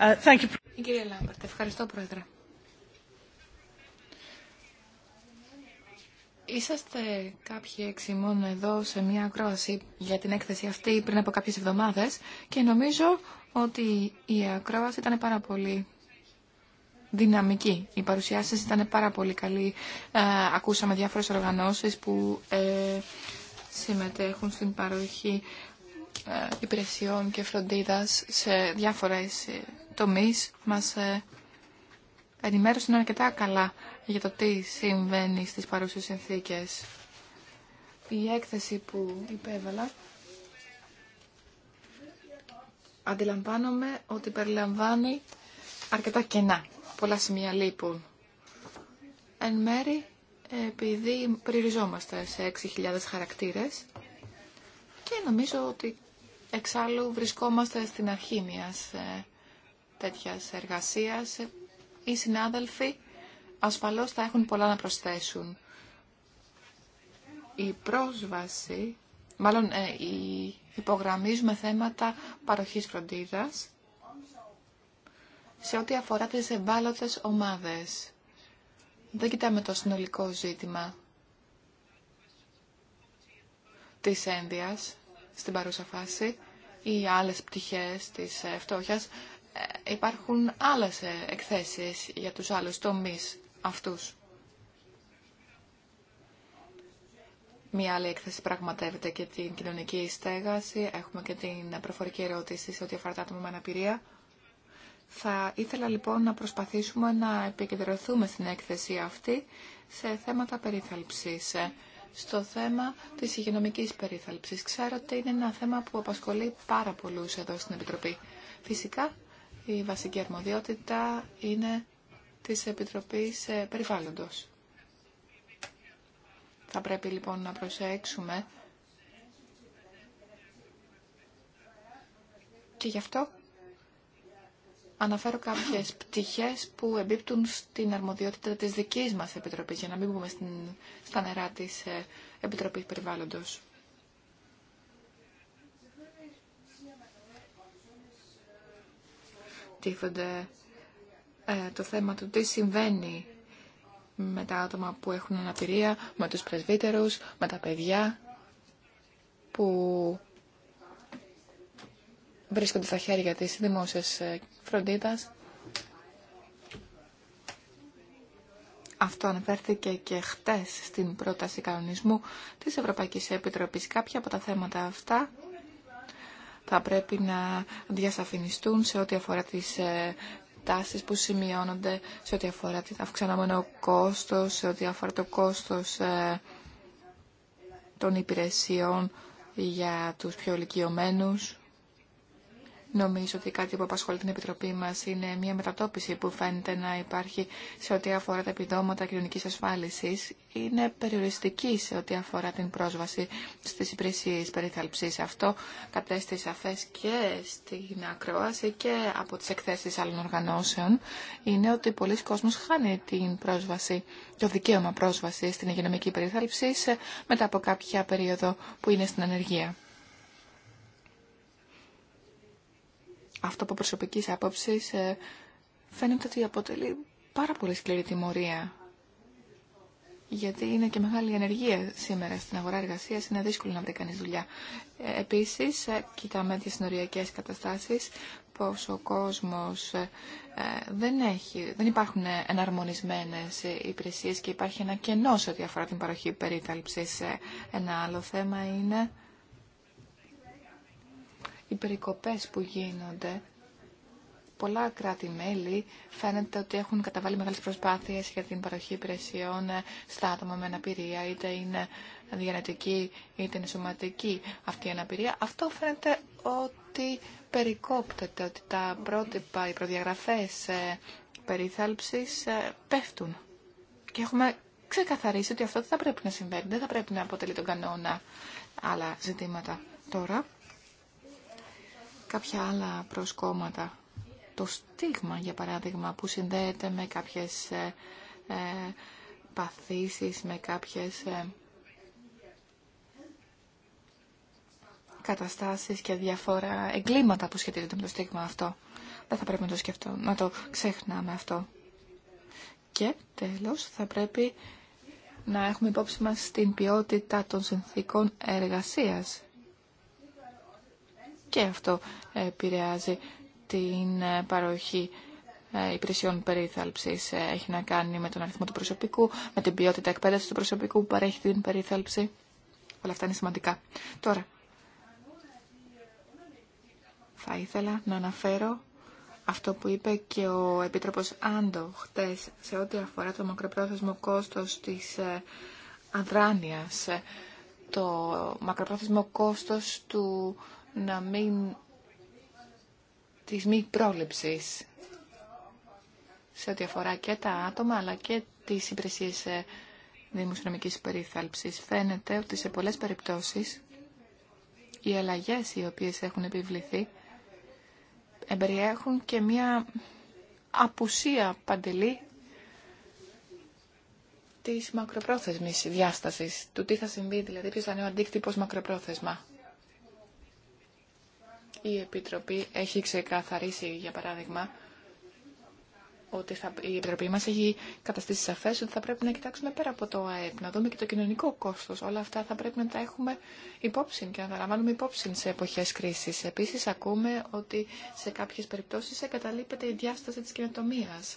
Uh, Κύριε ευχαριστώ Πρόεδρε. Είσαστε κάποιοι μόνο εδώ σε μια ακρόαση για την έκθεση αυτή πριν από κάποιες εβδομάδες και νομίζω ότι η ακρόαση ήταν πάρα πολύ δυναμική. Η παρουσίαση ήταν πάρα πολύ καλή. Ε, ακούσαμε διάφορες οργανώσεις που ε, συμμετέχουν στην παροχή ε, υπηρεσιών και φροντίδας σε διάφορες μα μας ε, ενημέρωσαν αρκετά καλά για το τι συμβαίνει στις παρούσες συνθήκε. Η έκθεση που υπέβαλα αντιλαμβάνομαι ότι περιλαμβάνει αρκετά κενά. Πολλά σημεία λείπουν. Εν μέρη, επειδή περιοριζόμαστε σε 6.000 χαρακτήρες και νομίζω ότι εξάλλου βρισκόμαστε στην αρχή μιας ε, τέτοια εργασίας, οι συνάδελφοι ασφαλώς θα έχουν πολλά να προσθέσουν. Η πρόσβαση, μάλλον ε, η, υπογραμμίζουμε θέματα παροχής φροντίδας σε ό,τι αφορά τις ευάλωτες ομάδες. Δεν κοιτάμε το συνολικό ζήτημα της ένδυας στην παρούσα φάση ή άλλες πτυχές της ε, φτώχειας υπάρχουν άλλες ε, εκθέσεις για τους άλλους τομείς αυτούς. Μία άλλη έκθεση πραγματεύεται και την κοινωνική στέγαση. Έχουμε και την προφορική ερώτηση σε ό,τι αφορά τα άτομα με αναπηρία. Θα ήθελα λοιπόν να προσπαθήσουμε να επικεντρωθούμε στην έκθεση αυτή σε θέματα περίθαλψης. Στο θέμα της υγειονομικής περίθαλψης. Ξέρω ότι είναι ένα θέμα που απασχολεί πάρα πολλούς εδώ στην Επιτροπή. Φυσικά η βασική αρμοδιότητα είναι της Επιτροπής ε, Περιβάλλοντος. Θα πρέπει λοιπόν να προσέξουμε και γι' αυτό αναφέρω κάποιες πτυχές που εμπίπτουν στην αρμοδιότητα της δικής μας Επιτροπής για να μην πούμε στην, στα νερά της ε, Επιτροπής Περιβάλλοντος. τίθονται ε, το θέμα του τι συμβαίνει με τα άτομα που έχουν αναπηρία, με τους πρεσβύτερους, με τα παιδιά που βρίσκονται στα χέρια της δημόσιας ε, φροντίδας. Αυτό αναφέρθηκε και χτες στην πρόταση κανονισμού της Ευρωπαϊκής Επιτροπής. Κάποια από τα θέματα αυτά θα πρέπει να διασαφινιστούν σε ό,τι αφορά τις ε, τάσεις που σημειώνονται, σε ό,τι αφορά το αυξανόμενο κόστος, σε ό,τι αφορά το κόστος ε, των υπηρεσιών για τους πιο ηλικιωμένους. Νομίζω ότι κάτι που απασχολεί την Επιτροπή μα είναι μια μετατόπιση που φαίνεται να υπάρχει σε ό,τι αφορά τα επιδόματα κοινωνική ασφάλιση. Είναι περιοριστική σε ό,τι αφορά την πρόσβαση στι υπηρεσίε περιθαλψή. Αυτό κατέστη σαφέ και στην ακρόαση και από τι εκθέσει άλλων οργανώσεων. Είναι ότι πολλοί κόσμοι χάνει την πρόσβαση, το δικαίωμα πρόσβαση στην υγειονομική περιθαλψή μετά από κάποια περίοδο που είναι στην ανεργία. Αυτό από προσωπικής άποψης ε, φαίνεται ότι αποτελεί πάρα πολύ σκληρή τιμωρία. Γιατί είναι και μεγάλη ενεργεία σήμερα στην αγορά εργασία, είναι δύσκολο να βρει κανεί δουλειά. Ε, Επίση, ε, κοιτάμε τι νοριακέ καταστάσει, πω ο κόσμο δεν έχει, δεν υπάρχουν εναρμονισμένε υπηρεσίε και υπάρχει ένα κενό σε ό,τι αφορά την παροχή Ε, Ένα άλλο θέμα είναι οι περικοπές που γίνονται. Πολλά κράτη-μέλη φαίνεται ότι έχουν καταβάλει μεγάλες προσπάθειες για την παροχή υπηρεσιών στα άτομα με αναπηρία, είτε είναι διανετική είτε είναι σωματική αυτή η αναπηρία. Αυτό φαίνεται ότι περικόπτεται, ότι τα πρότυπα, οι προδιαγραφές ε, περιθάλψης ε, πέφτουν. Και έχουμε ξεκαθαρίσει ότι αυτό δεν θα πρέπει να συμβαίνει, δεν θα πρέπει να αποτελεί τον κανόνα άλλα ζητήματα τώρα κάποια άλλα προσκόμματα. Το στίγμα, για παράδειγμα, που συνδέεται με κάποιες ε, ε, παθήσεις, με κάποιες ε, καταστάσεις και διάφορα εγκλήματα που σχετίζονται με το στίγμα αυτό. Δεν θα πρέπει να το σκεφτώ, να το ξεχνάμε αυτό. Και τέλος θα πρέπει να έχουμε υπόψη μας την ποιότητα των συνθήκων εργασίας και αυτό επηρεάζει την ε, παροχή ε, υπηρεσιών περίθαλψης. Ε, έχει να κάνει με τον αριθμό του προσωπικού, με την ποιότητα εκπαίδευση του προσωπικού που παρέχει την περίθαλψη. Όλα αυτά είναι σημαντικά. Τώρα, θα ήθελα να αναφέρω αυτό που είπε και ο Επίτροπος Άντο χτες σε ό,τι αφορά το μακροπρόθεσμο κόστος της αδράνειας, το μακροπρόθεσμο κόστος του να μην της μη πρόληψης σε ό,τι αφορά και τα άτομα αλλά και τις υπηρεσίες ε, δημοσιονομικής περιθάλψης. Φαίνεται ότι σε πολλές περιπτώσεις οι αλλαγές οι οποίες έχουν επιβληθεί εμπεριέχουν και μία απουσία παντελή της μακροπρόθεσμης διάστασης, του τι θα συμβεί, δηλαδή ποιος θα είναι ο αντίκτυπος μακροπρόθεσμα η Επιτροπή έχει ξεκαθαρίσει, για παράδειγμα, ότι η Επιτροπή μας έχει καταστήσει σαφές ότι θα πρέπει να κοιτάξουμε πέρα από το ΑΕΠ, να δούμε και το κοινωνικό κόστος. Όλα αυτά θα πρέπει να τα έχουμε υπόψη και να τα λαμβάνουμε υπόψη σε εποχές κρίσης. Επίσης ακούμε ότι σε κάποιες περιπτώσεις εγκαταλείπεται η διάσταση της κοινοτομίας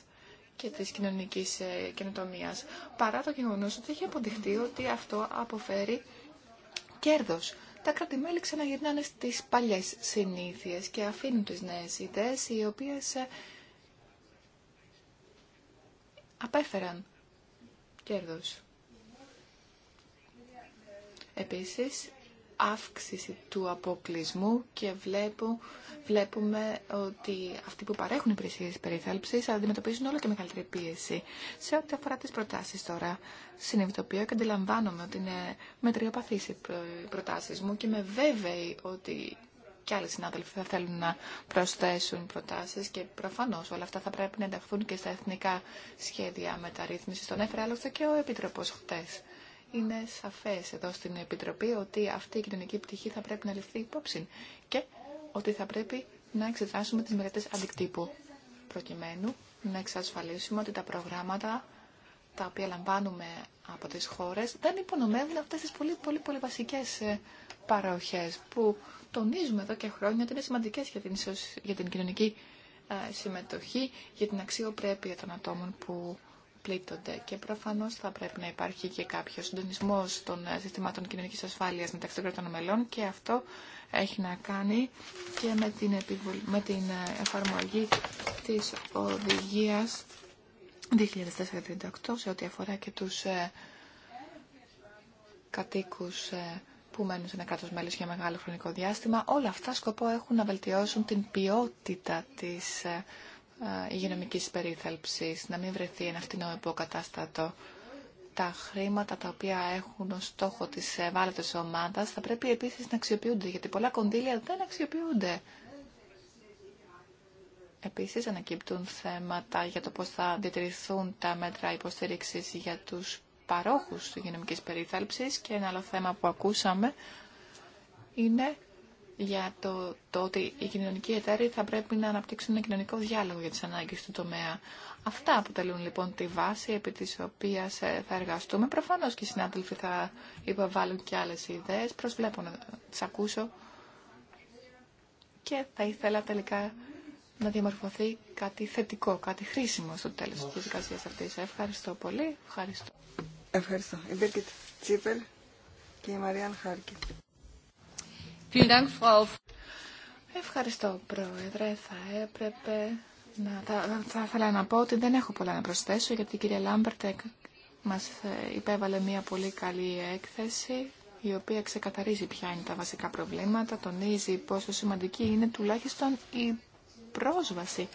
και της κοινωνικής ε, κοινοτομίας, παρά το γεγονός ότι έχει αποδειχτεί ότι αυτό αποφέρει κέρδος τα κράτη-μέλη ξαναγυρνάνε στις παλιές συνήθειες και αφήνουν τις νέες ιδέες οι οποίες ε, απέφεραν κέρδος. Επίσης, αύξηση του αποκλεισμού και βλέπω, βλέπουμε ότι αυτοί που παρέχουν υπηρεσίε περιθάλψη αντιμετωπίζουν όλο και μεγαλύτερη πίεση. Σε ό,τι αφορά τι προτάσει τώρα, συνειδητοποιώ και αντιλαμβάνομαι ότι είναι μετριοπαθεί οι προτάσει μου και είμαι βέβαιη ότι και άλλοι συνάδελφοι θα θέλουν να προσθέσουν προτάσει και προφανώ όλα αυτά θα πρέπει να ενταχθούν και στα εθνικά σχέδια μεταρρύθμιση. Τον έφερε άλλωστε και ο Επίτροπο χτε είναι σαφέ εδώ στην Επιτροπή ότι αυτή η κοινωνική πτυχή θα πρέπει να ληφθεί υπόψη και ότι θα πρέπει να εξετάσουμε τις μελέτε αντικτύπου προκειμένου να εξασφαλίσουμε ότι τα προγράμματα τα οποία λαμβάνουμε από τις χώρες δεν υπονομεύουν αυτές τις πολύ πολύ πολύ βασικές ε, παροχές που τονίζουμε εδώ και χρόνια ότι είναι σημαντικές για για την κοινωνική ε, συμμετοχή, για την αξιοπρέπεια των ατόμων που και προφανώς θα πρέπει να υπάρχει και κάποιο συντονισμό των ε, συστημάτων κοινωνική ασφάλεια μεταξύ των κρατών μελών και αυτό έχει να κάνει και με την, με την ε, εφαρμογή τη οδηγία 2048 σε ό,τι αφορά και τους ε, κατοίκου που μένουν σε ένα κράτο μέλο για μεγάλο χρονικό διάστημα. Όλα αυτά σκοπό έχουν να βελτιώσουν την ποιότητα της ε, υγειονομική περιθαλψη, να μην βρεθεί ένα φτηνό υποκατάστατο. Τα χρήματα τα οποία έχουν ως στόχο της ευάλωτη ομάδα θα πρέπει επίση να αξιοποιούνται, γιατί πολλά κονδύλια δεν αξιοποιούνται. Επίσης ανακύπτουν θέματα για το πώς θα διατηρηθούν τα μέτρα υποστήριξης για τους παρόχους του υγειονομικής περίθαλψης και ένα άλλο θέμα που ακούσαμε είναι για το, το ότι οι κοινωνικοί εταίροι θα πρέπει να αναπτύξουν ένα κοινωνικό διάλογο για τις ανάγκες του τομέα. Αυτά αποτελούν λοιπόν τη βάση επί της οποίας ε, θα εργαστούμε. Προφανώς και οι συνάδελφοι θα υποβάλουν και άλλες ιδέες. Προσβλέπω να τις ακούσω και θα ήθελα τελικά να διαμορφωθεί κάτι θετικό, κάτι χρήσιμο στο τέλος της δικασίας αυτής. Ευχαριστώ πολύ. Ευχαριστώ. Ευχαριστώ. και Ευχαριστώ, Πρόεδρε. Θα έπρεπε να, θα, ήθελα να πω ότι δεν έχω πολλά να προσθέσω γιατί η κυρία Λάμπερτεκ μας υπέβαλε μια πολύ καλή έκθεση η οποία ξεκαθαρίζει ποια είναι τα βασικά προβλήματα, τονίζει πόσο σημαντική είναι τουλάχιστον η πρόσβαση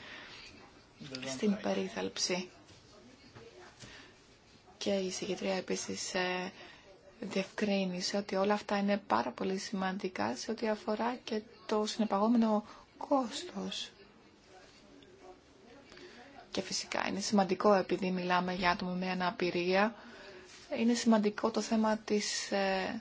στην περίθαλψη. Και η συγκεκριά επίσης ε, διευκρίνησε ότι όλα αυτά είναι πάρα πολύ σημαντικά σε ό,τι αφορά και το συνεπαγόμενο κόστος. Και φυσικά είναι σημαντικό επειδή μιλάμε για άτομα με αναπηρία, είναι σημαντικό το θέμα της ε,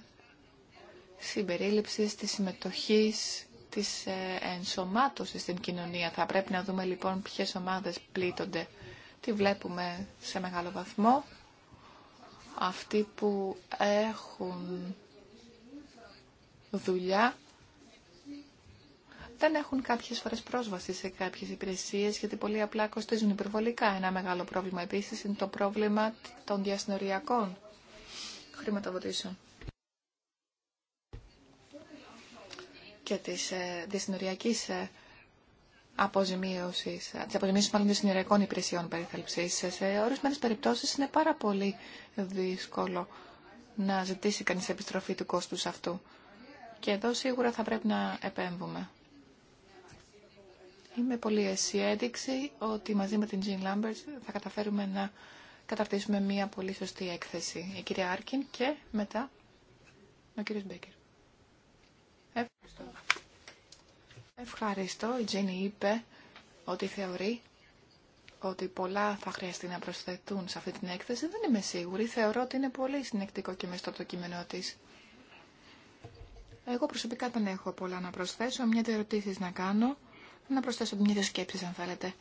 συμπερίληψης, της συμμετοχής, της ε, ενσωμάτωσης στην κοινωνία. Θα πρέπει να δούμε λοιπόν ποιες ομάδες πλήττονται. Τι βλέπουμε σε μεγάλο βαθμό αυτοί που έχουν δουλειά δεν έχουν κάποιες φορές πρόσβαση σε κάποιες υπηρεσίες γιατί πολύ απλά κοστίζουν υπερβολικά. Ένα μεγάλο πρόβλημα επίσης είναι το πρόβλημα των διασυνοριακών χρηματοδοτήσεων και της ε, διασυνοριακής ε, αποζημίωσης, της αποζημίωσης μάλλον των συνεργειακών υπηρεσιών περιθαλψής. Σε ορισμένες περιπτώσεις είναι πάρα πολύ δύσκολο να ζητήσει κανείς επιστροφή του κόστους αυτού. Και εδώ σίγουρα θα πρέπει να επέμβουμε. Είμαι πολύ αισιέδειξη ότι μαζί με την Jean Lambert θα καταφέρουμε να καταρτήσουμε μια πολύ σωστή έκθεση. Η κυρία Άρκιν και μετά ο κύριος Μπέκερ. Ευχαριστώ. Η Τζένι είπε ότι θεωρεί ότι πολλά θα χρειαστεί να προσθετούν σε αυτή την έκθεση. Δεν είμαι σίγουρη. Θεωρώ ότι είναι πολύ συνεκτικό και μεστό το κείμενό τη. Εγώ προσωπικά δεν έχω πολλά να προσθέσω, μια ερωτήσει να κάνω, να προσθέσω μια σκέψεις αν θέλετε.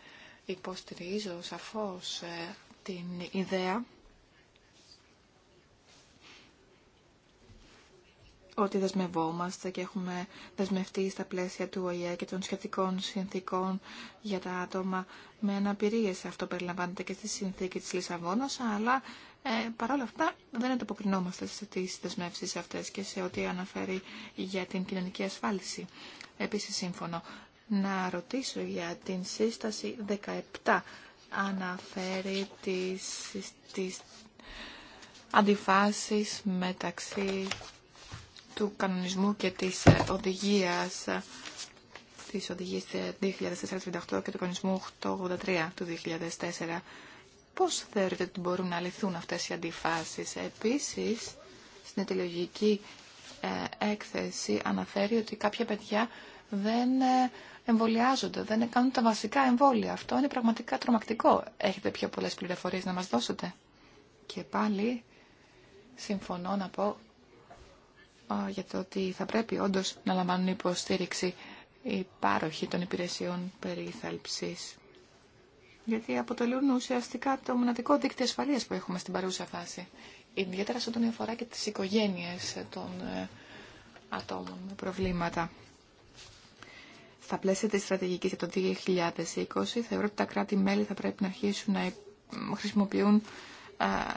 Υποστηρίζω σαφώς ε, την ιδέα ότι δεσμευόμαστε και έχουμε δεσμευτεί στα πλαίσια του ΟΗΕ και των σχετικών συνθήκων για τα άτομα με αναπηρίες. Αυτό περιλαμβάνεται και στη συνθήκη της Λισαβόνας, αλλά ε, παρόλα αυτά δεν ανταποκρινόμαστε σε τις δεσμεύσεις αυτές και σε ό,τι αναφέρει για την κοινωνική ασφάλιση. Επίσης, σύμφωνο να ρωτήσω για την σύσταση 17. Αναφέρει τις, τις αντιφάσεις μεταξύ του κανονισμού και της ε, οδηγίας ε, της οδηγίας 2048 ε, και του κανονισμού 883 του 2004. Πώς θεωρείτε ότι μπορούν να λυθούν αυτές οι αντιφάσεις. Επίσης, στην ε, έκθεση αναφέρει ότι κάποια παιδιά δεν εμβολιάζονται, δεν κάνουν τα βασικά εμβόλια. Αυτό είναι πραγματικά τρομακτικό. Έχετε πιο πολλές πληροφορίες να μας δώσετε. Και πάλι συμφωνώ να πω για το ότι θα πρέπει όντως να λαμβάνουν υποστήριξη η πάροχη των υπηρεσιών περίθαλψης. Γιατί αποτελούν ουσιαστικά το μοναδικό δίκτυο ασφαλείας που έχουμε στην παρούσα φάση. Ιδιαίτερα σε όταν αφορά και τις οικογένειες των ε, ατόμων με προβλήματα. Στα πλαίσια της στρατηγικής για το 2020 θεωρώ ότι τα κράτη-μέλη θα πρέπει να αρχίσουν να ε, χρησιμοποιούν ε,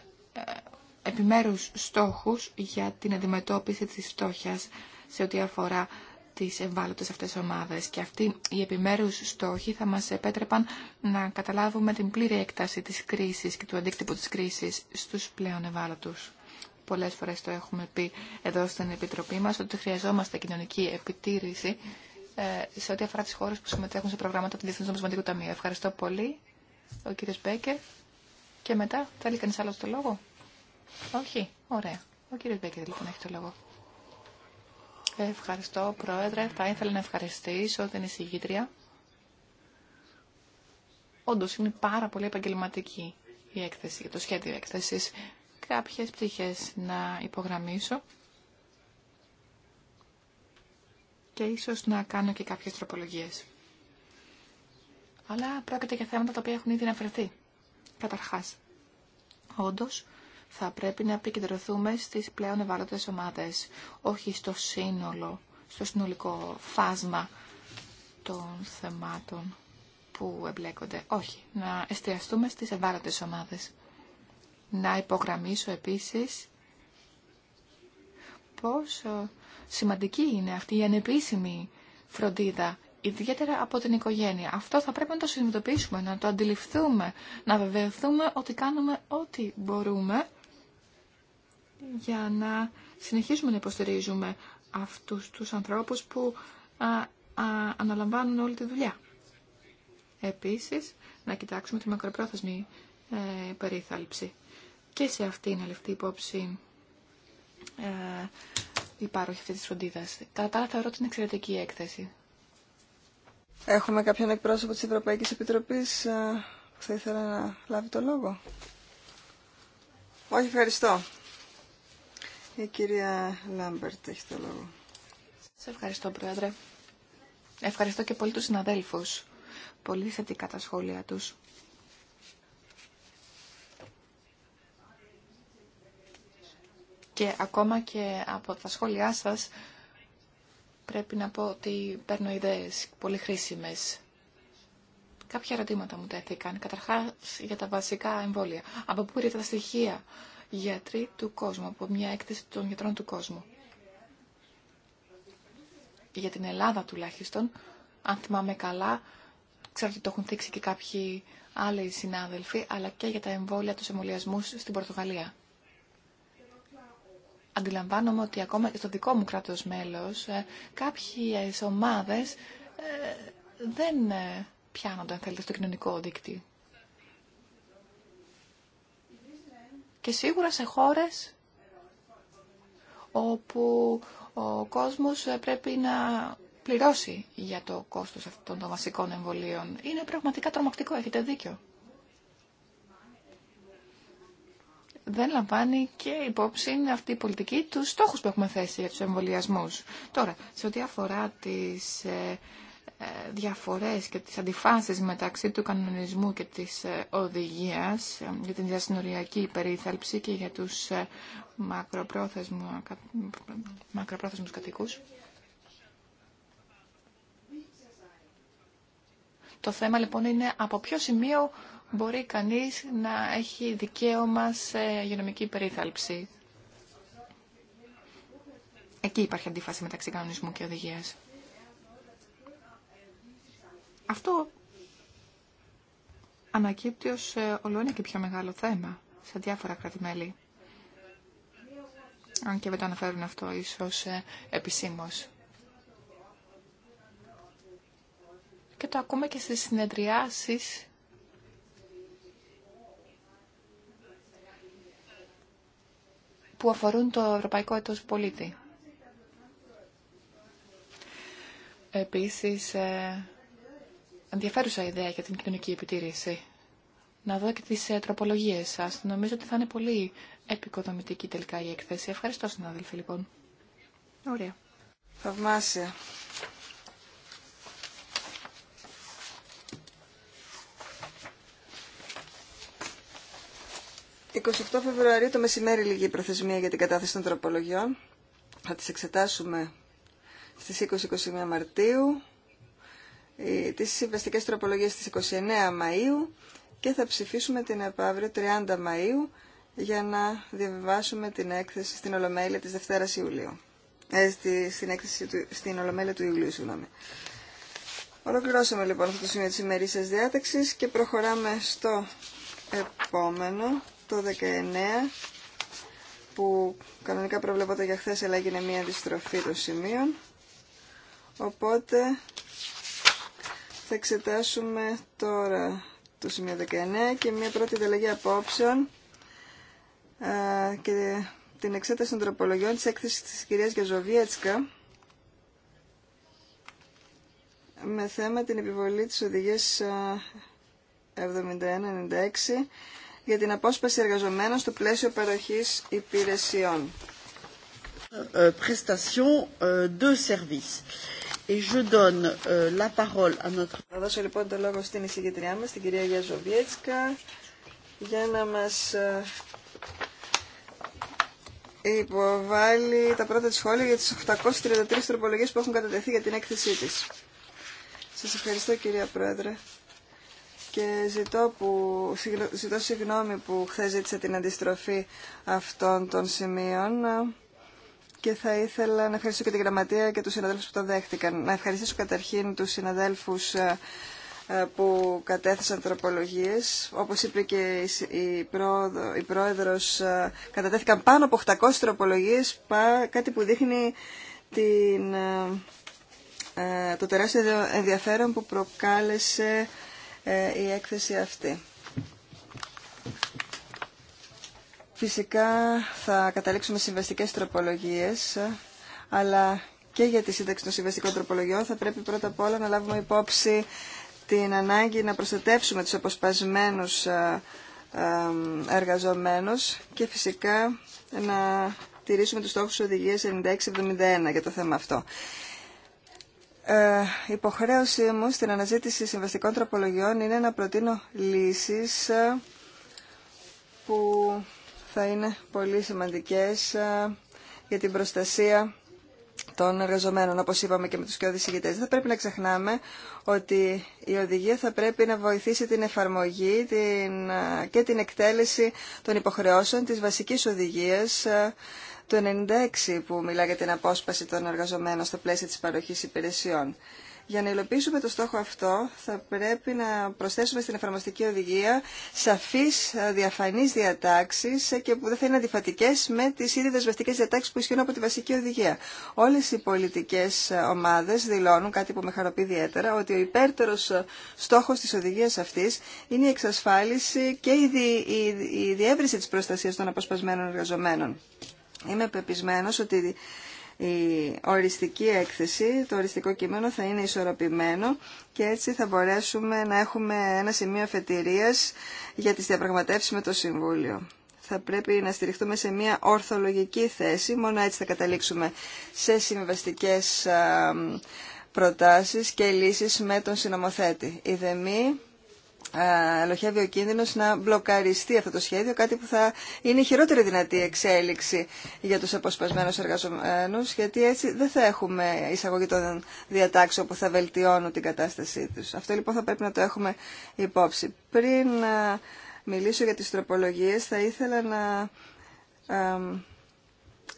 επιμέρους στόχους για την αντιμετώπιση της φτώχειας σε ό,τι αφορά τις ευάλωτες αυτές ομάδες. Και αυτοί οι επιμέρους στόχοι θα μας επέτρεπαν να καταλάβουμε την πλήρη έκταση της κρίσης και του αντίκτυπου της κρίσης στους πλέον ευάλωτους. Πολλές φορές το έχουμε πει εδώ στην Επιτροπή μας ότι χρειαζόμαστε κοινωνική επιτήρηση ε, σε ό,τι αφορά τις χώρες που συμμετέχουν σε προγράμματα του Διεθνούς Νομισματικού Ταμείου. Ευχαριστώ πολύ, ο κύριος Μπέκερ. Και μετά, θέλει κανείς άλλο το λόγο. Όχι, ωραία. Ο κύριος Μπέκερ λοιπόν έχει το λόγο. Ευχαριστώ, Πρόεδρε. Θα ήθελα να ευχαριστήσω την εισηγήτρια. Όντω είναι πάρα πολύ επαγγελματική η έκθεση, το σχέδιο έκθεσης. Κάποιες πτυχές να υπογραμμίσω και ίσω να κάνω και κάποιες τροπολογίες. Αλλά πρόκειται για θέματα τα οποία έχουν ήδη αναφερθεί. Καταρχάς, όντω θα πρέπει να επικεντρωθούμε στις πλέον ευάλωτες ομάδες, όχι στο σύνολο, στο συνολικό φάσμα των θεμάτων που εμπλέκονται. Όχι, να εστιαστούμε στις ευάλωτες ομάδες. Να υπογραμμίσω επίσης πόσο σημαντική είναι αυτή η ανεπίσημη φροντίδα, ιδιαίτερα από την οικογένεια. Αυτό θα πρέπει να το συνειδητοποιήσουμε, να το αντιληφθούμε, να βεβαιωθούμε ότι κάνουμε ό,τι μπορούμε για να συνεχίσουμε να υποστηρίζουμε αυτούς τους ανθρώπους που α, αναλαμβάνουν όλη τη δουλειά. Επίσης, να κοιτάξουμε τη μακροπρόθεσμη ε, περίθαλψη. Και σε αυτή να λεφτή υπόψη ε, η πάροχη αυτή της φροντίδας. Κατά τα άλλα θεωρώ ότι είναι εξαιρετική η έκθεση. Έχουμε κάποιον εκπρόσωπο της Ευρωπαϊκής Επιτροπής ε, που θα ήθελα να λάβει το λόγο. Όχι, ευχαριστώ. Η κυρία Λάμπερτ έχει το λόγο. Σε ευχαριστώ, Πρόεδρε. Ευχαριστώ και πολύ τους συναδέλφους. Πολύ θετικά τα σχόλια τους. Και ακόμα και από τα σχόλιά σας πρέπει να πω ότι παίρνω ιδέες πολύ χρήσιμες. Κάποια ερωτήματα μου τέθηκαν. Καταρχάς για τα βασικά εμβόλια. Από πού ήρθε τα στοιχεία γιατροί του κόσμου, από μια έκθεση των γιατρών του κόσμου. Για την Ελλάδα τουλάχιστον, αν θυμάμαι καλά, ξέρω ότι το έχουν θίξει και κάποιοι άλλοι συνάδελφοι, αλλά και για τα εμβόλια του εμβολιασμού στην Πορτογαλία. Αντιλαμβάνομαι ότι ακόμα και στο δικό μου κράτος μέλος ε, κάποιες ομάδες ε, δεν ε, πιάνονται, αν θέλετε, στο κοινωνικό δίκτυο. και σίγουρα σε χώρες όπου ο κόσμος πρέπει να πληρώσει για το κόστος αυτών των βασικών εμβολίων. Είναι πραγματικά τρομακτικό, έχετε δίκιο. δεν λαμβάνει και υπόψη αυτή η πολιτική του στόχους που έχουμε θέσει για τους εμβολιασμού. Τώρα, σε ό,τι αφορά τις ε, ε, διαφορές και τις αντιφάσεις μεταξύ του κανονισμού και της ε, οδηγίας ε, για την διασυνοριακή υπερίθαλψη και για τους μακροπρόθεσμους κατοικούς. Το θέμα λοιπόν είναι από ποιο σημείο μπορεί κανείς να έχει δικαίωμα σε υγειονομική περίθαλψη. Εκεί υπάρχει αντίφαση μεταξύ κανονισμού και οδηγίας. Αυτό ανακύπτει ως ε, ολοένα και πιο μεγάλο θέμα σε διάφορα Αν και δεν το αναφέρουν αυτό ίσως ε, επισήμως. Και το ακούμε και στις συνεδριάσεις που αφορούν το Ευρωπαϊκό Έτος Πολίτη. Επίσης, ε, ενδιαφέρουσα ιδέα για την κοινωνική επιτήρηση. Να δω και τις ε, τροπολογίες σας. Νομίζω ότι θα είναι πολύ επικοδομητική τελικά η εκθέση. Ευχαριστώ, συνάδελφοι, λοιπόν. Ωραία. Θαυμάσια. «28 Φεβρουαρίου το μεσημέρι λίγη η προθεσμία για την κατάθεση των τροπολογιών. Θα τις εξετάσουμε στις 20-21 Μαρτίου ε, τις συμβαστικές τροπολογίες της 29 Μαΐου και θα ψηφίσουμε την επαύριο 30 Μαΐου για να διαβιβάσουμε την έκθεση στην Ολομέλεια της Δευτέρας Ιουλίου. Ε, στην έκθεση του, στην Ολομέλεια του Ιουλίου, συγγνώμη. Ολοκληρώσαμε λοιπόν αυτό το σημείο της ημερήσιας διάταξης και προχωράμε στο επόμενο, το 19, που κανονικά προβλεπόταν για χθες, αλλά έγινε μια αντιστροφή των σημείων. Οπότε θα εξετάσουμε τώρα το σημείο 19 και μια πρώτη ανταλλαγή απόψεων και την εξέταση των τροπολογιών της έκθεσης της κυρίας Γιαζοβίετσκα με θέμα την επιβολή της οδηγίας 7196 για την απόσπαση εργαζομένων στο πλαίσιο παροχής υπηρεσιών. Ε, ε, ε, de Euh, Θα δώσω λοιπόν το λόγο στην εισηγητριά μας, την κυρία Γιαζοβιέτσκα, για να μας ε, υποβάλει τα πρώτα της σχόλια για τις 833 τροπολογίες που έχουν κατατεθεί για την έκθεσή της. Σας ευχαριστώ κυρία Πρόεδρε και ζητώ, που, ζητώ συγγνώμη που χθε ζήτησα την αντιστροφή αυτών των σημείων και θα ήθελα να ευχαριστήσω και την Γραμματεία και τους συναδέλφους που το δέχτηκαν. Να ευχαριστήσω καταρχήν τους συναδέλφους ε, ε, που κατέθεσαν τροπολογίες. Όπως είπε και η, Πρόεδρος, ε, κατατέθηκαν πάνω από 800 τροπολογίες, κάτι που δείχνει την, το τεράστιο ενδιαφέρον που προκάλεσε η έκθεση αυτή. Φυσικά θα καταλήξουμε συμβαστικές τροπολογίες, αλλά και για τη σύνταξη των συμβαστικών τροπολογιών θα πρέπει πρώτα απ' όλα να λάβουμε υπόψη την ανάγκη να προστατεύσουμε τους αποσπασμένους ε, ε, εργαζομένους και φυσικά να τηρήσουμε τους στόχους της οδηγίας 96-71 για το θέμα αυτό. Ε, υποχρέωσή μου στην αναζήτηση συμβαστικών τροπολογιών είναι να προτείνω λύσεις ε, που θα είναι πολύ σημαντικές ε, για την προστασία των εργαζομένων, όπως είπαμε και με τους κοιόδης ηγητές. Δεν θα πρέπει να ξεχνάμε ότι η οδηγία θα πρέπει να βοηθήσει την εφαρμογή την, ε, και την εκτέλεση των υποχρεώσεων της βασικής οδηγίας ε, του 96 που μιλά για την απόσπαση των εργαζομένων στο πλαίσιο της παροχής υπηρεσιών. Για να υλοποιήσουμε το στόχο αυτό θα πρέπει να προσθέσουμε στην εφαρμοστική οδηγία σαφείς ε, διαφανεί διατάξει ε, και που δεν θα είναι αντιφατικέ με τι ήδη δεσμευτικέ διατάξεις που ισχύουν από τη βασική οδηγία. Όλε οι πολιτικέ ε, ομάδε δηλώνουν, κάτι που με χαροποιεί ιδιαίτερα, ότι ο υπέρτερο στόχο τη οδηγία αυτή είναι η εξασφάλιση και η διεύρυνση τη προστασία των αποσπασμένων εργαζομένων. Είμαι πεπισμένο ότι η οριστική έκθεση, το οριστικό κείμενο θα είναι ισορροπημένο και έτσι θα μπορέσουμε να έχουμε ένα σημείο αφετηρίας για τις διαπραγματεύσεις με το Συμβούλιο. Θα πρέπει να στηριχτούμε σε μια ορθολογική θέση, μόνο έτσι θα καταλήξουμε σε συμβαστικές προτάσεις και λύσεις με τον συνομοθέτη. Η ΔΕΜΗ ελοχεύει ο κίνδυνος να μπλοκαριστεί αυτό το σχέδιο, κάτι που θα είναι η χειρότερη δυνατή εξέλιξη για τους αποσπασμένους εργαζομένους, γιατί έτσι δεν θα έχουμε εισαγωγή των διατάξεων που θα βελτιώνουν την κατάστασή τους. Αυτό λοιπόν θα πρέπει να το έχουμε υπόψη. Πριν μιλήσω για τις τροπολογίες, θα ήθελα να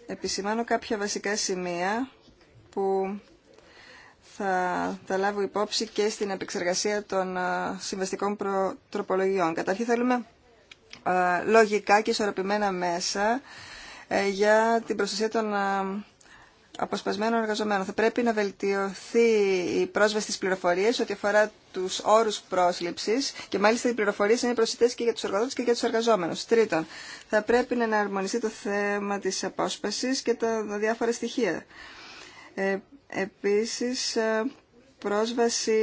επισημάνω κάποια βασικά σημεία που θα τα λάβω υπόψη και στην επεξεργασία των ε, συμβαστικών τροπολογιών. Καταρχήν θέλουμε ε, λογικά και ισορροπημένα μέσα ε, για την προστασία των αποσπασμένων εργαζομένων. Θα πρέπει να βελτιωθεί η πρόσβαση στις πληροφορίες ό,τι αφορά τους όρους πρόσληψης και μάλιστα οι πληροφορίες είναι προσιτές και για τους εργοδότες και για τους εργαζόμενους. Τρίτον, θα πρέπει να εναρμονιστεί το θέμα της απόσπασης και τα διάφορα στοιχεία. Επίσης, ε, πρόσβαση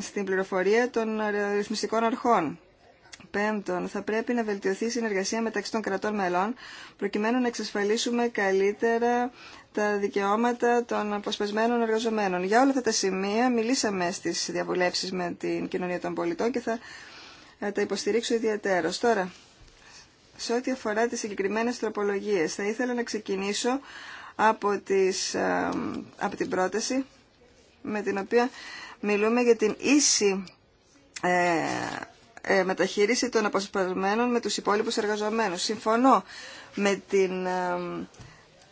στην πληροφορία των ρυθμιστικών αρχών. Πέμπτον, θα πρέπει να βελτιωθεί η συνεργασία μεταξύ των κρατών μελών, προκειμένου να εξασφαλίσουμε καλύτερα τα δικαιώματα των αποσπασμένων εργαζομένων. Για όλα αυτά τα σημεία μιλήσαμε στις διαβουλεύσεις με την κοινωνία των πολιτών και θα ε, τα υποστηρίξω ιδιαίτερως. Τώρα, σε ό,τι αφορά τις συγκεκριμένες τροπολογίες, θα ήθελα να ξεκινήσω από, τις, ε, από την πρόταση με την οποία μιλούμε για την ίση ε, ε μεταχείριση των αποσπασμένων με τους υπόλοιπους εργαζομένους. Συμφωνώ με την ε,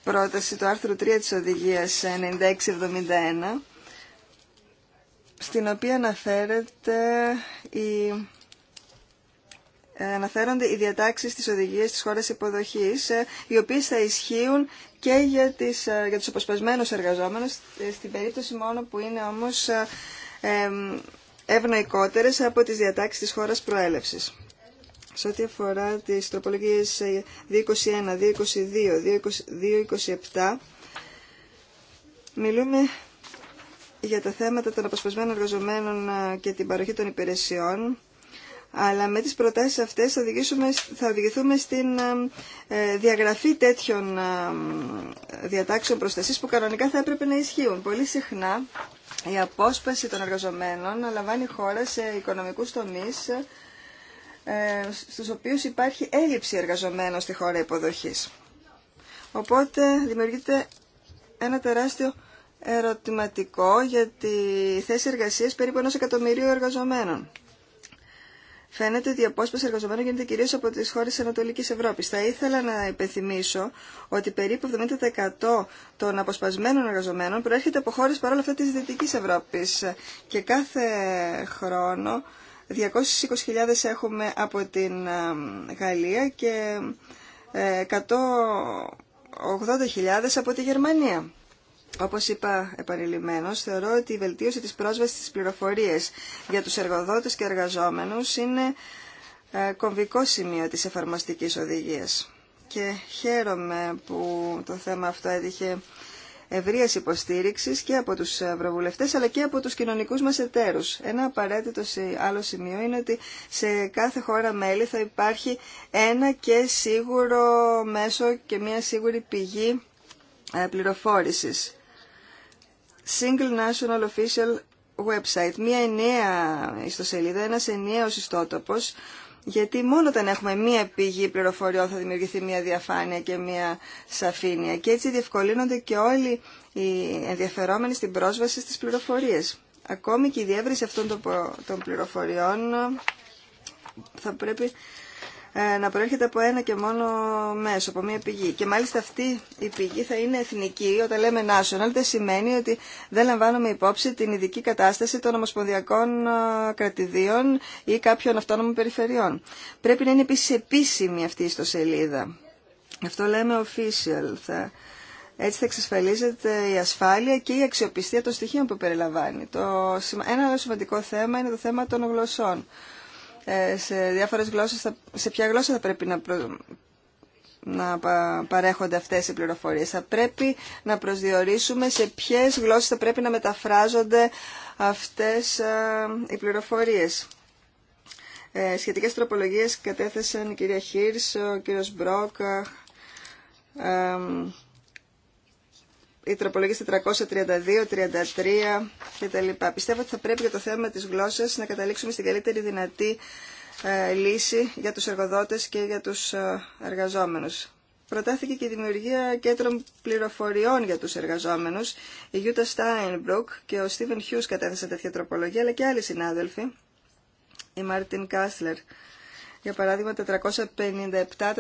πρόταση του άρθρου 3 της οδηγίας 9671 στην οποία αναφέρεται η ε, αναφέρονται οι διατάξεις της οδηγίας της χώρας υποδοχής, ε, οι οποίες θα ισχύουν και για, τις, ε, για τους αποσπασμένους εργαζόμενους, στην περίπτωση μόνο που είναι όμως ευνοϊκότερες από τις διατάξεις της χώρας προέλευσης. Σε ό,τι αφορά τις τροπολογίες 221, 222, 227, μιλούμε για τα θέματα των αποσπασμένων εργαζομένων και την παροχή των υπηρεσιών αλλά με τις προτάσεις αυτές θα, θα οδηγηθούμε στην ε, ε, διαγραφή τέτοιων ε, διατάξεων προστασίας που κανονικά θα έπρεπε να ισχύουν. Πολύ συχνά η απόσπαση των εργαζομένων λαμβάνει χώρα σε οικονομικούς τομείς στους οποίους υπάρχει έλλειψη εργαζομένων στη χώρα υποδοχής. Οπότε δημιουργείται ένα τεράστιο ερωτηματικό για τη θέση εργασίας περίπου ενός εκατομμυρίου εργαζομένων φαίνεται ότι η απόσπαση εργαζομένων γίνεται κυρίω από τι χώρε τη Ανατολική Ευρώπης. Θα ήθελα να υπενθυμίσω ότι περίπου 70% των αποσπασμένων εργαζομένων προέρχεται από χώρε παρόλα αυτά τη Δυτικής Ευρώπη. και κάθε χρόνο 220.000 έχουμε από την ε, Γαλλία και 180.000 ε, από τη Γερμανία. Όπως είπα επανειλημμένως, θεωρώ ότι η βελτίωση της πρόσβασης στις πληροφορίες για τους εργοδότες και εργαζόμενους είναι ε, κομβικό σημείο της εφαρμοστικής οδηγίας. Και χαίρομαι που το θέμα αυτό έτυχε ευρείας υποστήριξης και από τους ευρωβουλευτές αλλά και από τους κοινωνικούς μας εταίρους. Ένα απαραίτητο άλλο σημείο είναι ότι σε κάθε χώρα μέλη θα υπάρχει ένα και σίγουρο μέσο και μια σίγουρη πηγή ε, πληροφόρησης. Single National Official Website, μία ενιαία ιστοσελίδα, ένας ενιαίος ιστότοπος, γιατί μόνο όταν έχουμε μία πηγή πληροφοριών θα δημιουργηθεί μία διαφάνεια και μία σαφήνεια. Και έτσι διευκολύνονται και όλοι οι ενδιαφερόμενοι στην πρόσβαση στις πληροφορίες. Ακόμη και η διεύρυνση αυτών των πληροφοριών θα πρέπει ε, να προέρχεται από ένα και μόνο μέσο, από μία πηγή. Και μάλιστα αυτή η πηγή θα είναι εθνική. Όταν λέμε national δεν σημαίνει ότι δεν λαμβάνουμε υπόψη την ειδική κατάσταση των ομοσπονδιακών ε, κρατηδίων ή κάποιων αυτόνομων περιφερειών. Πρέπει να είναι επίσης επίσημη αυτή η ιστοσελίδα. Αυτό λέμε official. Θα... Έτσι θα εξασφαλίζεται η ασφάλεια και η αξιοπιστία των στοιχείων που περιλαμβάνει. Το... Ένα άλλο σημαντικό θέμα είναι το θέμα των γλωσσών. Ε, σε διάφορες γλώσσες, σε ποια γλώσσα θα πρέπει να, να παρέχονται αυτές οι πληροφορίες. Θα πρέπει να προσδιορίσουμε σε ποιες γλώσσες θα πρέπει να μεταφράζονται αυτές οι πληροφορίες. Ε, σχετικές τροπολογίες κατέθεσαν η κυρία Χίρς, ο κύριος Μπρόκ, ε, η τροπολογίες 432, 33 κτλ. Πιστεύω ότι θα πρέπει για το θέμα της γλώσσας να καταλήξουμε στην καλύτερη δυνατή ε, λύση για τους εργοδότες και για τους ε, εργαζόμενους. Προτάθηκε και η δημιουργία κέντρων πληροφοριών για τους εργαζόμενους. Η Γιούτα Στάινμπρουκ και ο Στίβεν Χιούς κατέθεσαν τέτοια τροπολογία, αλλά και άλλοι συνάδελφοι, η Μάρτιν Κάσλερ για παράδειγμα 457,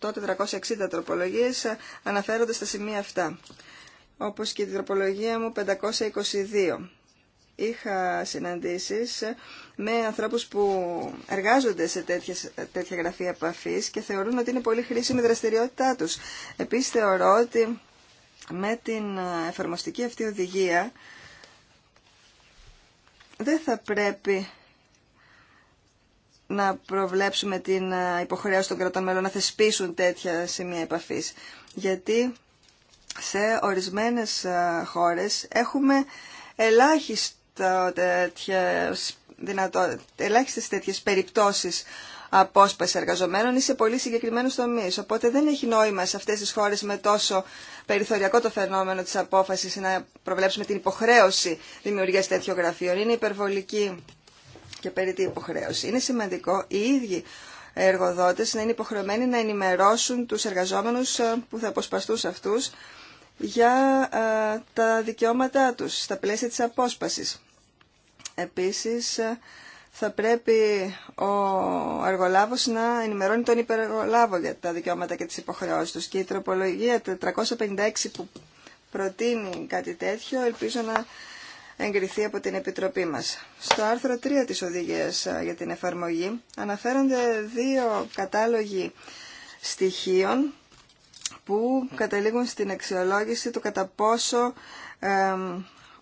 458, 460 τροπολογίες αναφέρονται στα σημεία αυτά. Όπως και η τροπολογία μου 522. Είχα συναντήσεις με ανθρώπους που εργάζονται σε τέτοια γραφεία επαφή και θεωρούν ότι είναι πολύ χρήσιμη η δραστηριότητά τους. Επίσης θεωρώ ότι με την εφαρμοστική αυτή οδηγία δεν θα πρέπει να προβλέψουμε την ε, υποχρέωση των κρατών μελών να θεσπίσουν τέτοια σημεία επαφής. Γιατί σε ορισμένες ε, χώρες έχουμε ελάχιστε τέτοιε περιπτώσει ελάχιστες τέτοιες περιπτώσεις απόσπαση εργαζομένων ή σε πολύ συγκεκριμένου τομεί. Οπότε δεν έχει νόημα σε αυτέ τι χώρε με τόσο περιθωριακό το φαινόμενο τη απόφαση να προβλέψουμε την υποχρέωση δημιουργία τέτοιων γραφείων. Είναι υπερβολική και περί υποχρέωση. Είναι σημαντικό οι ίδιοι εργοδότες να είναι υποχρεωμένοι να ενημερώσουν τους εργαζόμενους ε, που θα αποσπαστούν σε αυτούς για ε, τα δικαιώματά τους στα πλαίσια της απόσπασης. Επίσης, ε, θα πρέπει ο εργολάβος να ενημερώνει τον υπεργολάβο για τα δικαιώματα και τις υποχρεώσεις τους. Και η τροπολογία 456 που προτείνει κάτι τέτοιο, ελπίζω να εγκριθεί από την Επιτροπή μας. Στο άρθρο 3 της οδηγίας για την εφαρμογή αναφέρονται δύο κατάλογοι στοιχείων που καταλήγουν στην αξιολόγηση του κατά πόσο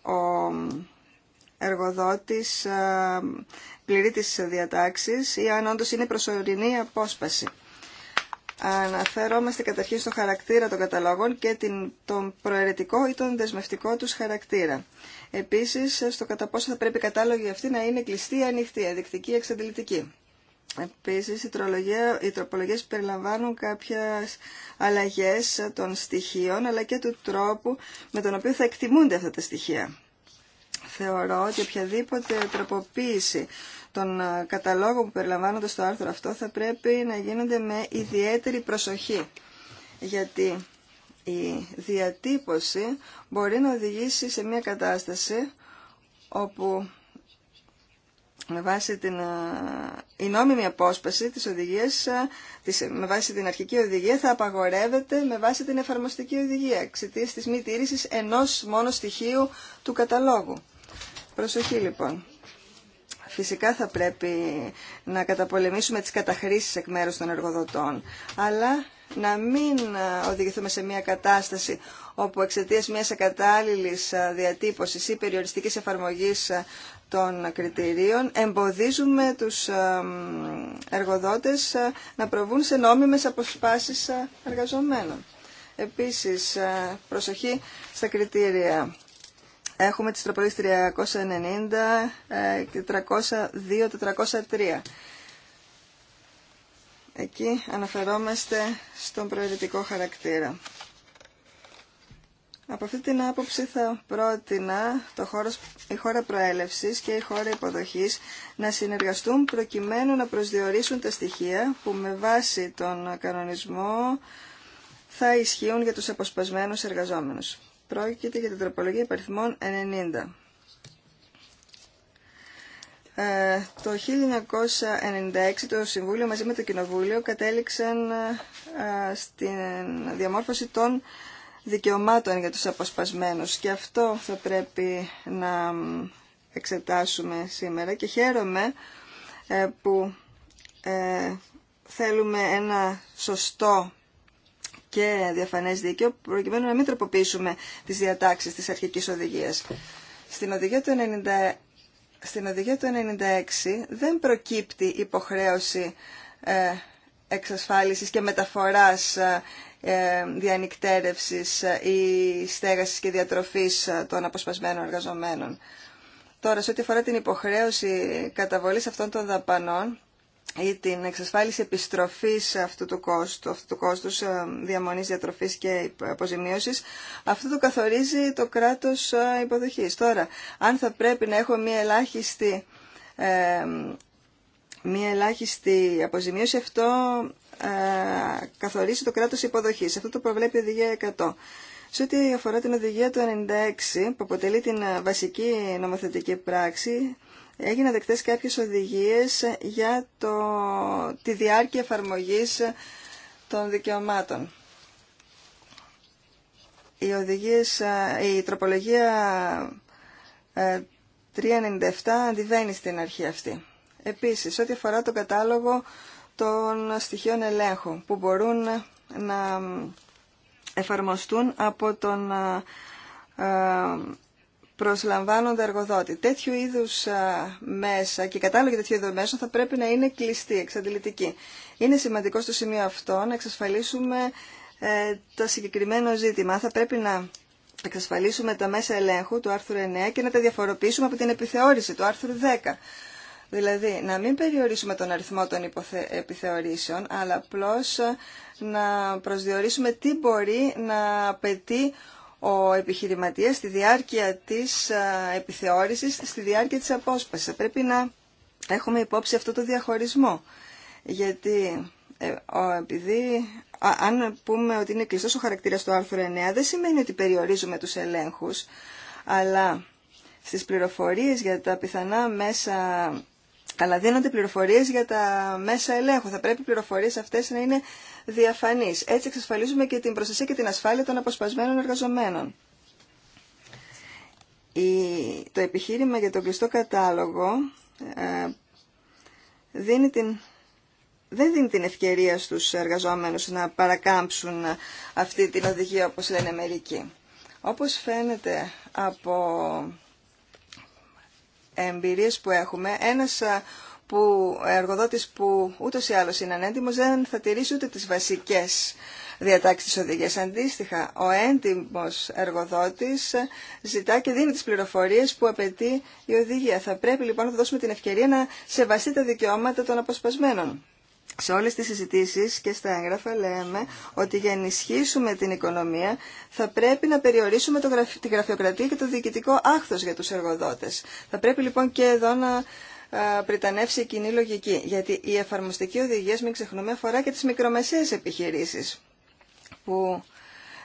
ο εργοδότης πληρεί τις διατάξεις ή αν όντως είναι προσωρινή απόσπαση. Αναφερόμαστε καταρχήν στο χαρακτήρα των καταλόγων και την, τον προαιρετικό ή τον δεσμευτικό τους χαρακτήρα. Επίσης, στο κατά πόσο θα πρέπει η κατάλογη αυτή να είναι κλειστή ή ανοιχτή, αδεικτική ή εξαντλητική. Επίσης, η, ανοιχτη αδεικτικη η εξαντλητικη επισης οι τροπολογίες περιλαμβάνουν κάποιε αλλαγέ των στοιχείων, αλλά και του τρόπου με τον οποίο θα εκτιμούνται αυτά τα στοιχεία. Θεωρώ ότι οποιαδήποτε τροποποίηση των καταλόγων που περιλαμβάνονται στο άρθρο αυτό θα πρέπει να γίνονται με ιδιαίτερη προσοχή. Γιατί η διατύπωση μπορεί να οδηγήσει σε μια κατάσταση όπου με βάση την η νόμιμη απόσπαση της οδηγίας, της, με βάση την αρχική οδηγία θα απαγορεύεται με βάση την εφαρμοστική οδηγία εξαιτίας της μη τήρησης ενός μόνο στοιχείου του καταλόγου. Προσοχή λοιπόν. Φυσικά θα πρέπει να καταπολεμήσουμε τις καταχρήσεις εκ μέρους των εργοδοτών, αλλά να μην ε, οδηγηθούμε σε μια κατάσταση όπου εξαιτία μια ακατάλληλη ε, διατύπωση ή περιοριστική εφαρμογή ε, των κριτηρίων εμποδίζουμε τους εργοδότες να προβούν σε νόμιμες αποσπάσεις εργαζομένων. Επίσης, προσοχή στα κριτήρια. Έχουμε τις τροπολίες 390, 302, 403. Εκεί αναφερόμαστε στον προαιρετικό χαρακτήρα. Από αυτή την άποψη θα πρότεινα το χώρος, η χώρα προέλευσης και η χώρα υποδοχής να συνεργαστούν προκειμένου να προσδιορίσουν τα στοιχεία που με βάση τον κανονισμό θα ισχύουν για τους αποσπασμένους εργαζόμενους. Πρόκειται για την τροπολογία υπαριθμών 90. Ε, το 1996 το Συμβούλιο μαζί με το Κοινοβούλιο κατέληξαν ε, στην διαμόρφωση των δικαιωμάτων για τους αποσπασμένους και αυτό θα πρέπει να εξετάσουμε σήμερα και χαίρομαι ε, που θέλουμε ένα σωστό και διαφανές δίκαιο προκειμένου να μην τροποποιήσουμε τις διατάξεις της αρχικής οδηγίας. Στην οδηγία του στην οδηγία του 96 δεν προκύπτει υποχρέωση ε, εξασφάλισης και μεταφοράς ε, ε, διανυκτέρευσης ή στέγασης και διατροφής των αποσπασμένων εργαζομένων. Τώρα, σε ό,τι αφορά την υποχρέωση καταβολής αυτών των δαπανών, ή την εξασφάλιση επιστροφής αυτού του κόστου, αυτού του κόστους ε, διαμονής, διατροφής και αποζημίωσης, αυτό το καθορίζει το κράτος ε, υποδοχής. Τώρα, αν θα πρέπει να έχω μία ελάχιστη, ε, ελάχιστη αποζημίωση, αυτό ε, καθορίζει το κράτος υποδοχής. Αυτό το προβλέπει η Οδηγία 100. Σε ό,τι αφορά την Οδηγία του 96, που αποτελεί την βασική νομοθετική πράξη, έγιναν δεκτές κάποιες οδηγίες για το, τη διάρκεια εφαρμογής των δικαιωμάτων. Οι οδηγίες, ε, η τροπολογία 397 ε, αντιβαίνει στην αρχή αυτή. Επίσης, ό,τι αφορά το κατάλογο των στοιχείων ελέγχου που μπορούν να εφαρμοστούν από τον ε, προσλαμβάνονται εργοδότη. Τέτοιου είδου μέσα και κατάλογοι τέτοιου είδου μέσων θα πρέπει να είναι κλειστή, εξαντλητικοί. Είναι σημαντικό στο σημείο αυτό να εξασφαλίσουμε ε, το συγκεκριμένο ζήτημα. Θα πρέπει να εξασφαλίσουμε τα μέσα ελέγχου του άρθρου 9 και να τα διαφοροποιήσουμε από την επιθεώρηση του άρθρου 10. Δηλαδή, να μην περιορίσουμε τον αριθμό των υποθε... επιθεωρήσεων, αλλά απλώ ε, να προσδιορίσουμε τι μπορεί να απαιτεί ο επιχειρηματίας στη διάρκεια της επιθεώρησης, στη διάρκεια της απόσπασης. Πρέπει να έχουμε υπόψη αυτό το διαχωρισμό. Γιατί ε, επειδή αν πούμε ότι είναι κλειστός ο χαρακτήρας του άρθρου 9, δεν σημαίνει ότι περιορίζουμε τους ελέγχους, αλλά στις πληροφορίες για τα πιθανά μέσα αλλά δίνονται πληροφορίες για τα μέσα ελέγχου. Θα πρέπει οι πληροφορίες αυτές να είναι διαφανής. Έτσι εξασφαλίζουμε και την προστασία και την ασφάλεια των αποσπασμένων εργαζομένων. Το επιχείρημα για τον κλειστό κατάλογο ε, δίνει την δεν δίνει την ευκαιρία στους εργαζόμενους να παρακάμψουν αυτή την οδηγία όπως λένε μερικοί. Όπως φαίνεται από εμπειρίες που έχουμε, ένας ε, που ε, εργοδότης που ούτως ή άλλως είναι ανέντιμος δεν θα τηρήσει ούτε τις βασικές διατάξεις της οδηγίας. Αντίστοιχα, ο έντιμος εργοδότης ζητά και δίνει τις πληροφορίες που απαιτεί η οδηγία. Θα πρέπει λοιπόν να δώσουμε την ευκαιρία να σεβαστεί τα δικαιώματα των αποσπασμένων. Σε όλες τις συζητήσεις και στα έγγραφα λέμε ότι για ενισχύσουμε την οικονομία θα πρέπει να περιορίσουμε το, τη γραφειοκρατία και το διοικητικό άχθος για τους εργοδότες. Θα πρέπει λοιπόν και εδώ να πριτανεύσει η κοινή λογική. Γιατί η εφαρμοστική οδηγία, μην ξεχνούμε, αφορά και τις μικρομεσαίες επιχειρήσεις που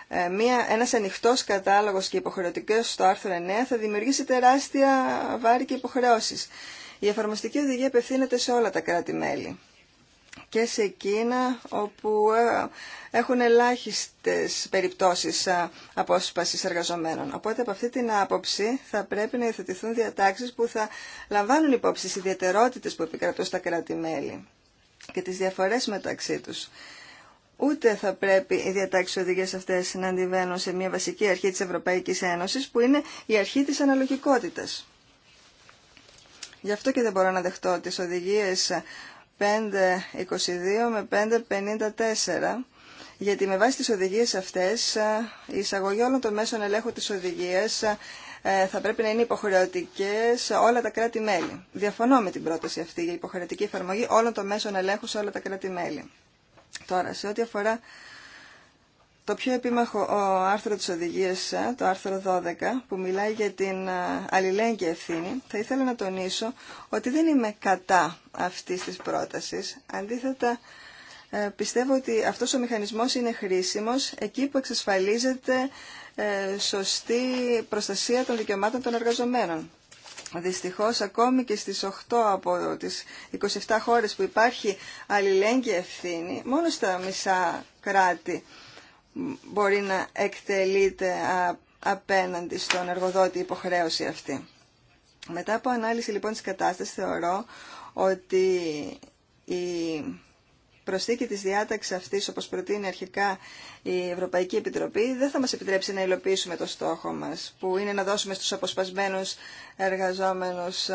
ε, μία, ένας ανοιχτός κατάλογος και υποχρεωτικός στο άρθρο 9 θα δημιουργήσει τεράστια βάρη και υποχρεώσεις. Η εφαρμοστική οδηγία απευθύνεται σε όλα τα κράτη-μέλη και σε εκείνα όπου ε, έχουν ελάχιστες περιπτώσεις ε, απόσπασης εργαζομένων. Οπότε από αυτή την άποψη θα πρέπει να υιοθετηθούν διατάξεις που θα λαμβάνουν υπόψη τις ιδιαιτερότητες που επικρατούν στα κράτη-μέλη και τις διαφορές μεταξύ τους. Ούτε θα πρέπει οι διατάξεις οδηγίες αυτές να αντιβαίνουν σε μια βασική αρχή της Ευρωπαϊκής Ένωσης που είναι η αρχή της αναλογικότητας. Γι' αυτό και δεν μπορώ να δεχτώ τις οδηγίες 5.22 με 5.54 γιατί με βάση τις οδηγίες αυτές ε, η εισαγωγή όλων των μέσων ελέγχου της οδηγίας ε, θα πρέπει να είναι υποχρεωτικέ σε όλα τα κράτη-μέλη. Διαφωνώ με την πρόταση αυτή για υποχρεωτική εφαρμογή όλων των μέσων ελέγχου σε όλα τα κράτη-μέλη. Τώρα, σε ό,τι αφορά το πιο επίμαχο άρθρο της οδηγίας, ε, το άρθρο 12, που μιλάει για την ε, αλληλέγγυη ευθύνη, θα ήθελα να τονίσω ότι δεν είμαι κατά αυτής της πρότασης. Αντίθετα, ε, πιστεύω ότι αυτός ο μηχανισμός είναι χρήσιμος εκεί που εξασφαλίζεται σωστή προστασία των δικαιωμάτων των εργαζομένων. Δυστυχώς ακόμη και στις 8 από τις 27 χώρες που υπάρχει αλληλέγγυη ευθύνη, μόνο στα μισά κράτη μπορεί να εκτελείται απέναντι στον εργοδότη υποχρέωση αυτή. Μετά από ανάλυση λοιπόν της κατάστασης θεωρώ ότι η προσθήκη της διάταξης αυτής όπως προτείνει αρχικά η Ευρωπαϊκή Επιτροπή δεν θα μας επιτρέψει να υλοποιήσουμε το στόχο μας που είναι να δώσουμε στους αποσπασμένους εργαζόμενους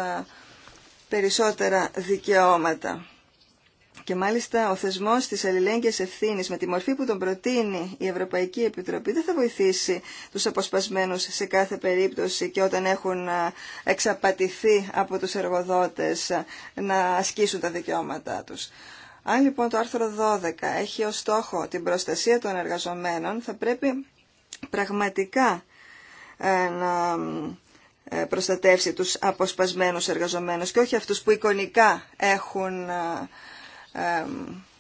περισσότερα δικαιώματα. Και μάλιστα ο θεσμό τη αλληλέγγυα ευθύνη με τη μορφή που τον προτείνει η Ευρωπαϊκή Επιτροπή δεν θα βοηθήσει του αποσπασμένου σε κάθε περίπτωση και όταν έχουν εξαπατηθεί από του εργοδότε να ασκήσουν τα δικαιώματά του. Αν λοιπόν το άρθρο 12 έχει ως στόχο την προστασία των εργαζομένων, θα πρέπει πραγματικά ε, να ε, προστατεύσει τους αποσπασμένους εργαζομένους και όχι αυτούς που εικονικά έχουν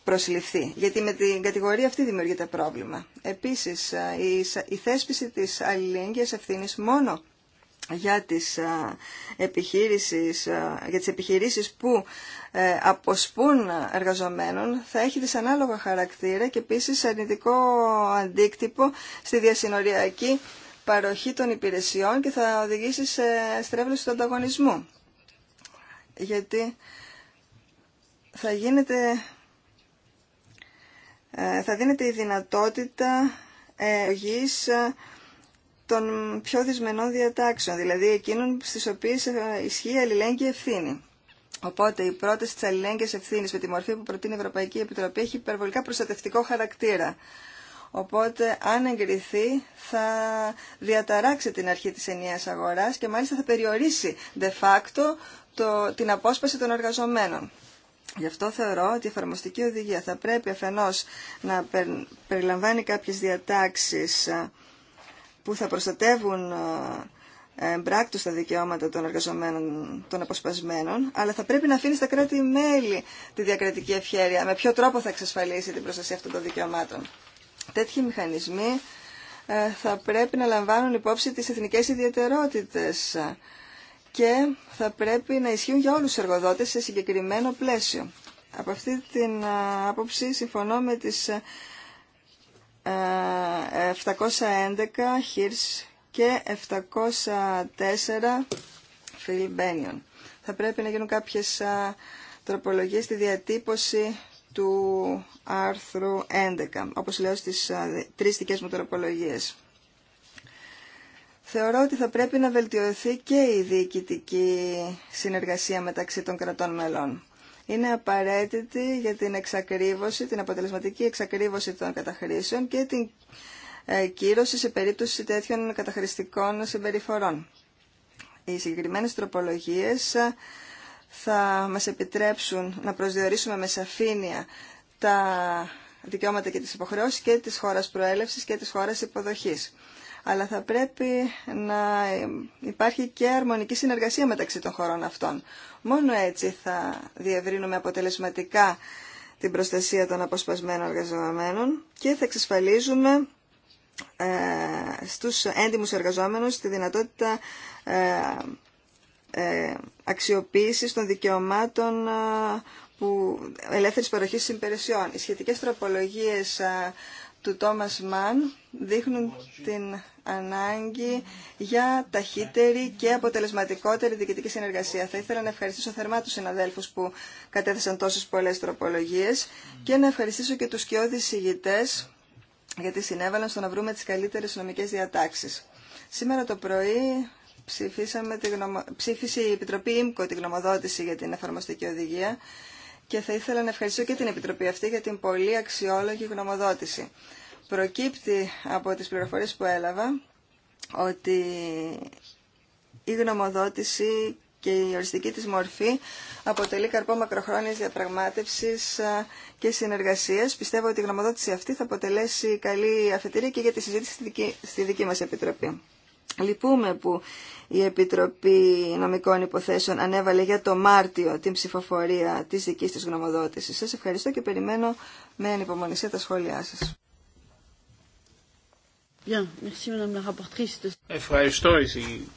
προσληφθεί. Γιατί με την κατηγορία αυτή δημιουργείται πρόβλημα. Επίσης, ε, η θέσπιση της αλληλέγγυας ευθύνης μόνο για τις, ε, επιχείρησεις, ε, για τις επιχειρήσεις που αποσπούν εργαζομένων θα έχει δυσανάλογα χαρακτήρα και επίσης αρνητικό αντίκτυπο στη διασυνοριακή παροχή των υπηρεσιών και θα οδηγήσει σε στρέβλωση του ανταγωνισμού. Γιατί θα γίνεται ε, θα δίνεται η δυνατότητα ε, γης ε, των πιο δυσμενών διατάξεων, δηλαδή εκείνων στις οποίες ισχύει η αλληλέγγυη ευθύνη. Οπότε η πρόταση τη αλληλέγγυης ευθύνη με τη μορφή που προτείνει η Ευρωπαϊκή Επιτροπή έχει υπερβολικά προστατευτικό χαρακτήρα. Οπότε αν εγκριθεί θα διαταράξει την αρχή της ενιαίας αγοράς και μάλιστα θα περιορίσει de facto το, την απόσπαση των εργαζομένων. Γι' αυτό θεωρώ ότι η εφαρμοστική οδηγία θα πρέπει αφενός να περιλαμβάνει κάποιες διατάξεις ε, που θα προστατεύουν ε, εμπράκτους τα δικαιώματα των εργαζομένων των αποσπασμένων, αλλά θα πρέπει να αφήνει στα κράτη-μέλη τη διακρατική ευχέρεια, με ποιο τρόπο θα εξασφαλίσει την προστασία αυτών των δικαιωμάτων. Τέτοιοι μηχανισμοί ε, θα πρέπει να λαμβάνουν υπόψη τις εθνικές ιδιαιτερότητες και θα πρέπει να ισχύουν για όλους τους εργοδότες σε συγκεκριμένο πλαίσιο. Από αυτή την ε, άποψη συμφωνώ με τις 711 ε, ε, Χίρς και 704 Φιλμπένιον. Θα πρέπει να γίνουν κάποιες τροπολογίες στη διατύπωση του άρθρου 11, όπως λέω στις τρεις μου τροπολογίες. Θεωρώ ότι θα πρέπει να βελτιωθεί και η διοικητική συνεργασία μεταξύ των κρατών μελών. Είναι απαραίτητη για την εξακρίβωση, την αποτελεσματική εξακρίβωση των καταχρήσεων και την ε, κύρωση σε περίπτωση τέτοιων καταχρηστικών συμπεριφορών. Οι συγκεκριμένες τροπολογίες ε, θα μας επιτρέψουν να προσδιορίσουμε με σαφήνεια τα δικαιώματα και τις υποχρεώσεις και της χώρας προέλευσης και της χώρας υποδοχής αλλά θα πρέπει να υπάρχει και αρμονική συνεργασία μεταξύ των χωρών αυτών. Μόνο έτσι θα διευρύνουμε αποτελεσματικά την προστασία των αποσπασμένων εργαζομένων και θα εξασφαλίζουμε ε, στους έντιμους εργαζόμενους τη δυνατότητα ε, ε, αξιοποίησης των δικαιωμάτων που ελεύθερης παροχής υπηρεσιών. Οι σχετικές τροπολογίες του Τόμας Μαν δείχνουν την ανάγκη για ταχύτερη και αποτελεσματικότερη διοικητική συνεργασία. Θα ήθελα να ευχαριστήσω θερμά τους συναδέλφους που κατέθεσαν τόσες πολλές τροπολογίες και να ευχαριστήσω και τους σκιώδεις ηγητές γιατί συνέβαλαν στο να βρούμε τις καλύτερες νομικές διατάξεις. Σήμερα το πρωί ψηφίσαμε ψήφισε η Επιτροπή ΙΜΚΟ τη γνωμοδότηση για την εφαρμοστική οδηγία και θα ήθελα να ευχαριστήσω και την Επιτροπή αυτή για την πολύ αξιόλογη γνωμοδότηση. Προκύπτει από τις πληροφορίες που έλαβα ότι η γνωμοδότηση και η οριστική της μορφή αποτελεί καρπό μακροχρόνιας διαπραγμάτευσης και συνεργασίας. Πιστεύω ότι η γνωμοδότηση αυτή θα αποτελέσει καλή αφετηρία και για τη συζήτηση στη δική μας Επιτροπή. Λυπούμε που η Επιτροπή Νομικών Υποθέσεων ανέβαλε για το Μάρτιο την ψηφοφορία της δικής της γνωμοδότησης. Σας ευχαριστώ και περιμένω με ανυπομονησία τα σχόλιά σας. Ευχαριστώ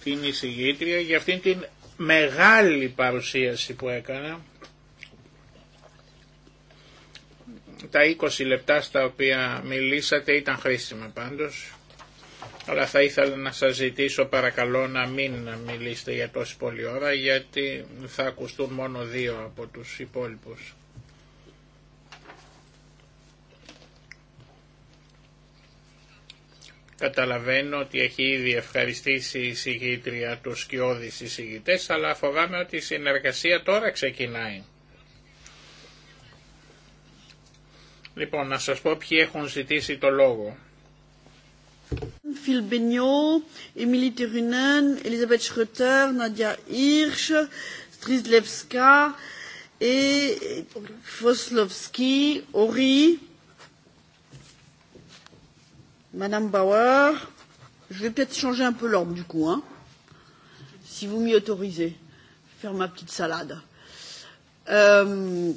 την εισηγήτρια για αυτήν την μεγάλη παρουσίαση που έκανα. Τα 20 λεπτά στα οποία μιλήσατε ήταν χρήσιμα πάντως αλλά θα ήθελα να σας ζητήσω παρακαλώ να μην μιλήσετε για τόση πολλή ώρα γιατί θα ακουστούν μόνο δύο από τους υπόλοιπους. Καταλαβαίνω ότι έχει ήδη ευχαριστήσει η συγγήτρια του σκιώδης εισηγητές, αλλά φοβάμαι ότι η συνεργασία τώρα ξεκινάει. Λοιπόν, να σας πω ποιοι έχουν ζητήσει το λόγο. Phil Beignot, Émilie Terunen, Elisabeth Schröter, Nadia Hirsch, Strizlewska et Foslovski, Ori, Madame Bauer. Je vais peut-être changer un peu l'ordre du coup, hein, si vous m'y autorisez. Faire ma petite salade. Euh,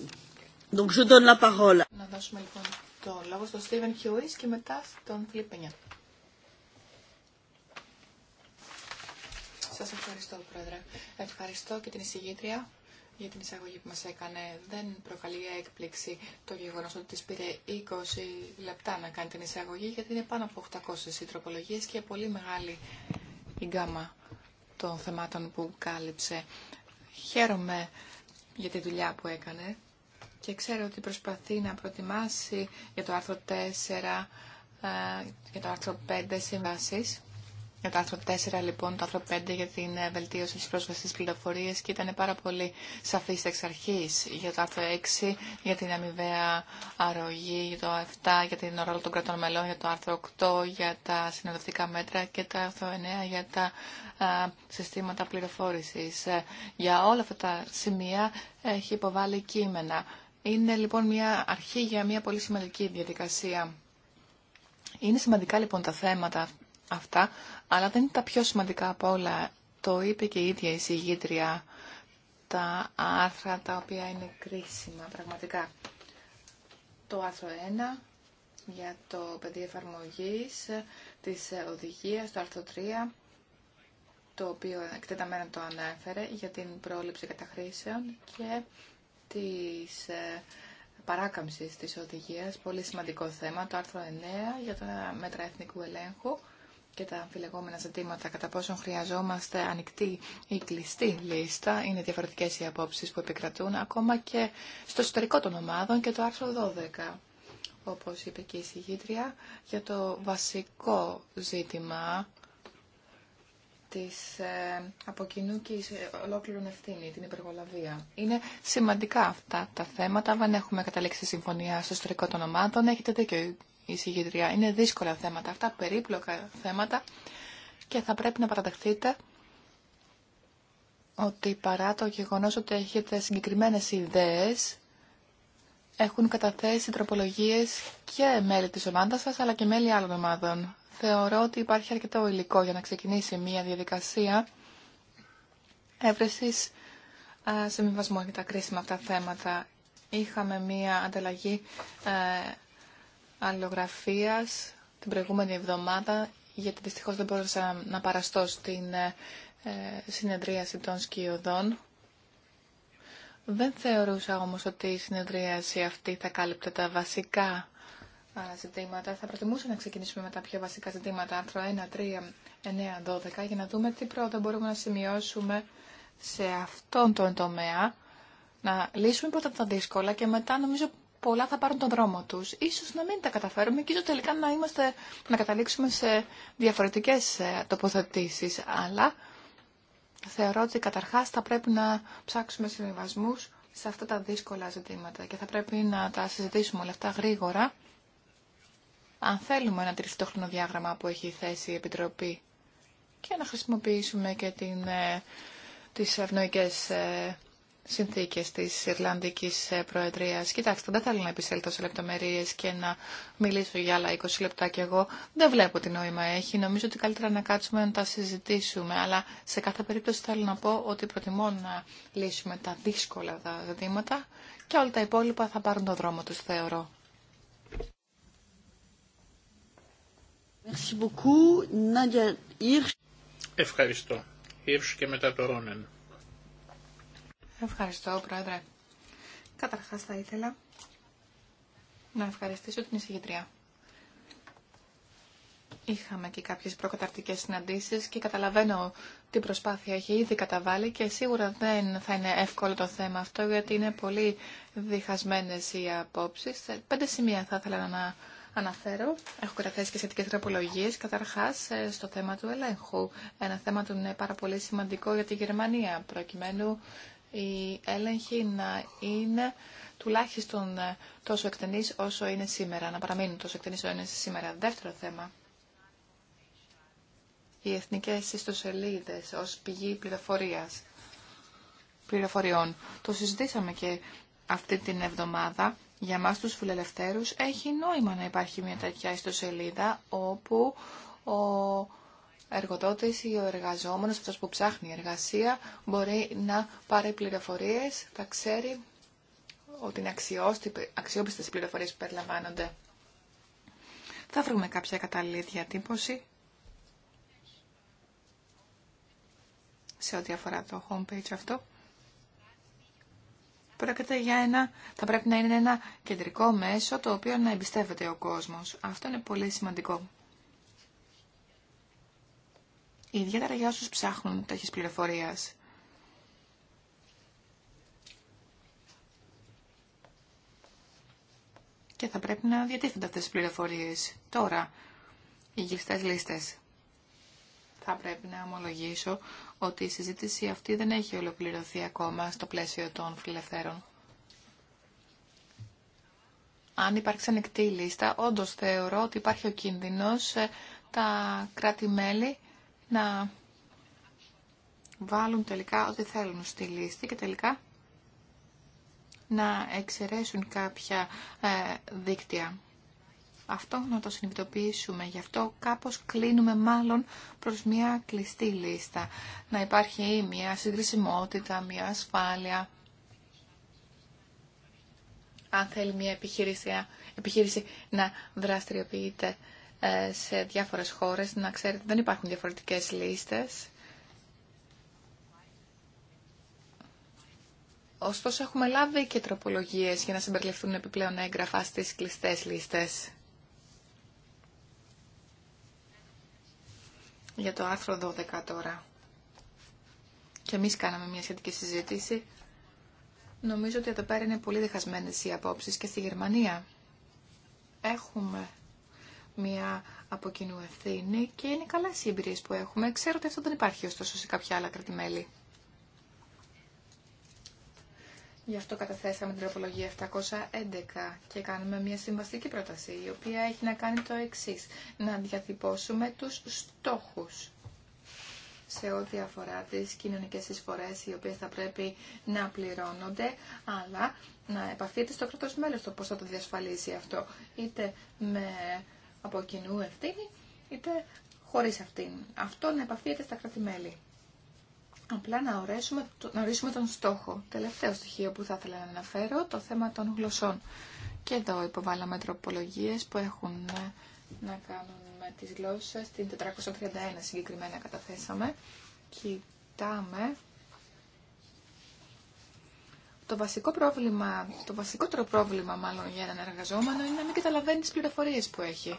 donc je donne la parole. Να δώσουμε λοιπόν το λόγο στον Στίβεν Χιούις και μετά στον Σας ευχαριστώ, Πρόεδρε. Ευχαριστώ και την εισηγήτρια για την εισαγωγή που μας έκανε. Δεν προκαλεί έκπληξη το γεγονός ότι της πήρε 20 λεπτά να κάνει την εισαγωγή, γιατί είναι πάνω από 800 οι τροπολογίες και πολύ μεγάλη η γκάμα των θεμάτων που κάλυψε. Χαίρομαι για τη δουλειά που έκανε και ξέρω ότι προσπαθεί να προετοιμάσει για το άρθρο 4 ε, για το άρθρο 5 συμβάσεις για το άρθρο 4 λοιπόν, το άρθρο 5 για την ε, βελτίωση της πρόσβασης της πληροφορίας και ήταν πάρα πολύ σαφής εξ αρχής. Για το άρθρο 6 για την αμοιβαία αρρωγή, για το 7 για την ρόλο των κρατών μελών, για το άρθρο 8 για τα συνοδευτικά μέτρα και το άρθρο 9 για τα συστήματα πληροφόρησης. Ε, για όλα αυτά τα σημεία έχει υποβάλει κείμενα. Είναι λοιπόν μια αρχή για μια πολύ σημαντική διαδικασία. Είναι σημαντικά λοιπόν τα θέματα αυτά, αλλά δεν είναι τα πιο σημαντικά από όλα. Το είπε και η ίδια η συγγήτρια τα άρθρα τα οποία είναι κρίσιμα πραγματικά. Το άρθρο 1 για το πεδίο εφαρμογή της οδηγίας, το άρθρο 3 το οποίο εκτεταμένα το ανέφερε για την πρόληψη καταχρήσεων και της ε, παράκαμψης της οδηγίας, πολύ σημαντικό θέμα, το άρθρο 9 για τα μέτρα εθνικού ελέγχου και τα αμφιλεγόμενα ζητήματα κατά πόσον χρειαζόμαστε ανοιχτή ή κλειστή λίστα. Είναι διαφορετικέ οι απόψεις που επικρατούν ακόμα και στο εσωτερικό των ομάδων και το άρθρο 12 όπως είπε και η συγγήτρια, για το βασικό ζήτημα της ε, της ολόκληρων ευθύνη, την υπεργολαβία. Είναι σημαντικά αυτά τα θέματα, δεν έχουμε καταλήξει συμφωνία στο ιστορικό των ομάδων. Έχετε δίκιο, είναι δύσκολα θέματα αυτά, περίπλοκα θέματα και θα πρέπει να παραδεχτείτε ότι παρά το γεγονός ότι έχετε συγκεκριμένες ιδέες, έχουν καταθέσει τροπολογίες και μέλη της ομάδας σας, αλλά και μέλη άλλων ομάδων. Θεωρώ ότι υπάρχει αρκετό υλικό για να ξεκινήσει μια διαδικασία έβρεσης συμβιβασμού για τα κρίσιμα αυτά θέματα. Είχαμε μια ανταλλαγή ε, αλληλογραφίας την προηγούμενη εβδομάδα, γιατί δυστυχώς δεν μπορούσα να παραστώ στην ε, συνεδρίαση των σκιωδών. Δεν θεωρούσα όμως ότι η συνεδρίαση αυτή θα κάλυπτε τα βασικά ε, ζητήματα. Θα προτιμούσα να ξεκινήσουμε με τα πιο βασικά ζητήματα, άρθρο 1, 3, 9, 12, για να δούμε τι πρώτα μπορούμε να σημειώσουμε σε αυτόν τον τομέα. Να λύσουμε πρώτα τα δύσκολα και μετά νομίζω πολλά θα πάρουν τον δρόμο τους. Ίσως να μην τα καταφέρουμε και ίσως τελικά να, είμαστε, να καταλήξουμε σε διαφορετικές ε, τοποθετήσει. Αλλά θεωρώ ότι καταρχάς θα πρέπει να ψάξουμε συμβιβασμού σε αυτά τα δύσκολα ζητήματα και θα πρέπει να τα συζητήσουμε όλα αυτά γρήγορα αν θέλουμε ένα τηρηθεί το χρονοδιάγραμμα που έχει θέσει η Επιτροπή και να χρησιμοποιήσουμε και την, ε, τις ευνοϊκές ε, Συνθήκε τη Ιρλανδική ε, Προεδρία. Κοιτάξτε, δεν θέλω να επισέλθω σε λεπτομέρειες και να μιλήσω για άλλα 20 λεπτά κι εγώ. Δεν βλέπω τι νόημα έχει. Νομίζω ότι καλύτερα να κάτσουμε να τα συζητήσουμε. Αλλά σε κάθε περίπτωση θέλω να πω ότι προτιμώ να λύσουμε τα δύσκολα τα ζητήματα και όλα τα υπόλοιπα θα πάρουν τον δρόμο του θεωρώ. Ευχαριστώ. και μετά Ευχαριστώ, Πρόεδρε. Καταρχάς θα ήθελα να ευχαριστήσω την εισηγητριά. Είχαμε και κάποιες προκαταρτικές συναντήσεις και καταλαβαίνω τι προσπάθεια έχει ήδη καταβάλει και σίγουρα δεν θα είναι εύκολο το θέμα αυτό γιατί είναι πολύ διχασμένες οι απόψεις. Πέντε σημεία θα ήθελα να αναφέρω. Έχω καταθέσει και σχετικέ τροπολογίε. Καταρχά, ε, στο θέμα του ελέγχου. Ένα θέμα του είναι πάρα πολύ σημαντικό για τη Γερμανία, προκειμένου η έλεγχοι να είναι τουλάχιστον ε, τόσο εκτενείς όσο είναι σήμερα, να παραμείνουν τόσο εκτενείς όσο είναι σήμερα. Δεύτερο θέμα, οι εθνικές ιστοσελίδες ως πηγή πληροφορίας, πληροφοριών. Το συζητήσαμε και αυτή την εβδομάδα. Για μας τους φιλελευθέρους έχει νόημα να υπάρχει μια τέτοια ιστοσελίδα όπου ο εργοδότης ή ο εργαζόμενος, αυτός που ψάχνει εργασία, μπορεί να πάρει πληροφορίες, θα ξέρει ότι είναι αξιόπιστες οι πληροφορίες που περιλαμβάνονται. Θα βρούμε κάποια κατάλληλη διατύπωση σε ό,τι αφορά το homepage αυτό. Πρόκειται για ένα, θα πρέπει να είναι ένα κεντρικό μέσο το οποίο να εμπιστεύεται ο κόσμος. Αυτό είναι πολύ σημαντικό. Ιδιαίτερα για όσους ψάχνουν τέτοιες πληροφορίες. Και θα πρέπει να διατίθενται αυτές τις πληροφορίες. Τώρα, οι γυριστέ λίστες. Θα πρέπει να ομολογήσω ότι η συζήτηση αυτή δεν έχει ολοκληρωθεί ακόμα στο πλαίσιο των φιλελευθέρων. Αν υπάρξει ανοιχτή λίστα, όντως θεωρώ ότι υπάρχει ο κίνδυνος ε, τα κράτη-μέλη να βάλουν τελικά ό,τι θέλουν στη λίστα και τελικά να εξαιρέσουν κάποια ε, δίκτυα. Αυτό να το συνειδητοποιήσουμε. Γι' αυτό κάπως κλείνουμε μάλλον προς μια κλειστή λίστα. Να υπάρχει μια συγκρισιμότητα, μια ασφάλεια. Αν θέλει μια επιχείρηση, επιχείρηση να δραστηριοποιείται ε, σε διάφορες χώρες. Να ξέρετε, δεν υπάρχουν διαφορετικές λίστες. Ωστόσο, έχουμε λάβει και τροπολογίες για να συμπεριληφθούν επιπλέον έγγραφα στις κλειστές λίστες. Για το άρθρο 12 τώρα. Και εμείς κάναμε μια σχετική συζήτηση. Νομίζω ότι εδώ πέρα είναι πολύ διχασμένες οι απόψεις και στη Γερμανία. Έχουμε μια από κοινού ευθύνη και είναι καλέ οι που έχουμε. Ξέρω ότι αυτό δεν υπάρχει ωστόσο σε κάποια άλλα κρατημέλη. Γι' αυτό καταθέσαμε την τροπολογία 711 και κάνουμε μια συμβαστική πρόταση, η οποία έχει να κάνει το εξή. Να διατυπώσουμε τους στόχους σε ό,τι αφορά τις κοινωνικές εισφορές οι οποίες θα πρέπει να πληρώνονται, αλλά να επαφείται στο κράτος μέλος το πώς θα το διασφαλίσει αυτό, είτε με από κοινού ευθύνη, είτε χωρί αυτήν. Αυτό να επαφείται στα κρατημέλη. Απλά να, ορίσουμε, τον στόχο. Τελευταίο στοιχείο που θα ήθελα να αναφέρω, το θέμα των γλωσσών. Και εδώ υποβάλαμε τροπολογίες που έχουν ε, να κάνουν με τις γλώσσες. Την 431 συγκεκριμένα καταθέσαμε. Κοιτάμε. Το βασικό πρόβλημα, το βασικότερο πρόβλημα μάλλον για έναν εργαζόμενο είναι να μην καταλαβαίνει τις πληροφορίες που έχει.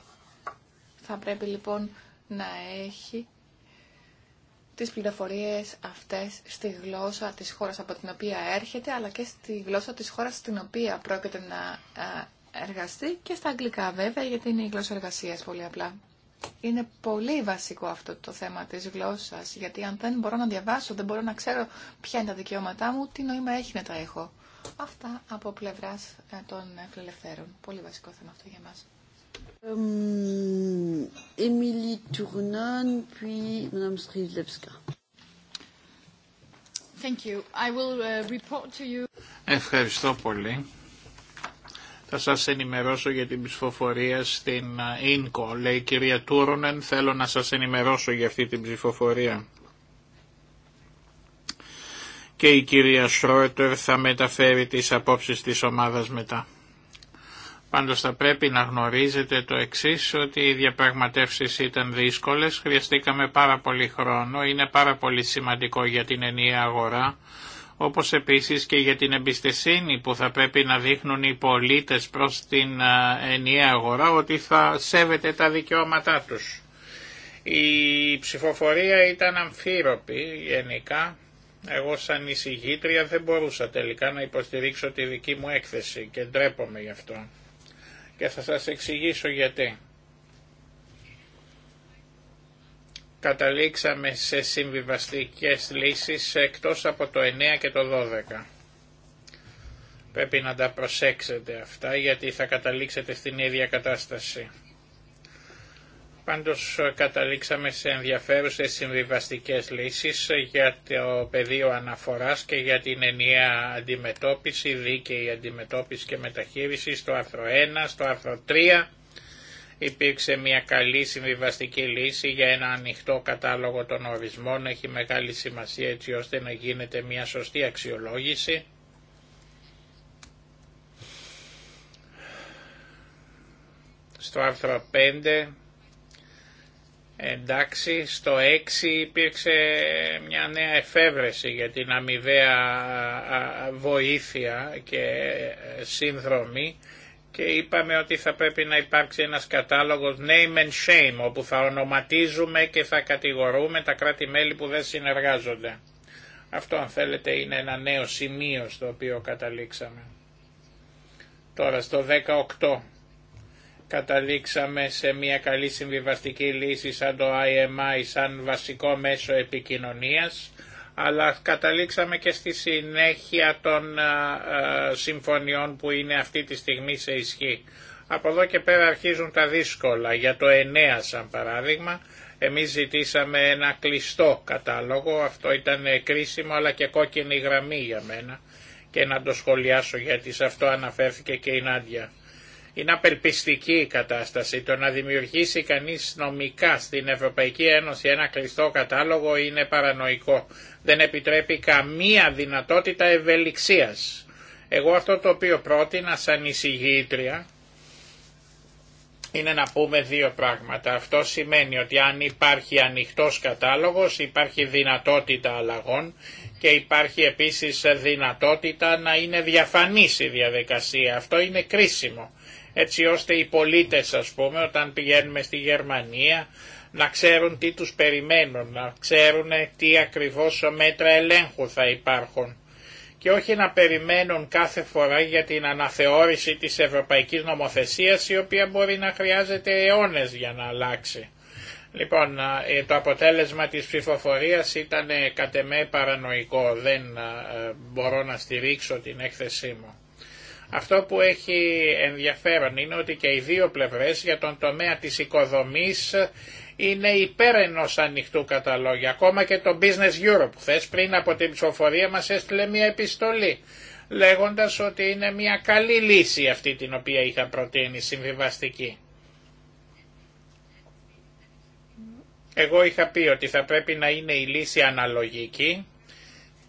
Θα πρέπει λοιπόν να έχει τις πληροφορίες αυτές στη γλώσσα της χώρας από την οποία έρχεται, αλλά και στη γλώσσα της χώρας στην οποία πρόκειται να ε, εργαστεί και στα αγγλικά βέβαια, γιατί είναι η γλώσσα εργασίας πολύ απλά. Είναι πολύ βασικό αυτό το θέμα της γλώσσας, γιατί αν δεν μπορώ να διαβάσω, δεν μπορώ να ξέρω ποια είναι τα δικαιώματά μου, τι νόημα έχει να τα έχω. Αυτά από πλευράς ε, των φιλελευθέρων. Πολύ βασικό θέμα αυτό για μας. Ευχαριστώ πολύ. Θα σας ενημερώσω για την ψηφοφορία στην ε, ΙΝΚΟ. Λέει η κυρία Τούρνεν θέλω να σας ενημερώσω για αυτή την ψηφοφορία. Και η κυρία Σρότερ θα μεταφέρει τις απόψεις της ομάδας μετά. Πάντως θα πρέπει να γνωρίζετε το εξής ότι οι διαπραγματεύσεις ήταν δύσκολες, χρειαστήκαμε πάρα πολύ χρόνο, είναι πάρα πολύ σημαντικό για την ενιαία αγορά, όπως επίσης και για την εμπιστεσύνη που θα πρέπει να δείχνουν οι πολίτες προς την ενιαία αγορά ότι θα σέβεται τα δικαιώματά τους. Η ψηφοφορία ήταν αμφίροπη γενικά. Εγώ σαν εισηγήτρια δεν μπορούσα τελικά να υποστηρίξω τη δική μου έκθεση και ντρέπομαι γι' αυτό και θα σας εξηγήσω γιατί. Καταλήξαμε σε συμβιβαστικές λύσεις εκτός από το 9 και το 12. Πρέπει να τα προσέξετε αυτά γιατί θα καταλήξετε στην ίδια κατάσταση. Πάντως ε, καταλήξαμε σε ενδιαφέρουσες συμβιβαστικές λύσεις ε, για το πεδίο αναφοράς και για την ενιαία αντιμετώπιση, δίκαιη αντιμετώπιση και μεταχείριση στο άρθρο 1, στο άρθρο 3. Υπήρξε μια καλή συμβιβαστική λύση για ένα ανοιχτό κατάλογο των ορισμών. Έχει μεγάλη σημασία έτσι ώστε να γίνεται μια σωστή αξιολόγηση. Στο άρθρο 5 Εντάξει, στο 6 υπήρξε μια νέα εφεύρεση για την αμοιβαία βοήθεια και ε, σύνδρομη και είπαμε ότι θα πρέπει να υπάρξει ένας κατάλογος name and shame όπου θα ονοματίζουμε και θα κατηγορούμε τα κράτη-μέλη που δεν συνεργάζονται. Αυτό αν θέλετε είναι ένα νέο σημείο στο οποίο καταλήξαμε. Τώρα στο 18 καταλήξαμε σε μια καλή συμβιβαστική λύση σαν το IMI, σαν βασικό μέσο επικοινωνίας, αλλά καταλήξαμε και στη συνέχεια των συμφωνιών που είναι αυτή τη στιγμή σε ισχύ. Από εδώ και πέρα αρχίζουν τα δύσκολα. Για το 9 σαν παράδειγμα, εμείς ζητήσαμε ένα κλειστό κατάλογο, αυτό ήταν κρίσιμο αλλά και κόκκινη γραμμή για μένα και να το σχολιάσω γιατί σε αυτό αναφέρθηκε και η Νάντια. Είναι απελπιστική η κατάσταση. Το να δημιουργήσει κανείς νομικά στην Ευρωπαϊκή Ένωση ένα κλειστό κατάλογο είναι παρανοϊκό. Δεν επιτρέπει καμία δυνατότητα ευελιξίας. Εγώ αυτό το οποίο πρότεινα σαν εισηγήτρια είναι να πούμε δύο πράγματα. Αυτό σημαίνει ότι αν υπάρχει ανοιχτός κατάλογος υπάρχει δυνατότητα αλλαγών και υπάρχει επίσης δυνατότητα να είναι διαφανής η διαδικασία. Αυτό είναι κρίσιμο έτσι ώστε οι πολίτες ας πούμε όταν πηγαίνουμε στη Γερμανία να ξέρουν τι τους περιμένουν, να ξέρουν τι ακριβώς μέτρα ελέγχου θα υπάρχουν και όχι να περιμένουν κάθε φορά για την αναθεώρηση της ευρωπαϊκής νομοθεσίας η οποία μπορεί να χρειάζεται αιώνες για να αλλάξει. Λοιπόν, ε, το αποτέλεσμα της ψηφοφορίας ήταν κατ' εμέ παρανοϊκό. Δεν ε, μπορώ να στηρίξω την έκθεσή μου. Αυτό που έχει ενδιαφέρον είναι ότι και οι δύο πλευρές για τον τομέα της οικοδομής είναι υπέρ ενός ανοιχτού καταλόγια. Ακόμα και το Business Europe Χθε πριν από την ψηφοφορία μας έστειλε μια επιστολή λέγοντας ότι είναι μια καλή λύση αυτή την οποία είχα προτείνει συμβιβαστική. Εγώ είχα πει ότι θα πρέπει να είναι η λύση αναλογική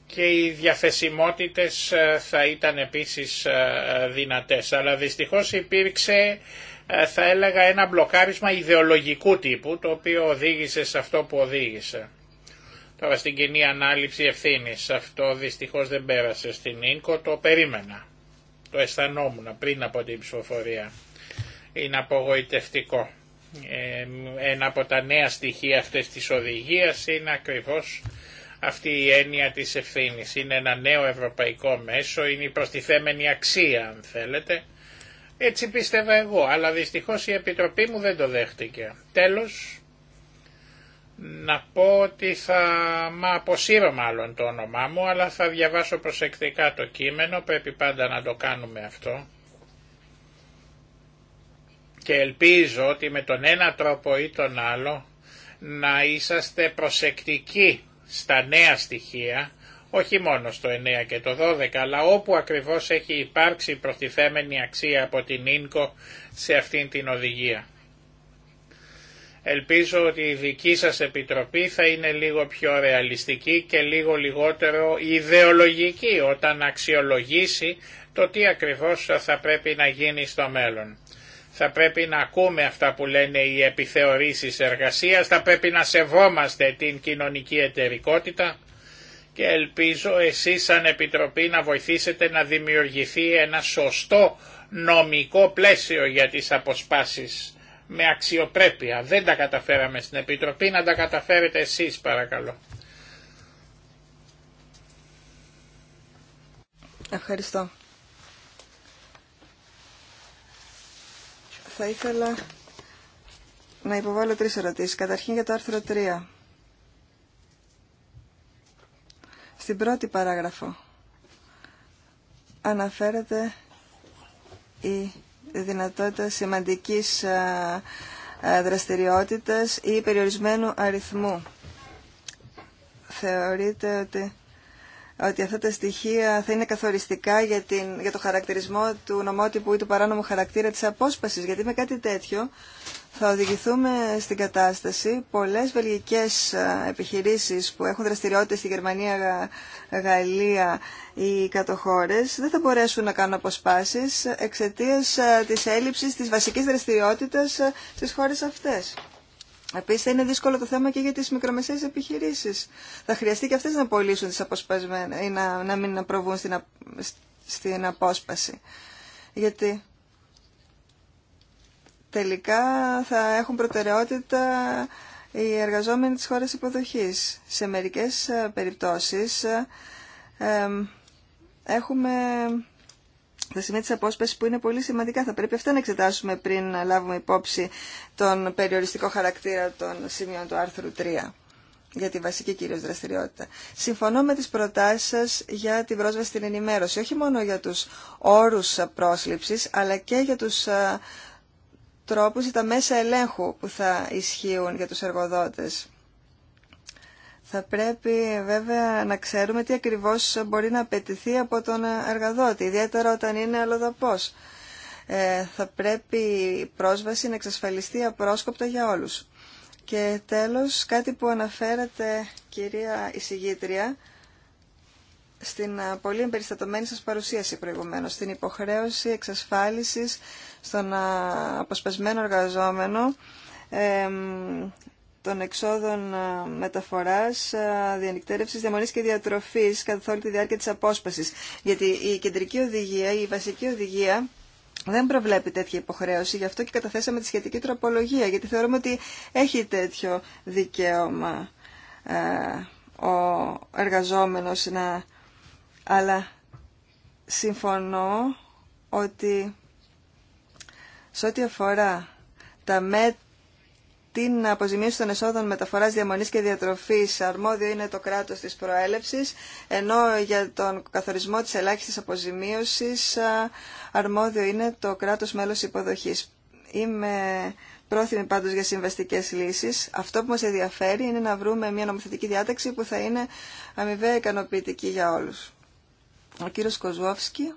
και οι διαθεσιμότητες ε, θα ήταν επίσης ε, δυνατές. Αλλά δυστυχώς υπήρξε ε, θα έλεγα ένα μπλοκάρισμα ιδεολογικού τύπου το οποίο οδήγησε σε αυτό που οδήγησε. Τώρα στην κοινή ανάληψη ευθύνη. Αυτό δυστυχώς δεν πέρασε στην Ίνκο, το περίμενα. Το αισθανόμουν πριν από την ψηφοφορία. Είναι απογοητευτικό. ένα από τα νέα στοιχεία αυτής της οδηγίας είναι ακριβώς αυτή η έννοια της ευθύνη Είναι ένα νέο ευρωπαϊκό μέσο, είναι η προστιθέμενη αξία αν θέλετε. Έτσι πίστευα εγώ, αλλά δυστυχώς η Επιτροπή μου δεν το δέχτηκε. Τέλος, να πω ότι θα... Μα αποσύρω μάλλον το όνομά μου, αλλά θα διαβάσω προσεκτικά το κείμενο, πρέπει πάντα να το κάνουμε αυτό. Και ελπίζω ότι με τον ένα τρόπο ή τον άλλο να είσαστε προσεκτικοί στα νέα στοιχεία, όχι μόνο στο 9 και το 12, αλλά όπου ακριβώς έχει υπάρξει προστιθέμενη αξία από την ΙΝΚΟ σε αυτήν την οδηγία. Ελπίζω ότι η δική σας επιτροπή θα είναι λίγο πιο ρεαλιστική και λίγο λιγότερο ιδεολογική όταν αξιολογήσει το τι ακριβώς θα πρέπει να γίνει στο μέλλον θα πρέπει να ακούμε αυτά που λένε οι επιθεωρήσεις εργασίας, θα πρέπει να σεβόμαστε την κοινωνική εταιρικότητα και ελπίζω εσείς σαν Επιτροπή να βοηθήσετε να δημιουργηθεί ένα σωστό νομικό πλαίσιο για τις αποσπάσεις με αξιοπρέπεια. Δεν τα καταφέραμε στην Επιτροπή, να τα καταφέρετε εσείς παρακαλώ. Ευχαριστώ. Θα ήθελα να υποβάλω τρεις ερωτήσεις. Καταρχήν για το άρθρο 3. Στην πρώτη παράγραφο αναφέρεται η δυνατότητα σημαντικής ε, ε, δραστηριότητας ή περιορισμένου αριθμού. Θεωρείται ότι ότι αυτά τα στοιχεία θα είναι καθοριστικά για, την, για το χαρακτηρισμό του νομότυπου ή του παράνομου χαρακτήρα της απόσπασης. Γιατί με κάτι τέτοιο θα οδηγηθούμε στην κατάσταση πολλές βελγικές ε, επιχειρήσεις που έχουν δραστηριότητες στη Γερμανία, Γαλλία ή κατοχώρες δεν θα μπορέσουν να κάνουν αποσπάσεις εξαιτίας ε, της έλλειψης της βασικής δραστηριότητας ε, στις χώρες αυτές. Επίση, θα είναι δύσκολο το θέμα και για τι μικρομεσαίες επιχειρήσεις. Θα χρειαστεί και αυτές να απολύσουν τις αποσπασμένες ή να, να μην προβούν στην, στην απόσπαση. Γιατί τελικά θα έχουν προτεραιότητα οι εργαζόμενοι της χώρας υποδοχής. Σε μερικές ε, περιπτώσεις ε, ε, έχουμε τα σημεία της απόσπασης που είναι πολύ σημαντικά. Θα πρέπει αυτά να εξετάσουμε πριν να λάβουμε υπόψη τον περιοριστικό χαρακτήρα των σημείων του άρθρου 3 για τη βασική κυρίως δραστηριότητα. Συμφωνώ με τις προτάσεις σας για την πρόσβαση στην ενημέρωση, όχι μόνο για τους όρους πρόσληψης, αλλά και για τους ε, τρόπους ή τα μέσα ελέγχου που θα ισχύουν για τους εργοδότες. Θα πρέπει βέβαια να ξέρουμε τι ακριβώς μπορεί να απαιτηθεί από τον εργαδότη, ιδιαίτερα όταν είναι αλλοδαπός. Ε, θα πρέπει η πρόσβαση να εξασφαλιστεί απρόσκοπτα για όλους. Και τέλος, κάτι που αναφέρατε, κυρία εισηγήτρια, στην πολύ εμπεριστατωμένη σας παρουσίαση προηγουμένως, στην υποχρέωση εξασφάλισης στον αποσπασμένο εργαζόμενο των εξόδων ε, μεταφοράς, ε, διανυκτέρευσης, διαμονής και διατροφής καθ' όλη τη διάρκεια της απόσπασης. Γιατί η κεντρική οδηγία, η βασική οδηγία δεν προβλέπει τέτοια υποχρέωση, γι' αυτό και καταθέσαμε τη σχετική τροπολογία, γιατί θεωρούμε ότι έχει τέτοιο δικαίωμα ε, ο εργαζόμενος να... Αλλά συμφωνώ ότι σε ό,τι αφορά τα μέτρα την αποζημίωση των εσόδων μεταφοράς διαμονής και διατροφής αρμόδιο είναι το κράτος της προέλευσης, ενώ για τον καθορισμό της ελάχιστης αποζημίωσης αρμόδιο είναι το κράτος μέλος υποδοχής. Είμαι πρόθυμη πάντως για συμβαστικές λύσεις. Αυτό που μας ενδιαφέρει είναι να βρούμε μια νομοθετική διάταξη που θα είναι αμοιβαία ικανοποιητική για όλους. Ο κύριος Κοζουόφσκι.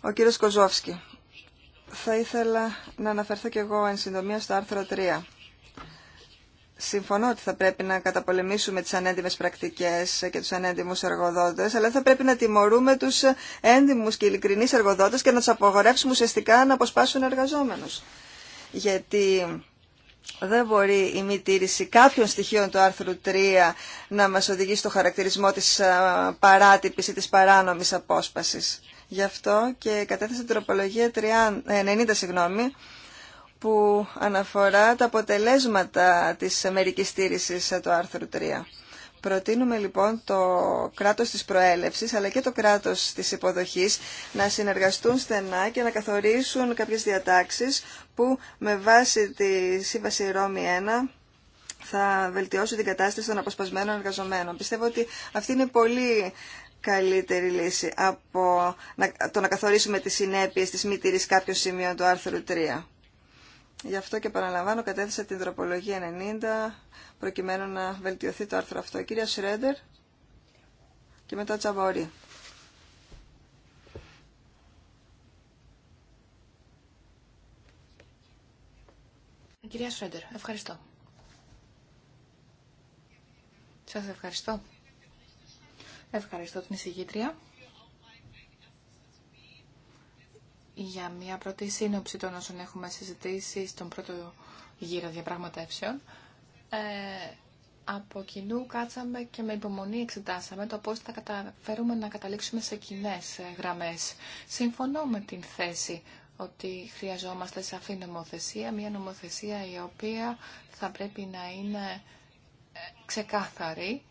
Ο κύριος Κοζόφσκι. Θα ήθελα να αναφερθώ κι εγώ εν συντομία στο άρθρο 3. Συμφωνώ ότι θα πρέπει να καταπολεμήσουμε τις ανέντιμες πρακτικές και τους ανέντιμους εργοδότες, αλλά θα πρέπει να τιμωρούμε τους έντιμους και ειλικρινείς εργοδότες και να τους απογορεύσουμε ουσιαστικά να αποσπάσουν εργαζόμενους. Γιατί δεν μπορεί η μη τήρηση κάποιων στοιχείων του άρθρου 3 να μας οδηγεί στο χαρακτηρισμό της παράτυπης ή της παράνομης απόσπασης. Γι' αυτό και κατέθεσε την τροπολογία 30, 90 ε, που αναφορά τα αποτελέσματα της μερικής στήρησης του άρθρου 3. Προτείνουμε λοιπόν το κράτος της προέλευσης αλλά και το κράτος της υποδοχής να συνεργαστούν στενά και να καθορίσουν κάποιες διατάξεις που με βάση τη Σύμβαση Ρώμη 1 θα βελτιώσουν την κατάσταση των αποσπασμένων εργαζομένων. Πιστεύω ότι αυτή είναι πολύ καλύτερη λύση από το να καθορίσουμε τις συνέπειες της μη τηρής κάποιων σημείων του άρθρου 3. Γι' αυτό και παραλαμβάνω κατέθεσα την τροπολογία 90 προκειμένου να βελτιωθεί το άρθρο αυτό. Κυρία Σρέντερ και μετά Τσαμπόρη. Κυρία Σρέντερ, ευχαριστώ. Σας ευχαριστώ. Ευχαριστώ την εισηγήτρια για μια πρώτη σύνοψη των όσων έχουμε συζητήσει στον πρώτο γύρο διαπραγματεύσεων. Ε, από κοινού κάτσαμε και με υπομονή εξετάσαμε το πώς θα καταφέρουμε να καταλήξουμε σε κοινέ γραμμές. Συμφωνώ με την θέση ότι χρειαζόμαστε σαφή νομοθεσία, μια νομοθεσία η οποία θα πρέπει να είναι ε, ξεκάθαρη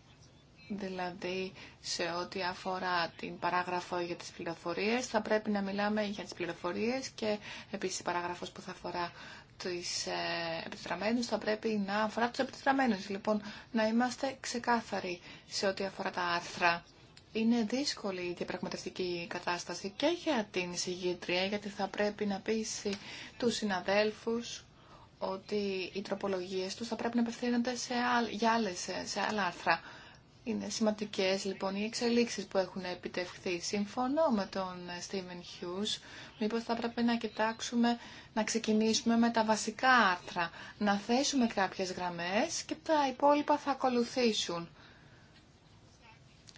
δηλαδή σε ό,τι αφορά την παράγραφο για τις πληροφορίες, θα πρέπει να μιλάμε για τις πληροφορίες και επίσης η παράγραφος που θα αφορά τις ε, επιτετραμένους θα πρέπει να αφορά τους επιτετραμένους. Λοιπόν, να είμαστε ξεκάθαροι σε ό,τι αφορά τα άρθρα. Είναι δύσκολη η διαπραγματευτική κατάσταση και για την εισηγήτρια, γιατί θα πρέπει να πείσει τους συναδέλφους ότι οι τροπολογίες τους θα πρέπει να απευθύνονται σε, άλλ, για σε άλλα άρθρα. Είναι σημαντικές λοιπόν οι εξελίξεις που έχουν επιτευχθεί. Συμφωνώ με τον ε, Στίβεν Χιούς. Μήπως θα πρέπει να κοιτάξουμε, να ξεκινήσουμε με τα βασικά άρθρα, να θέσουμε κάποιες γραμμές και τα υπόλοιπα θα ακολουθήσουν.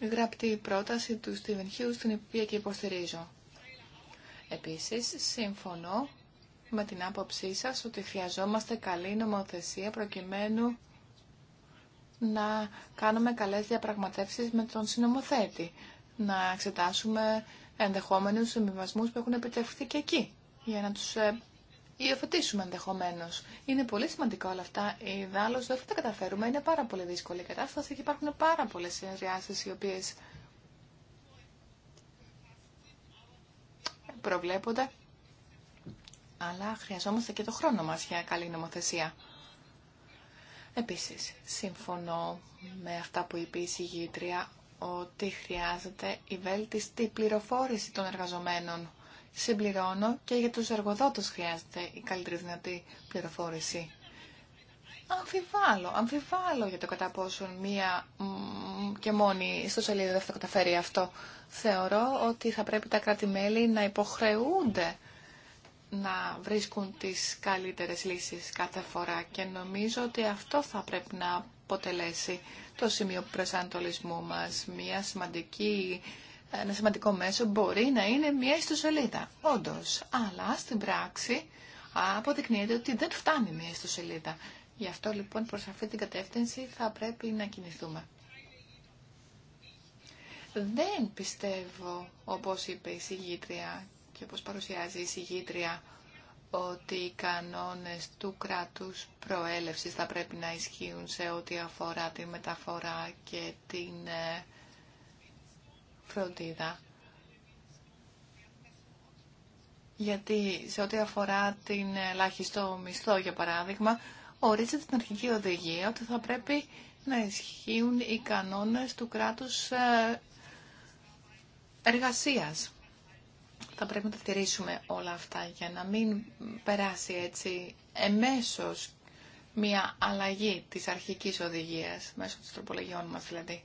Γραπτή η πρόταση του Στίβεν Χιούς, την οποία και υποστηρίζω. Επίσης, συμφωνώ με την άποψή σας ότι χρειαζόμαστε καλή νομοθεσία προκειμένου να κάνουμε καλές διαπραγματεύσεις με τον συνομοθέτη, να εξετάσουμε ενδεχόμενους συμβιβασμού που έχουν επιτευχθεί και εκεί, για να τους ε, υιοθετήσουμε ενδεχομένω. Είναι πολύ σημαντικά όλα αυτά. Ιδάλω δεν θα τα καταφέρουμε. Είναι πάρα πολύ δύσκολη η κατάσταση και υπάρχουν πάρα πολλέ συνεδριάσει οι οποίε προβλέπονται. Αλλά χρειαζόμαστε και το χρόνο μας για καλή νομοθεσία. Επίσης, συμφωνώ με αυτά που είπε η συγγήτρια ότι χρειάζεται η βέλτιστη πληροφόρηση των εργαζομένων. Συμπληρώνω και για τους εργοδότες χρειάζεται η καλύτερη δυνατή πληροφόρηση. Αμφιβάλλω, αμφιβάλλω για το κατά πόσον μία και μόνη στο σελίδα δεν θα καταφέρει αυτό. Θεωρώ ότι θα πρέπει τα κράτη-μέλη να υποχρεούνται να βρίσκουν τις καλύτερες λύσεις κάθε φορά και νομίζω ότι αυτό θα πρέπει να αποτελέσει το σημείο προσανατολισμού μας. Μια σημαντική, ένα σημαντικό μέσο μπορεί να είναι μια ιστοσελίδα, όντως, αλλά στην πράξη αποδεικνύεται ότι δεν φτάνει μια ιστοσελίδα. Γι' αυτό λοιπόν προς αυτή την κατεύθυνση θα πρέπει να κινηθούμε. Δεν πιστεύω, όπως είπε η συγγήτρια και όπως παρουσιάζει η συγγήτρια ότι οι κανόνες του κράτους προέλευσης θα πρέπει να ισχύουν σε ό,τι αφορά τη μεταφορά και την ε, φροντίδα. Γιατί σε ό,τι αφορά την ελάχιστο μισθό, για παράδειγμα, ορίζεται την αρχική οδηγία ότι θα πρέπει να ισχύουν οι κανόνες του κράτους ε, εργασίας θα πρέπει να τα τηρήσουμε όλα αυτά για να μην περάσει έτσι εμέσως μια αλλαγή της αρχικής οδηγίας μέσω της τροπολογιών μας δηλαδή.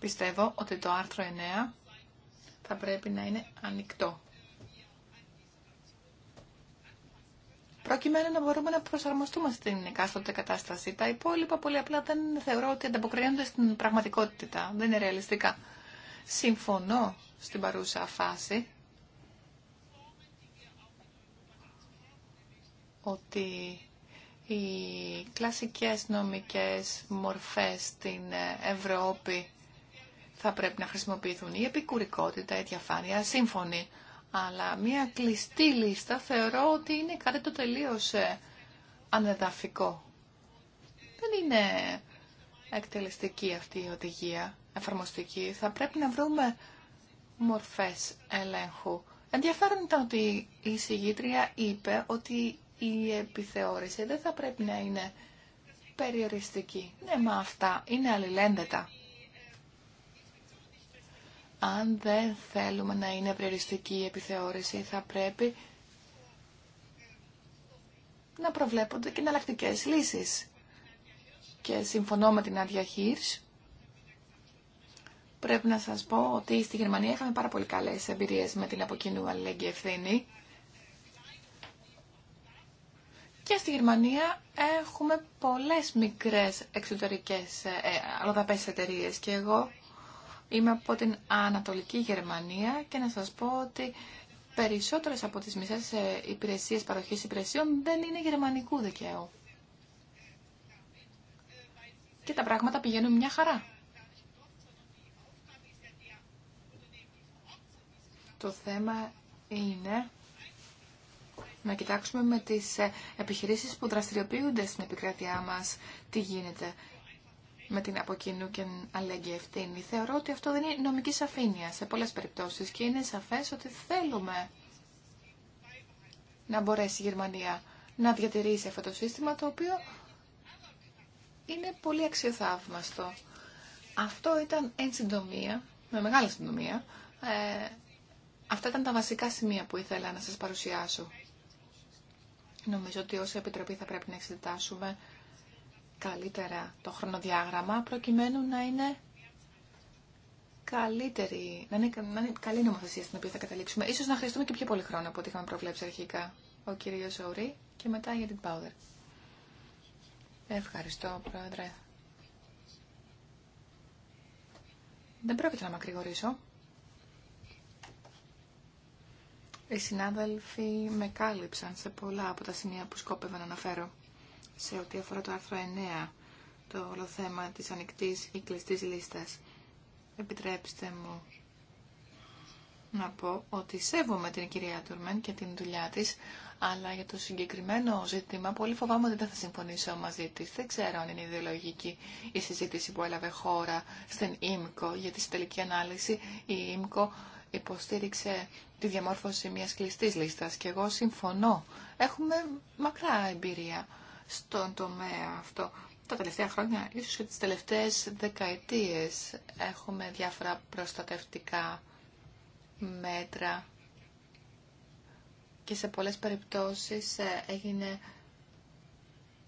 Πιστεύω ότι το άρθρο 9 θα πρέπει να είναι ανοιχτό. Προκειμένου να μπορούμε να προσαρμοστούμε στην εκάστοτε κατάσταση. Τα υπόλοιπα πολύ απλά δεν θεωρώ ότι ανταποκρίνονται στην πραγματικότητα. Δεν είναι ρεαλιστικά συμφωνώ στην παρούσα φάση ότι οι κλασικές νομικές μορφές στην Ευρώπη θα πρέπει να χρησιμοποιηθούν. Η επικουρικότητα, η διαφάνεια, σύμφωνη. Αλλά μια κλειστή λίστα θεωρώ ότι είναι κάτι το τελείως ε, ανεδαφικό. Δεν είναι εκτελεστική αυτή η οδηγία εφαρμοστική, θα πρέπει να βρούμε μορφές ελέγχου. Ενδιαφέρον ήταν ότι η συγγήτρια είπε ότι η επιθεώρηση δεν θα πρέπει να είναι περιοριστική. Ναι, μα αυτά είναι αλληλένδετα. Αν δεν θέλουμε να είναι περιοριστική η επιθεώρηση, θα πρέπει να προβλέπονται και εναλλακτικέ λύσεις. Και συμφωνώ με την Άντια πρέπει να σας πω ότι στη Γερμανία είχαμε πάρα πολύ καλές εμπειρίες με την αποκοινού αλληλεγγύη ευθύνη. Και στη Γερμανία έχουμε πολλές μικρές εξωτερικές ε, ε εταιρείε και εγώ είμαι από την Ανατολική Γερμανία και να σας πω ότι περισσότερες από τις μισές ε, υπηρεσίες παροχής υπηρεσιών δεν είναι γερμανικού δικαίου. Και τα πράγματα πηγαίνουν μια χαρά. Το θέμα είναι να κοιτάξουμε με τις επιχειρήσεις που δραστηριοποιούνται στην επικράτειά μας τι γίνεται με την κοινού και αλλαγή ευθύνη. Θεωρώ ότι αυτό δεν είναι νομική σαφήνεια σε πολλές περιπτώσεις και είναι σαφές ότι θέλουμε να μπορέσει η Γερμανία να διατηρήσει αυτό το σύστημα το οποίο είναι πολύ αξιοθαύμαστο. Αυτό ήταν εν συντομία, με μεγάλη συντομία, ε, Αυτά ήταν τα βασικά σημεία που ήθελα να σας παρουσιάσω. Νομίζω ότι όσο Επιτροπή θα πρέπει να εξετάσουμε καλύτερα το χρονοδιάγραμμα προκειμένου να είναι καλύτερη, να είναι, καλή νομοθεσία στην οποία θα καταλήξουμε. Ίσως να χρειαστούμε και πιο πολύ χρόνο από ό,τι είχαμε προβλέψει αρχικά. Ο κύριος Ζωρή και μετά για την Πάουδερ. Ευχαριστώ, Πρόεδρε. Δεν πρόκειται να μακρηγορήσω. Οι συνάδελφοι με κάλυψαν σε πολλά από τα σημεία που σκόπευα να αναφέρω. Σε ό,τι αφορά το άρθρο 9, το όλο θέμα της ανοιχτή ή κλειστή λίστας. Επιτρέψτε μου να πω ότι σέβομαι την κυρία Τουρμέν και την δουλειά της, αλλά για το συγκεκριμένο ζήτημα πολύ φοβάμαι ότι δεν θα συμφωνήσω μαζί της. Δεν ξέρω αν είναι ιδεολογική η συζήτηση που έλαβε χώρα στην ΙΜΚΟ, για τη συντελική ανάλυση η ΙΜΚΟ υποστήριξε τη διαμόρφωση μιας κλειστής λίστας και εγώ συμφωνώ. Έχουμε μακρά εμπειρία στον τομέα αυτό. Τα τελευταία χρόνια, ίσως και τις τελευταίες δεκαετίες, έχουμε διάφορα προστατευτικά μέτρα και σε πολλές περιπτώσεις ε, έγινε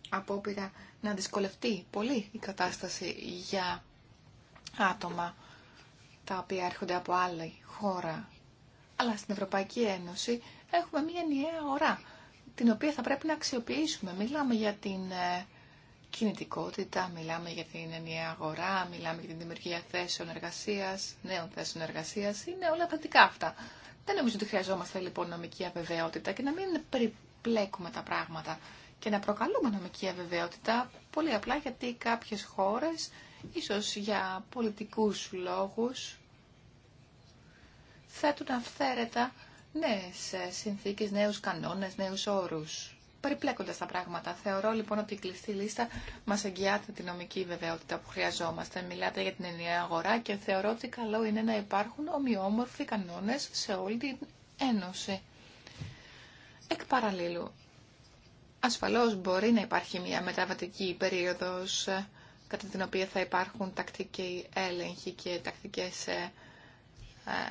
απόπειρα να δυσκολευτεί πολύ η κατάσταση για άτομα τα οποία έρχονται από άλλη χώρα. Αλλά στην Ευρωπαϊκή Ένωση έχουμε μία ενιαία ώρα, την οποία θα πρέπει να αξιοποιήσουμε. Μιλάμε για την ε, κινητικότητα, μιλάμε για την ενιαία αγορά, μιλάμε για την δημιουργία θέσεων εργασία, νέων θέσεων εργασία. είναι όλα πρακτικά αυτά. Δεν νομίζω ότι χρειαζόμαστε λοιπόν νομική αβεβαιότητα και να μην περιπλέκουμε τα πράγματα και να προκαλούμε νομική αβεβαιότητα πολύ απλά γιατί κάποιες χώρες ίσως για πολιτικούς λόγους, θέτουν αυθαίρετα νέες ε, συνθήκες, νέους κανόνες, νέους όρους. Περιπλέκοντας τα πράγματα. Θεωρώ λοιπόν ότι η κλειστή λίστα μας εγγυάται τη νομική βεβαιότητα που χρειαζόμαστε. Μιλάτε για την ενιαία αγορά και θεωρώ ότι καλό είναι να υπάρχουν ομοιόμορφοι κανόνες σε όλη την Ένωση. Εκ παραλίλου, ασφαλώ μπορεί να υπάρχει μια μεταβατική περίοδο. Ε, κατά την οποία θα υπάρχουν τακτικοί έλεγχοι και τακτικές, ε,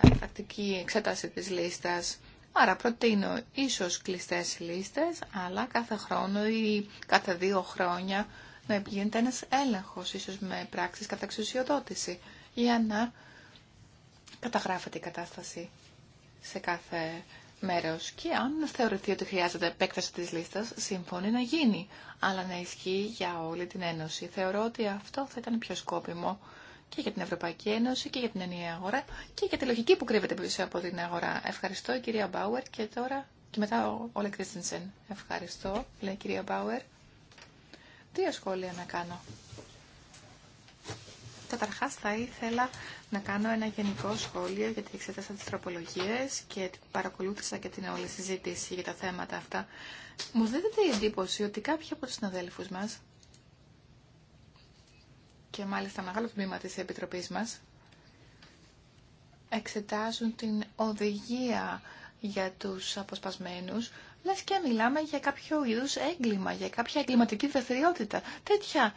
ε, τακτική εξέταση της λίστας. Άρα προτείνω ίσως κλειστές λίστες, αλλά κάθε χρόνο ή κάθε δύο χρόνια να επιγίνεται ένας έλεγχος, ίσως με πράξεις κατά εξουσιοδότηση, για να καταγράφεται η κατάσταση σε κάθε μέρος και αν θεωρηθεί ότι χρειάζεται επέκταση της λίστας, συμφώνει να γίνει, αλλά να ισχύει για όλη την Ένωση. Θεωρώ ότι αυτό θα ήταν πιο σκόπιμο και για την Ευρωπαϊκή Ένωση και για την ενιαία αγορά και για τη λογική που κρύβεται πίσω από την αγορά. Ευχαριστώ κυρία Μπάουερ και τώρα και μετά ο Όλε Κρίστινσεν. Ευχαριστώ, λέει κυρία Μπάουερ. Δύο σχόλια να κάνω. Καταρχά θα ήθελα να κάνω ένα γενικό σχόλιο γιατί εξέτασα τις τροπολογίες και παρακολούθησα και την όλη συζήτηση για τα θέματα αυτά. Μου δίδεται η εντύπωση ότι κάποιοι από του συναδέλφου μας και μάλιστα μεγάλο τμήμα της Επιτροπής μας εξετάζουν την οδηγία για τους αποσπασμένους λες και μιλάμε για κάποιο είδους έγκλημα, για κάποια εγκληματική δραστηριότητα. Τέτοια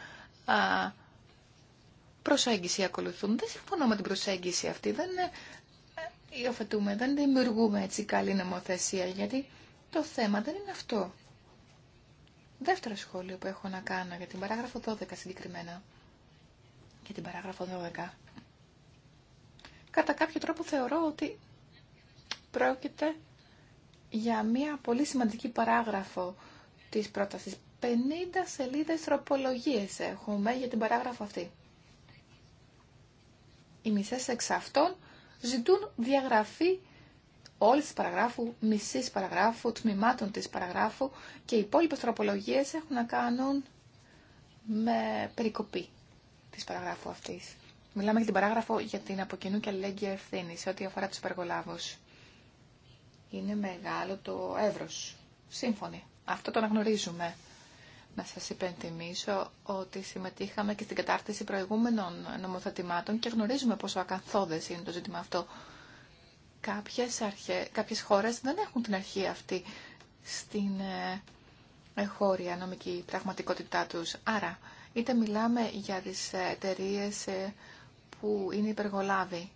προσέγγιση ακολουθούν. Δεν συμφωνώ με την προσέγγιση αυτή. Δεν ε, ε, υιοθετούμε, δεν δημιουργούμε έτσι καλή νομοθεσία, γιατί το θέμα δεν είναι αυτό. Δεύτερο σχόλιο που έχω να κάνω για την παράγραφο 12 συγκεκριμένα. Για την παράγραφο 12. Κατά κάποιο τρόπο θεωρώ ότι πρόκειται για μια πολύ σημαντική παράγραφο της πρότασης. 50 σελίδες τροπολογίες έχουμε για την παράγραφο αυτή οι μισές εξ αυτών ζητούν διαγραφή όλη τη παραγράφου, μισή παραγράφου, τμήματων τη παραγράφου και οι υπόλοιπε τροπολογίε έχουν να κάνουν με περικοπή τη παραγράφου αυτή. Μιλάμε για την παράγραφο για την αποκοινού και αλληλέγγυα ευθύνη σε ό,τι αφορά του υπεργολάβου. Είναι μεγάλο το εύρο. Σύμφωνοι. Αυτό το αναγνωρίζουμε. Να σας υπενθυμίσω ότι συμμετείχαμε και στην κατάρτιση προηγούμενων νομοθετημάτων και γνωρίζουμε πόσο ακαθόδες είναι το ζήτημα αυτό. Κάποιες, αρχε... Κάποιες χώρες δεν έχουν την αρχή αυτή στην ε, χώρια νομική πραγματικότητά τους. Άρα, είτε μιλάμε για τις εταιρείε ε, που είναι υπεργολάβοι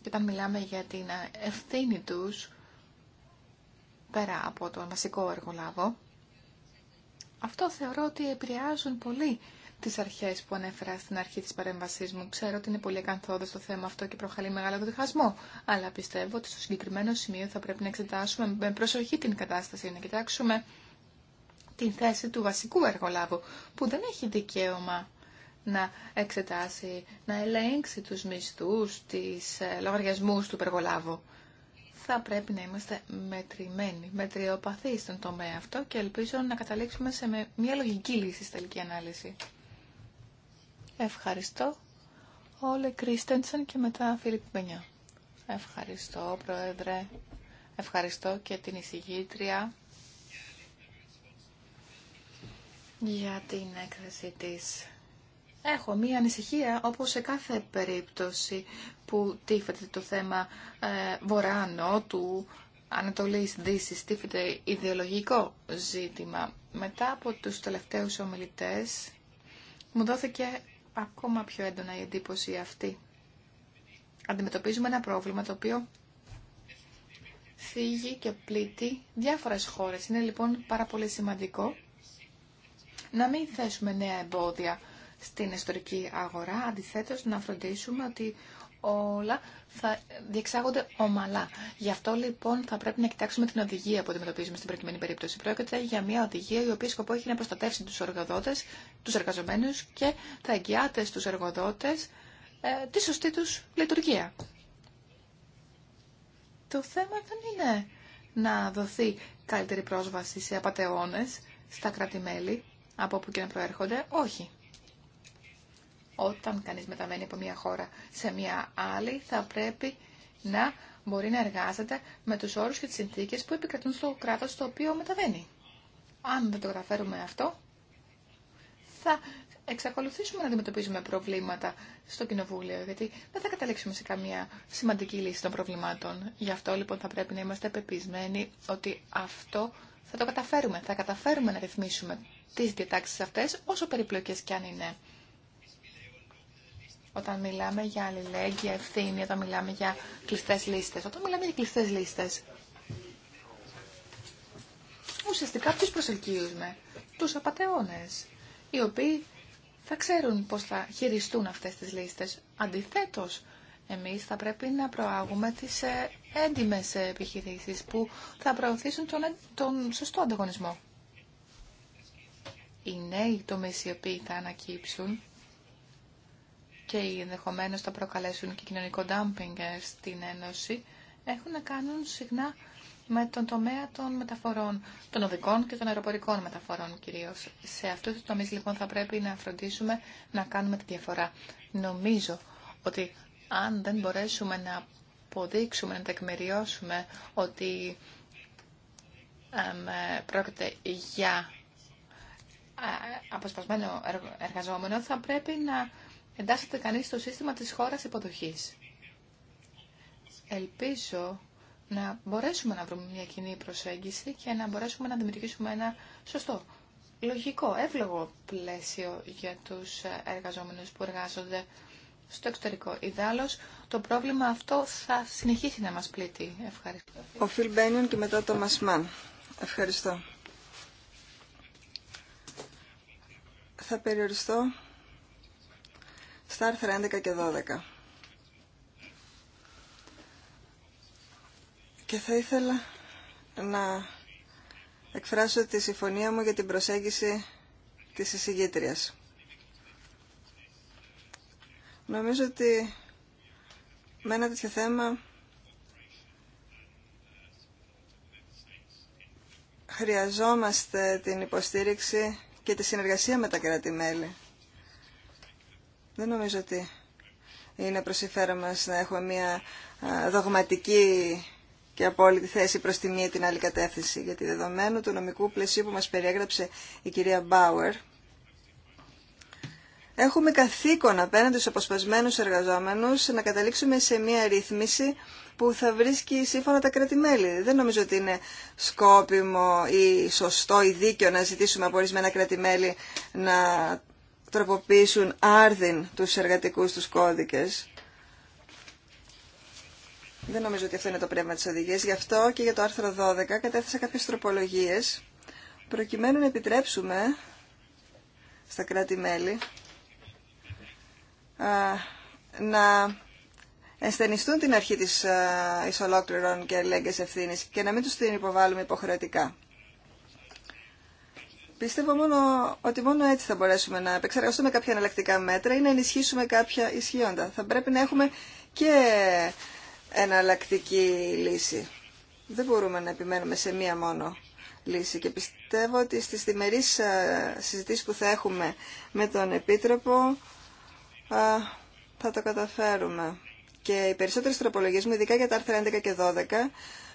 και όταν μιλάμε για την ε, ευθύνη τους, πέρα από το βασικό εργολάβο, αυτό θεωρώ ότι επηρεάζουν πολύ τι αρχέ που ανέφερα στην αρχή τη παρεμβασή μου. Ξέρω ότι είναι πολύ ακαθόδες το θέμα αυτό και προχαλεί μεγάλο διχασμό, αλλά πιστεύω ότι στο συγκεκριμένο σημείο θα πρέπει να εξετάσουμε με προσοχή την κατάσταση, να κοιτάξουμε την θέση του βασικού εργολάβου, που δεν έχει δικαίωμα να εξετάσει, να ελέγξει τους μισθούς, τις ε, λογαριασμούς του εργολάβου θα πρέπει να είμαστε μετρημένοι, μετριοπαθείς στον τομέα αυτό και ελπίζω να καταλήξουμε σε μια λογική λύση στη τελική ανάλυση. Ευχαριστώ. Όλε Κρίστενσεν και μετά Φίλιπ Μπενιά. Ευχαριστώ, Πρόεδρε. Ευχαριστώ και την εισηγήτρια για την έκθεση της. Έχω μία ανησυχία, όπως σε κάθε περίπτωση που τύφεται το θέμα ε, του νοτου ανατολής-δύσης, τύφεται ιδεολογικό ζήτημα. Μετά από τους τελευταίους ομιλητές, μου δόθηκε ακόμα πιο έντονα η εντύπωση αυτή. Αντιμετωπίζουμε ένα πρόβλημα το οποίο θίγει και πλήττει διάφορες χώρες. Είναι λοιπόν πάρα πολύ σημαντικό να μην θέσουμε νέα εμπόδια στην ιστορική αγορά, αντιθέτως να φροντίσουμε ότι όλα θα διεξάγονται ομαλά. Γι' αυτό λοιπόν θα πρέπει να κοιτάξουμε την οδηγία που αντιμετωπίζουμε στην προκειμένη περίπτωση. Πρόκειται για μια οδηγία η οποία σκοπό έχει να προστατεύσει τους εργοδότες, τους εργαζομένους και θα εγγυάται στους εργοδότες ε, τη σωστή τους λειτουργία. Το θέμα δεν είναι να δοθεί καλύτερη πρόσβαση σε απαταιώνες στα κράτη-μέλη από όπου και να προέρχονται. Όχι όταν κανείς μεταμένει από μια χώρα σε μια άλλη, θα πρέπει να μπορεί να εργάζεται με τους όρους και τις συνθήκες που επικρατούν στο κράτος το οποίο μεταβαίνει. Αν δεν το καταφέρουμε αυτό, θα εξακολουθήσουμε να αντιμετωπίζουμε προβλήματα στο Κοινοβούλιο, γιατί δεν θα καταλήξουμε σε καμία σημαντική λύση των προβλημάτων. Γι' αυτό λοιπόν θα πρέπει να είμαστε πεπισμένοι ότι αυτό θα το καταφέρουμε. Θα καταφέρουμε να ρυθμίσουμε τις διατάξεις αυτές, όσο περιπλοκές και αν είναι. Όταν μιλάμε για αλληλέγγυα ευθύνη, όταν μιλάμε για κλειστές λίστες. Όταν μιλάμε για κλειστές λίστες, ουσιαστικά ποιους προσελκύουμε. Τους απαταιώνες, οι οποίοι θα ξέρουν πώς θα χειριστούν αυτές τις λίστες. Αντιθέτως, εμείς θα πρέπει να προάγουμε τις ε, έντιμες επιχειρήσεις που θα προωθήσουν τον, ε, τον σωστό ανταγωνισμό. Οι νέοι τομείς οι οποίοι θα ανακύψουν και ενδεχομένως θα προκαλέσουν και κοινωνικό ντάμπινγκ ε, στην Ένωση έχουν να κάνουν συχνά με τον τομέα των μεταφορών, των οδικών και των αεροπορικών μεταφορών κυρίως. Σε αυτού του τομείς λοιπόν θα πρέπει να φροντίσουμε να κάνουμε τη διαφορά. Νομίζω ότι αν δεν μπορέσουμε να αποδείξουμε, να τεκμηριώσουμε ότι ε, πρόκειται για ε, αποσπασμένο εργαζόμενο, θα πρέπει να εντάσσεται κανείς στο σύστημα της χώρας υποδοχής. Ελπίζω να μπορέσουμε να βρούμε μια κοινή προσέγγιση και να μπορέσουμε να δημιουργήσουμε ένα σωστό, λογικό, εύλογο πλαίσιο για τους εργαζόμενους που εργάζονται στο εξωτερικό. Ιδάλλως, το πρόβλημα αυτό θα συνεχίσει να μας πλήττει. Ευχαριστώ. Ο Φιλ Μπένιον και μετά το Μασμάν. Ευχαριστώ. Θα περιοριστώ στα άρθρα 11 και 12. Και θα ήθελα να εκφράσω τη συμφωνία μου για την προσέγγιση της εισηγήτριας. Νομίζω ότι με ένα τέτοιο θέμα χρειαζόμαστε την υποστήριξη και τη συνεργασία με τα κράτη-μέλη. Δεν νομίζω ότι είναι προς συμφέρον μας να έχουμε μια δογματική και απόλυτη θέση προς τη μία την άλλη κατεύθυνση. Γιατί δεδομένου του νομικού πλαισίου που μας περιέγραψε η κυρία Μπάουερ, έχουμε καθήκον απέναντι στους αποσπασμένους εργαζόμενους να καταλήξουμε σε μια ρύθμιση που θα βρίσκει σύμφωνα τα κρατημέλη. Δεν νομίζω ότι είναι σκόπιμο ή σωστό ή δίκαιο να ζητήσουμε από ορισμένα κρατημέλη να τροποποιήσουν άρδιν τους εργατικούς τους κώδικες. Δεν νομίζω ότι αυτό είναι το πνεύμα της οδηγίας. Γι' αυτό και για το άρθρο 12 κατέθεσα κάποιες τροπολογίες προκειμένου να επιτρέψουμε στα κράτη-μέλη να ενστενιστούν την αρχή της ισολόκληρων και ελέγγες ευθύνης και να μην τους την υποβάλουμε υποχρεωτικά. Πιστεύω μόνο ότι μόνο έτσι θα μπορέσουμε να επεξεργαστούμε κάποια εναλλακτικά μέτρα ή να ενισχύσουμε κάποια ισχύοντα. Θα πρέπει να έχουμε και εναλλακτική λύση. Δεν μπορούμε να επιμένουμε σε μία μόνο λύση. Και πιστεύω ότι στις διμερείς ε, συζητήσεις που θα έχουμε με τον Επίτροπο θα το καταφέρουμε. Και οι περισσότερες τροπολογίες μου, ειδικά για τα άρθρα 11 και 12,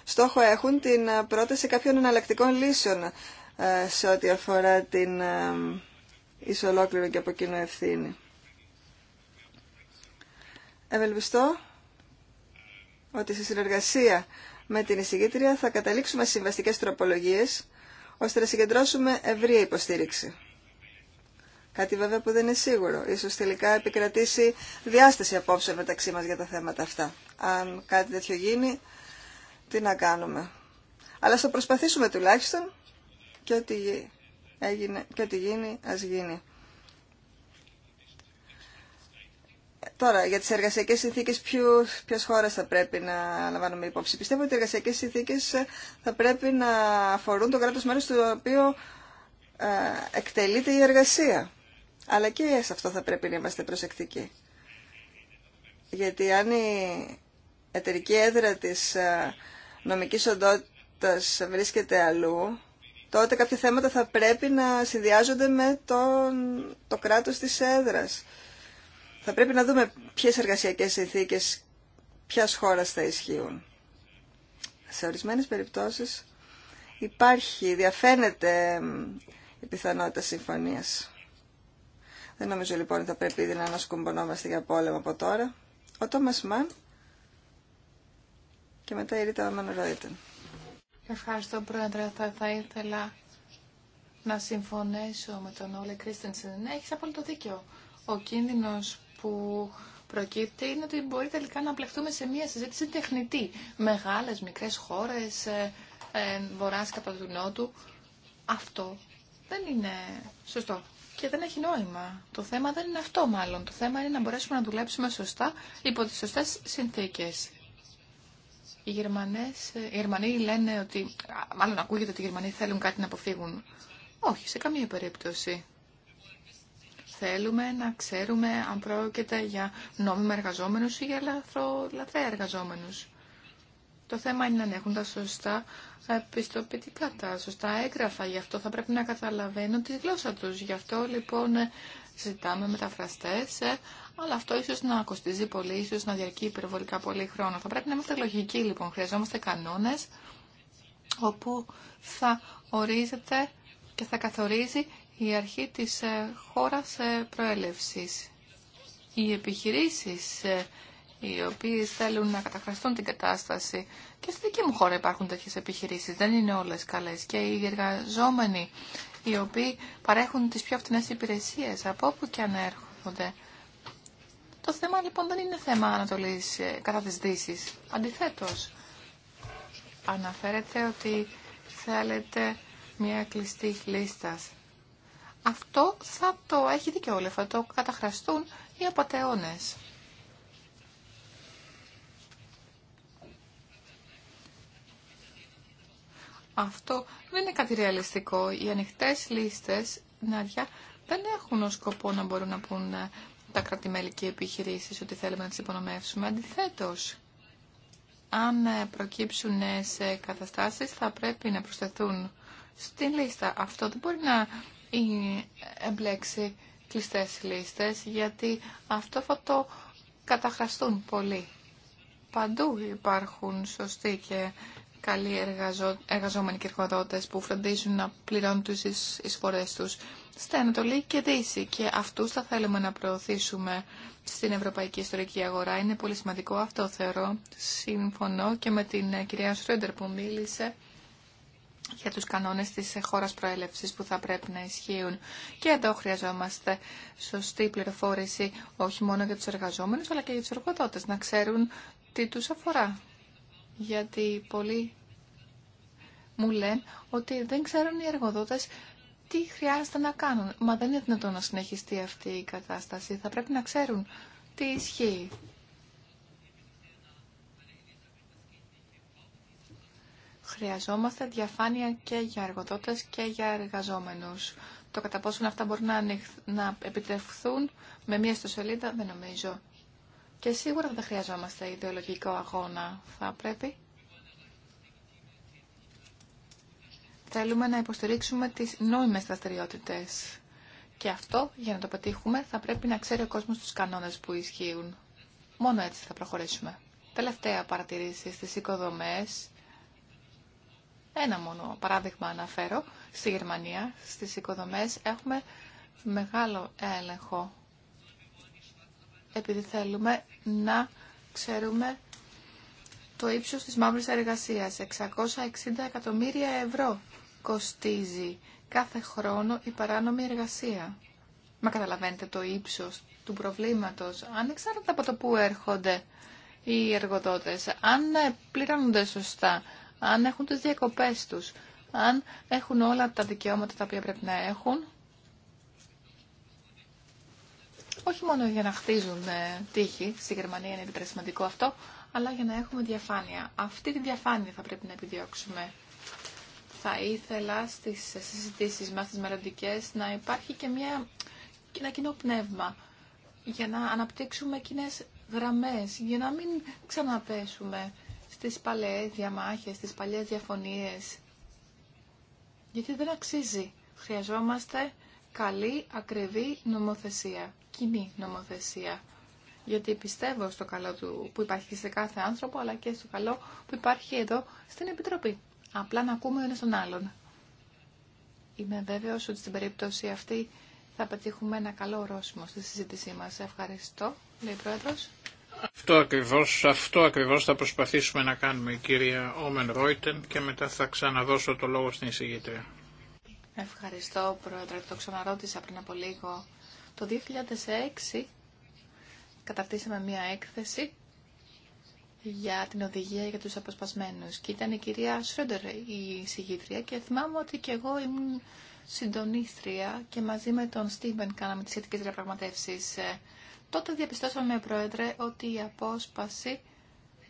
στόχο έχουν την ε, πρόταση κάποιων εναλλακτικών λύσεων ε, σε ό,τι αφορά την ε, ισολόκληρη και από ευθύνη. Ευελπιστώ ότι σε συνεργασία με την εισηγήτρια θα καταλήξουμε συμβαστικές τροπολογίες ώστε να συγκεντρώσουμε ευρία υποστήριξη. Κάτι βέβαια που δεν είναι σίγουρο. Ίσως τελικά επικρατήσει διάσταση απόψε μεταξύ μας για τα θέματα αυτά. Αν κάτι τέτοιο γίνει, τι να κάνουμε. Αλλά θα προσπαθήσουμε τουλάχιστον και ό,τι έγινε και ό,τι γίνει ας γίνει. Τώρα, για τις εργασιακές συνθήκες ποιος ποιες θα πρέπει να λαμβάνουμε υπόψη. Πιστεύω ότι οι εργασιακές συνθήκες θα πρέπει να αφορούν το κράτος μέρος στο οποίο ε, εκτελείται η εργασία. Αλλά και σε αυτό θα πρέπει να είμαστε προσεκτικοί. Γιατί αν η εταιρική έδρα της ε, νομικής οντότητας βρίσκεται αλλού, τότε κάποια θέματα θα πρέπει να συνδυάζονται με τον, το κράτος της έδρας. Θα πρέπει να δούμε ποιες εργασιακές συνθήκες ποια χώρα θα ισχύουν. Σε ορισμένες περιπτώσεις υπάρχει, διαφαίνεται η πιθανότητα συμφωνίας. Δεν νομίζω λοιπόν ότι θα πρέπει ήδη να ανασκουμπωνόμαστε για πόλεμο από τώρα. Ο Τόμας Μαν και μετά η Ρίτα Ευχαριστώ, Πρόεδρε. Θα, θα ήθελα να συμφωνήσω με τον Όλε Κρίστενσεν. Έχεις απόλυτο δίκιο. Ο κίνδυνος που προκύπτει είναι ότι μπορεί τελικά να πλεχτούμε σε μια συζήτηση τεχνητή. Μεγάλες, μικρές χώρες, ε, ε, βορράς κατά του νότου. Αυτό δεν είναι σωστό και δεν έχει νόημα. Το θέμα δεν είναι αυτό μάλλον. Το θέμα είναι να μπορέσουμε να δουλέψουμε σωστά υπό τις σωστές συνθήκες. Οι, Γερμανές, ε, Γερμανοί λένε ότι, μάλλον ακούγεται ότι οι Γερμανοί θέλουν κάτι να αποφύγουν. Όχι, σε καμία περίπτωση. Θέλουμε να ξέρουμε αν πρόκειται για νόμιμα εργαζόμενους ή για λαθρέα εργαζόμενους. Το θέμα είναι να έχουν τα σωστά ε, πιστοποιητικά, τα σωστά έγγραφα. Γι' αυτό θα πρέπει να καταλαβαίνουν τη γλώσσα τους. Γι' αυτό λοιπόν ε, ζητάμε μεταφραστές αλλά αυτό ίσω να κοστίζει πολύ, ίσω να διαρκεί υπερβολικά πολύ χρόνο. Θα πρέπει να είμαστε λογικοί λοιπόν. Χρειαζόμαστε κανόνε όπου θα ορίζεται και θα καθορίζει η αρχή της ε, χώρας ε, προέλευσης. Οι επιχειρήσεις ε, οι οποίες θέλουν να καταχραστούν την κατάσταση και στη δική μου χώρα υπάρχουν τέτοιες επιχειρήσεις, δεν είναι όλες καλές και οι εργαζόμενοι οι οποίοι παρέχουν τις πιο φθηνές υπηρεσίες από όπου και αν έρχονται το θέμα λοιπόν δεν είναι θέμα Ανατολής ε, κατά της Αντιθέτως, αναφέρεται ότι θέλετε μια κλειστή λίστα. Αυτό θα το έχει δίκαιο θα το καταχραστούν οι απαταιώνες. Αυτό δεν είναι κάτι ρεαλιστικό. Οι ανοιχτές λίστες, Νάντια, δεν έχουν ως σκοπό να μπορούν να πούν ε, τα κρατημέλη και οι επιχειρήσεις ότι θέλουμε να τις υπονομεύσουμε. Αντιθέτως, αν ε, προκύψουν σε καταστάσεις θα πρέπει να προσθεθούν στην λίστα. Αυτό δεν μπορεί να ε, εμπλέξει κλειστές λίστες γιατί αυτό θα το καταχραστούν πολύ. Παντού υπάρχουν σωστοί και καλοί εργαζο... εργαζόμενοι και εργοδότες που φροντίζουν να πληρώνουν τις εισφορές τους στα Ανατολή και Δύση και αυτούς θα θέλουμε να προωθήσουμε στην Ευρωπαϊκή Ιστορική Αγορά. Είναι πολύ σημαντικό αυτό θεωρώ. Συμφωνώ και με την ε, κυρία Σρέντερ που μίλησε για τους κανόνες της ε, χώρας προέλευσης που θα πρέπει να ισχύουν. Και εδώ χρειαζόμαστε σωστή πληροφόρηση όχι μόνο για τους εργαζόμενους αλλά και για τους εργοδότες να ξέρουν τι τους αφορά γιατί πολλοί μου λένε ότι δεν ξέρουν οι εργοδότες τι χρειάζεται να κάνουν. Μα δεν είναι δυνατόν να συνεχιστεί αυτή η κατάσταση. Θα πρέπει να ξέρουν τι ισχύει. Χρειαζόμαστε διαφάνεια και για εργοδότες και για εργαζόμενους. Το κατά πόσο αυτά μπορούν να, να επιτευχθούν με μία σελίδα, δεν νομίζω. Και σίγουρα δεν χρειαζόμαστε ιδεολογικό αγώνα. Θα πρέπει. Θέλουμε να υποστηρίξουμε τις νόημες δραστηριότητε. Και αυτό, για να το πετύχουμε, θα πρέπει να ξέρει ο κόσμος τους κανόνες που ισχύουν. Μόνο έτσι θα προχωρήσουμε. Τελευταία παρατηρήση στις οικοδομές. Ένα μόνο παράδειγμα αναφέρω. Στη Γερμανία, στις οικοδομές, έχουμε μεγάλο έλεγχο επειδή θέλουμε να ξέρουμε το ύψος της μαύρης εργασίας. 660 εκατομμύρια ευρώ κοστίζει κάθε χρόνο η παράνομη εργασία. Μα καταλαβαίνετε το ύψος του προβλήματος, ανεξάρτητα από το που έρχονται οι εργοδότες, αν πληρώνονται σωστά, αν έχουν τις διακοπές τους, αν έχουν όλα τα δικαιώματα τα οποία πρέπει να έχουν, όχι μόνο για να χτίζουν ε, τύχη, στη Γερμανία είναι ιδιαίτερα αυτό, αλλά για να έχουμε διαφάνεια. Αυτή τη διαφάνεια θα πρέπει να επιδιώξουμε. Θα ήθελα στις συζητήσει μας, στις μελλοντικέ να υπάρχει και μια, ένα κοινό πνεύμα για να αναπτύξουμε κοινέ γραμμές, για να μην ξαναπέσουμε στις παλαιές διαμάχες, στις παλιές διαφωνίες. Γιατί δεν αξίζει. Χρειαζόμαστε καλή, ακριβή νομοθεσία, κοινή νομοθεσία. Γιατί πιστεύω στο καλό του που υπάρχει σε κάθε άνθρωπο, αλλά και στο καλό που υπάρχει εδώ στην Επιτροπή. Απλά να ακούμε ένα τον άλλον. Είμαι βέβαιος ότι στην περίπτωση αυτή θα πετύχουμε ένα καλό ορόσημο στη συζήτησή μας. Ευχαριστώ, λέει Πρόεδρος. Αυτό ακριβώς, αυτό ακριβώς θα προσπαθήσουμε να κάνουμε, κυρία Όμεν Ρόιτεν, και μετά θα ξαναδώσω το λόγο στην εισηγήτρια. Ευχαριστώ, Πρόεδρε. Το ξαναρώτησα πριν από λίγο. Το 2006 καταρτήσαμε μία έκθεση για την οδηγία για τους αποσπασμένους και ήταν η κυρία Σρόντερ η συγγήτρια και θυμάμαι ότι και εγώ ήμουν συντονίστρια και μαζί με τον Στίβεν κάναμε τις σχετικές διαπραγματεύσεις. Ε, τότε διαπιστώσαμε, Πρόεδρε, ότι η απόσπαση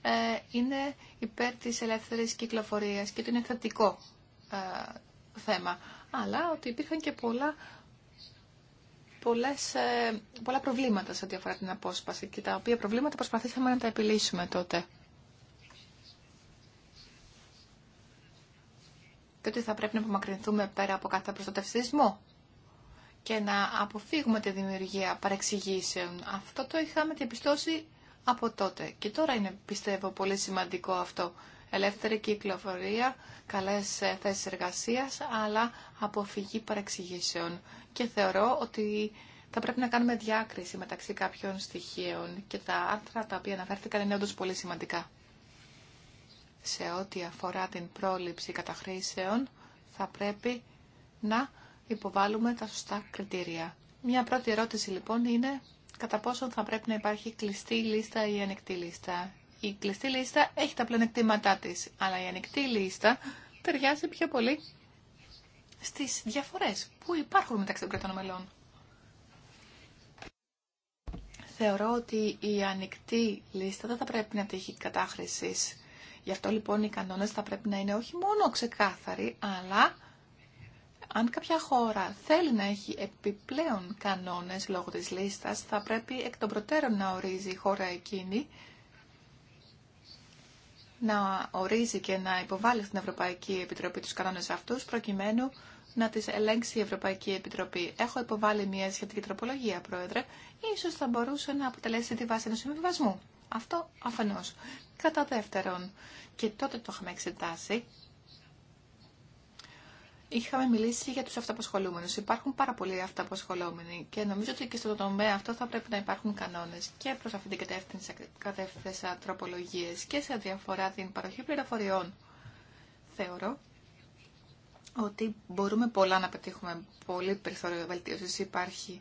ε, είναι υπέρ της ελεύθερης κυκλοφορίας και ότι είναι θετικό ε, θέμα αλλά ότι υπήρχαν και πολλά, ε, πολλά προβλήματα σε ό,τι αφορά την απόσπαση και τα οποία προβλήματα προσπαθήσαμε να τα επιλύσουμε τότε. Και ότι θα πρέπει να απομακρυνθούμε πέρα από κάθε προστατευτισμό και να αποφύγουμε τη δημιουργία παρεξηγήσεων. Αυτό το είχαμε διαπιστώσει από τότε. Και τώρα είναι, πιστεύω, πολύ σημαντικό αυτό ελεύθερη κυκλοφορία, καλές ε, θέσεις εργασίας, αλλά αποφυγή παρεξηγήσεων. Και θεωρώ ότι θα πρέπει να κάνουμε διάκριση μεταξύ κάποιων στοιχείων και τα άρθρα τα οποία αναφέρθηκαν είναι όντως πολύ σημαντικά. Σε ό,τι αφορά την πρόληψη καταχρήσεων, θα πρέπει να υποβάλουμε τα σωστά κριτήρια. Μια πρώτη ερώτηση λοιπόν είναι κατά πόσο θα πρέπει να υπάρχει κλειστή λίστα ή ανοιχτή λίστα η κλειστή λίστα έχει τα πλεονεκτήματά της, αλλά η ανοιχτή λίστα ταιριάζει πιο πολύ στις διαφορές που υπάρχουν μεταξύ των κρατών μελών. Θεωρώ ότι η ανοιχτή λίστα δεν θα πρέπει να τύχει κατάχρηση. Γι' αυτό λοιπόν οι κανόνες θα πρέπει να είναι όχι μόνο ξεκάθαροι, αλλά αν κάποια χώρα θέλει να έχει επιπλέον κανόνες λόγω της λίστας, θα πρέπει εκ των προτέρων να ορίζει η χώρα εκείνη να ορίζει και να υποβάλει στην Ευρωπαϊκή Επιτροπή τους κανόνες αυτούς προκειμένου να τις ελέγξει η Ευρωπαϊκή Επιτροπή. Έχω υποβάλει μια σχετική τροπολογία, Πρόεδρε, ίσως θα μπορούσε να αποτελέσει τη βάση ενός συμβιβασμού. Αυτό αφενός. Κατά δεύτερον, και τότε το είχαμε εξετάσει, είχαμε μιλήσει για τους αυταπασχολούμενους. Υπάρχουν πάρα πολλοί αυταπασχολούμενοι και νομίζω ότι και στον τομέα αυτό θα πρέπει να υπάρχουν κανόνες και προς αυτήν την κατεύθυνση κατεύθυνση τροπολογίες και σε διαφορά την παροχή πληροφοριών. Θεωρώ ότι μπορούμε πολλά να πετύχουμε. Πολύ περιθώριο βελτίωση υπάρχει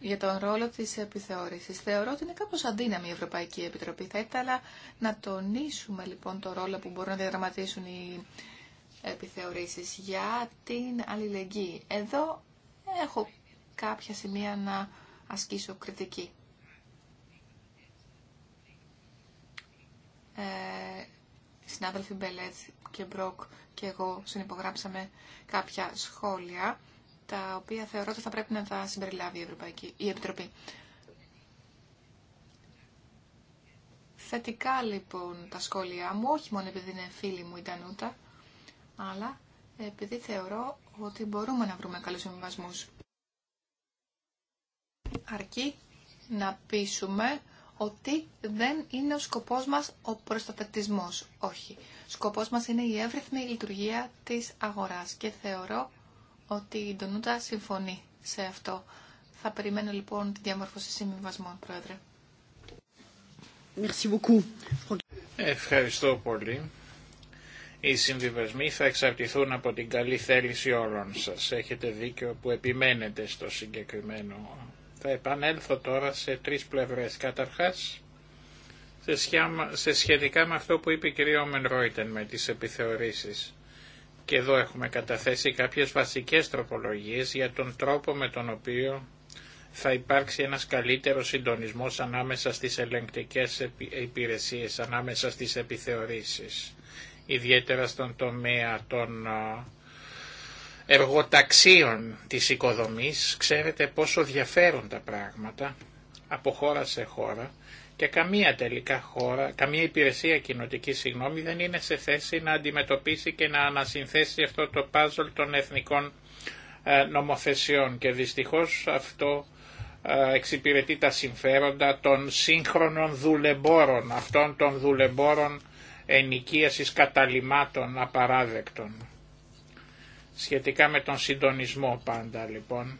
για τον ρόλο της επιθεώρησης. Θεωρώ ότι είναι κάπως αδύναμη η Ευρωπαϊκή Επιτροπή. Θα ήθελα να τονίσουμε λοιπόν το ρόλο που μπορούν να διαδραματίσουν οι επιθεωρήσεις για την αλληλεγγύη. Εδώ έχω κάποια σημεία να ασκήσω κριτική. Ε, συνάδελφοι Μπελέτ και Μπροκ και εγώ συνυπογράψαμε κάποια σχόλια τα οποία θεωρώ ότι θα πρέπει να τα συμπεριλάβει η, Ευρωπαϊκή, η Επιτροπή. Θετικά λοιπόν τα σχόλια μου, όχι μόνο επειδή είναι φίλη μου η Τανούτα, αλλά επειδή θεωρώ ότι μπορούμε να βρούμε καλούς συμβιβασμού, Αρκεί να πείσουμε ότι δεν είναι ο σκοπός μας ο προστατευτισμός. Όχι. Σκοπός μας είναι η εύρυθμη λειτουργία της αγοράς και θεωρώ ότι η Ντονούτα συμφωνεί σε αυτό. Θα περιμένω λοιπόν τη διαμόρφωση συμβιβασμών, Πρόεδρε. Ευχαριστώ πολύ. Οι συμβιβασμοί θα εξαρτηθούν από την καλή θέληση όλων σας. Έχετε δίκιο που επιμένετε στο συγκεκριμένο. Θα επανέλθω τώρα σε τρεις πλευρές. Καταρχάς, σε σχετικά με αυτό που είπε η κυρία Ομενρόιτεν με τις επιθεωρήσεις. Και εδώ έχουμε καταθέσει κάποιες βασικές τροπολογίες για τον τρόπο με τον οποίο θα υπάρξει ένας καλύτερος συντονισμός ανάμεσα στις ελεγκτικές υπηρεσίες, ανάμεσα στις επιθεωρήσεις ιδιαίτερα στον τομέα των εργοταξίων της οικοδομής, ξέρετε πόσο διαφέρουν τα πράγματα από χώρα σε χώρα και καμία τελικά χώρα, καμία υπηρεσία κοινοτική συγγνώμη δεν είναι σε θέση να αντιμετωπίσει και να ανασυνθέσει αυτό το πάζολ των εθνικών νομοθεσιών και δυστυχώς αυτό εξυπηρετεί τα συμφέροντα των σύγχρονων δουλεμπόρων, αυτών των δουλεμπόρων ενοικίασης καταλημάτων απαράδεκτων. Σχετικά με τον συντονισμό πάντα λοιπόν,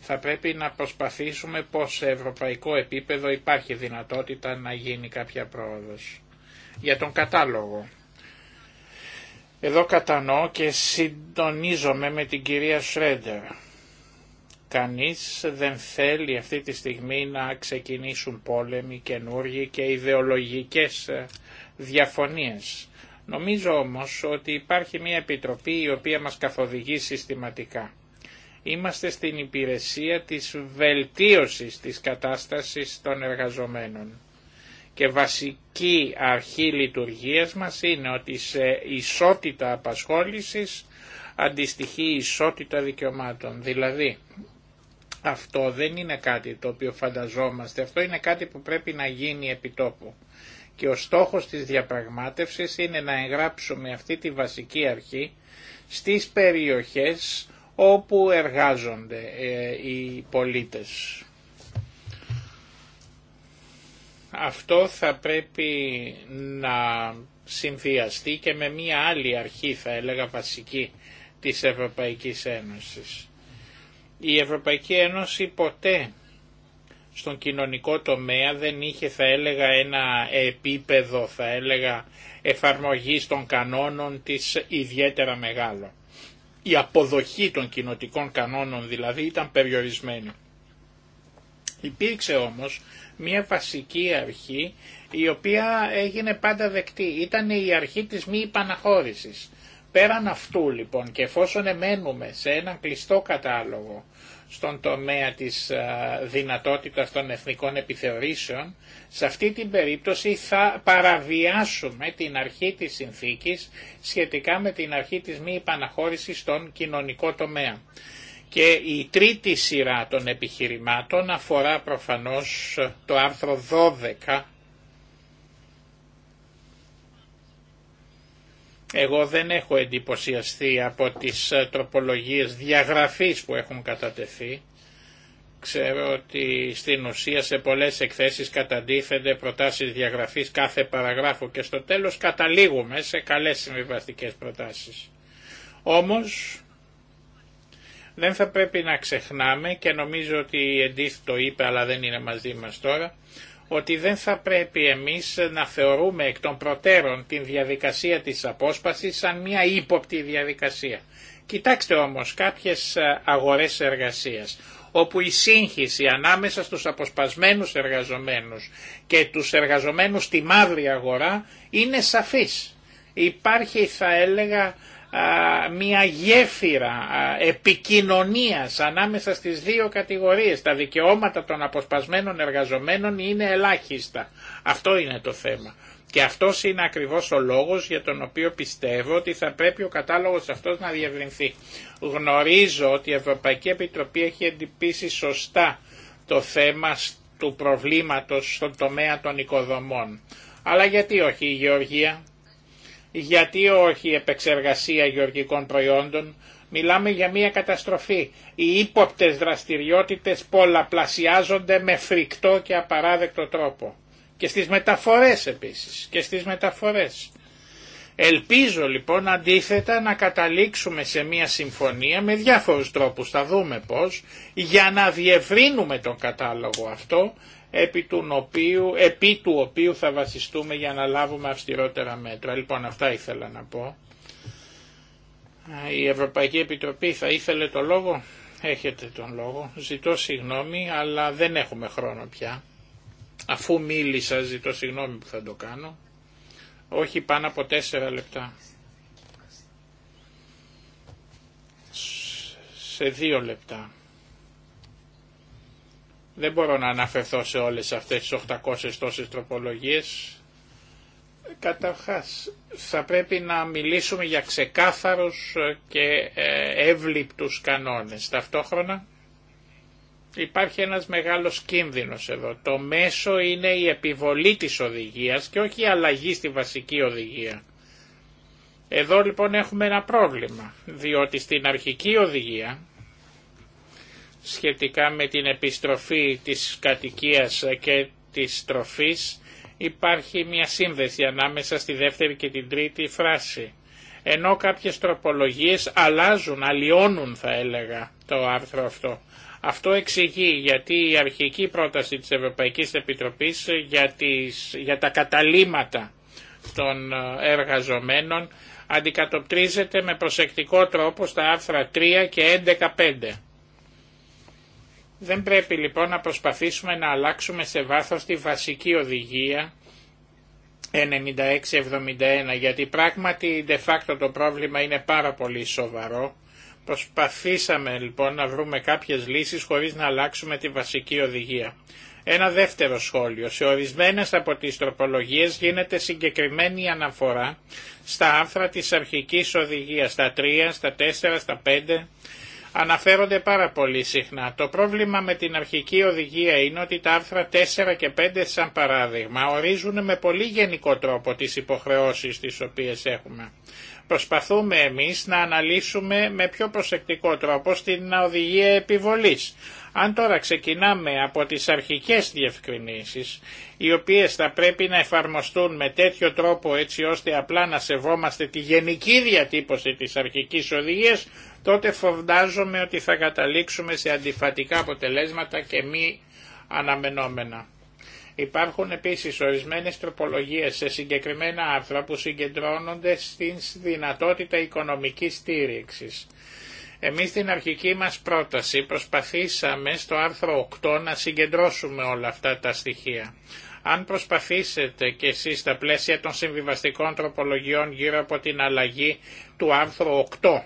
θα πρέπει να προσπαθήσουμε πως σε ευρωπαϊκό επίπεδο υπάρχει δυνατότητα να γίνει κάποια πρόοδος. Για τον κατάλογο. Εδώ κατανοώ και συντονίζομαι με την κυρία Σρέντερ. Κανείς δεν θέλει αυτή τη στιγμή να ξεκινήσουν πόλεμοι καινούργοι και ιδεολογικές διαφωνίες. Νομίζω όμως ότι υπάρχει μια επιτροπή η οποία μας καθοδηγεί συστηματικά. Είμαστε στην υπηρεσία της βελτίωσης της κατάστασης των εργαζομένων. Και βασική αρχή λειτουργίας μας είναι ότι σε ισότητα απασχόλησης αντιστοιχεί ισότητα δικαιωμάτων. Δηλαδή, αυτό δεν είναι κάτι το οποίο φανταζόμαστε, αυτό είναι κάτι που πρέπει να γίνει επιτόπου. Και ο στόχος της διαπραγμάτευσης είναι να εγγράψουμε αυτή τη βασική αρχή στις περιοχές όπου εργάζονται ε, οι πολίτες. Αυτό θα πρέπει να συνδυαστεί και με μία άλλη αρχή θα έλεγα βασική της Ευρωπαϊκής Ένωσης. Η Ευρωπαϊκή Ένωση ποτέ στον κοινωνικό τομέα δεν είχε θα έλεγα ένα επίπεδο θα έλεγα εφαρμογής των κανόνων της ιδιαίτερα μεγάλο. Η αποδοχή των κοινοτικών κανόνων δηλαδή ήταν περιορισμένη. Υπήρξε όμως μια βασική αρχή η οποία έγινε πάντα δεκτή. Ήταν η αρχή της μη υπαναχώρησης. Πέραν αυτού λοιπόν και εφόσον εμένουμε σε έναν κλειστό κατάλογο στον τομέα της δυνατότητας των εθνικών επιθεωρήσεων, σε αυτή την περίπτωση θα παραβιάσουμε την αρχή της συνθήκης σχετικά με την αρχή της μη επαναχώρησης στον κοινωνικό τομέα. Και η τρίτη σειρά των επιχειρημάτων αφορά προφανώς το άρθρο 12 Εγώ δεν έχω εντυπωσιαστεί από τις ε, τροπολογίες διαγραφής που έχουν κατατεθεί. Ξέρω ότι στην ουσία σε πολλές εκθέσεις καταντίθενται προτάσεις διαγραφής κάθε παραγράφου και στο τέλος καταλήγουμε σε καλές συμβιβαστικές προτάσεις. Όμως δεν θα πρέπει να ξεχνάμε και νομίζω ότι η Εντίθ το είπε αλλά δεν είναι μαζί μας τώρα ότι δεν θα πρέπει εμείς να θεωρούμε εκ των προτέρων την διαδικασία της απόσπασης σαν μια ύποπτη διαδικασία. Κοιτάξτε όμως κάποιες ε, αγορές εργασίας όπου η σύγχυση ανάμεσα στους αποσπασμένους εργαζομένους και τους εργαζομένους στη μαύρη αγορά είναι σαφής. Υπάρχει θα έλεγα μια γέφυρα επικοινωνίας ανάμεσα στις δύο κατηγορίες. Τα δικαιώματα των αποσπασμένων εργαζομένων είναι ελάχιστα. Αυτό είναι το θέμα. Και αυτό είναι ακριβώς ο λόγος για τον οποίο πιστεύω ότι θα πρέπει ο κατάλογος αυτός να διευρυνθεί. Γνωρίζω ότι η Ευρωπαϊκή Επιτροπή έχει εντυπήσει σωστά το θέμα του προβλήματος στον τομέα των οικοδομών. Αλλά γιατί όχι η Γεωργία γιατί όχι επεξεργασία γεωργικών προϊόντων, μιλάμε για μια καταστροφή. Οι ύποπτες δραστηριότητες πολλαπλασιάζονται με φρικτό και απαράδεκτο τρόπο. Και στις μεταφορές επίσης, και στις μεταφορές. Ελπίζω λοιπόν αντίθετα να καταλήξουμε σε μια συμφωνία με διάφορους τρόπους, θα δούμε πώς, για να διευρύνουμε τον κατάλογο αυτό επί του, οποίου, επί του οποίου θα βασιστούμε για να λάβουμε αυστηρότερα μέτρα. Λοιπόν, αυτά ήθελα να πω. Η Ευρωπαϊκή Επιτροπή θα ήθελε το λόγο. Έχετε τον λόγο. Ζητώ συγγνώμη, αλλά δεν έχουμε χρόνο πια. Αφού μίλησα, ζητώ συγγνώμη που θα το κάνω. Όχι πάνω από τέσσερα λεπτά. Σε δύο λεπτά. Δεν μπορώ να αναφερθώ σε όλες αυτές τις 800 τόσες τροπολογίες. Καταρχάς, θα πρέπει να μιλήσουμε για ξεκάθαρους και ε, εύληπτους κανόνες. Ταυτόχρονα υπάρχει ένας μεγάλος κίνδυνος εδώ. Το μέσο είναι η επιβολή της οδηγίας και όχι η αλλαγή στη βασική οδηγία. Εδώ λοιπόν έχουμε ένα πρόβλημα, διότι στην αρχική οδηγία σχετικά με την επιστροφή της κατοικίας και της τροφής υπάρχει μια σύνδεση ανάμεσα στη δεύτερη και την τρίτη φράση. Ενώ κάποιες τροπολογίες αλλάζουν, αλλοιώνουν θα έλεγα το άρθρο αυτό. Αυτό εξηγεί γιατί η αρχική πρόταση της Ευρωπαϊκής Επιτροπής για, για τα καταλήματα των ε, εργαζομένων αντικατοπτρίζεται με προσεκτικό τρόπο στα άρθρα 3 και 11.5. Δεν πρέπει λοιπόν να προσπαθήσουμε να αλλάξουμε σε βάθος τη βασική οδηγία 96-71 γιατί πράγματι de facto το πρόβλημα είναι πάρα πολύ σοβαρό. Προσπαθήσαμε λοιπόν να βρούμε κάποιες λύσεις χωρίς να αλλάξουμε τη βασική οδηγία. Ένα δεύτερο σχόλιο. Σε ορισμένες από τις τροπολογίες γίνεται συγκεκριμένη αναφορά στα άρθρα της αρχικής οδηγίας, στα 3, στα 4, στα 5 αναφέρονται πάρα πολύ συχνά. Το πρόβλημα με την αρχική οδηγία είναι ότι τα άρθρα 4 και 5 σαν παράδειγμα ορίζουν με πολύ γενικό τρόπο τις υποχρεώσεις τις οποίες έχουμε. Προσπαθούμε εμείς να αναλύσουμε με πιο προσεκτικό τρόπο στην οδηγία επιβολής. Αν τώρα ξεκινάμε από τις αρχικές διευκρινήσεις, οι οποίες θα πρέπει να εφαρμοστούν με τέτοιο τρόπο έτσι ώστε απλά να σεβόμαστε τη γενική διατύπωση της αρχικής οδηγίας, τότε φοβντάζομαι ότι θα καταλήξουμε σε αντιφατικά αποτελέσματα και μη αναμενόμενα. Υπάρχουν επίσης ορισμένες τροπολογίες σε συγκεκριμένα άρθρα που συγκεντρώνονται στην δυνατότητα οικονομικής στήριξης. Εμείς στην αρχική μας πρόταση προσπαθήσαμε στο άρθρο 8 να συγκεντρώσουμε όλα αυτά τα στοιχεία. Αν προσπαθήσετε και εσείς στα πλαίσια των συμβιβαστικών τροπολογιών γύρω από την αλλαγή του άρθρου 8,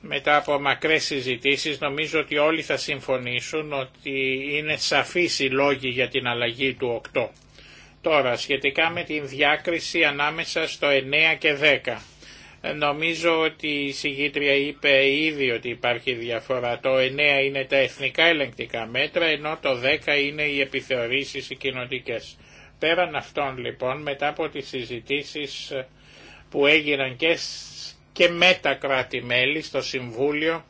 μετά από μακρές συζητήσεις νομίζω ότι όλοι θα συμφωνήσουν ότι είναι σαφείς οι λόγοι για την αλλαγή του 8. Τώρα σχετικά με την διάκριση ανάμεσα στο 9 και 10. Νομίζω ότι η συγγήτρια είπε ήδη ότι υπάρχει διαφορά. Το 9 είναι τα εθνικά ελεγκτικά μέτρα, ενώ το 10 είναι οι επιθεωρήσεις οι κοινοτικές. Πέραν αυτών λοιπόν, μετά από τις συζητήσεις που έγιναν και, και με τα κράτη-μέλη στο Συμβούλιο,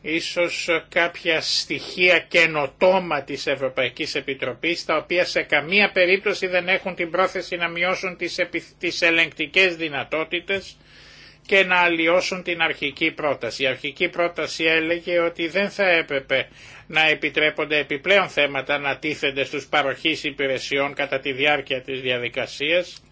ίσως κάποια στοιχεία καινοτόμα της Ευρωπαϊκής Επιτροπής, τα οποία σε καμία περίπτωση δεν έχουν την πρόθεση να μειώσουν τις, επι, τις ελεγκτικές δυνατότητες, και να αλλοιώσουν την αρχική πρόταση. Η αρχική πρόταση έλεγε ότι δεν θα έπρεπε να επιτρέπονται επιπλέον θέματα να τίθενται στους παροχείς υπηρεσιών κατά τη διάρκεια της διαδικασίας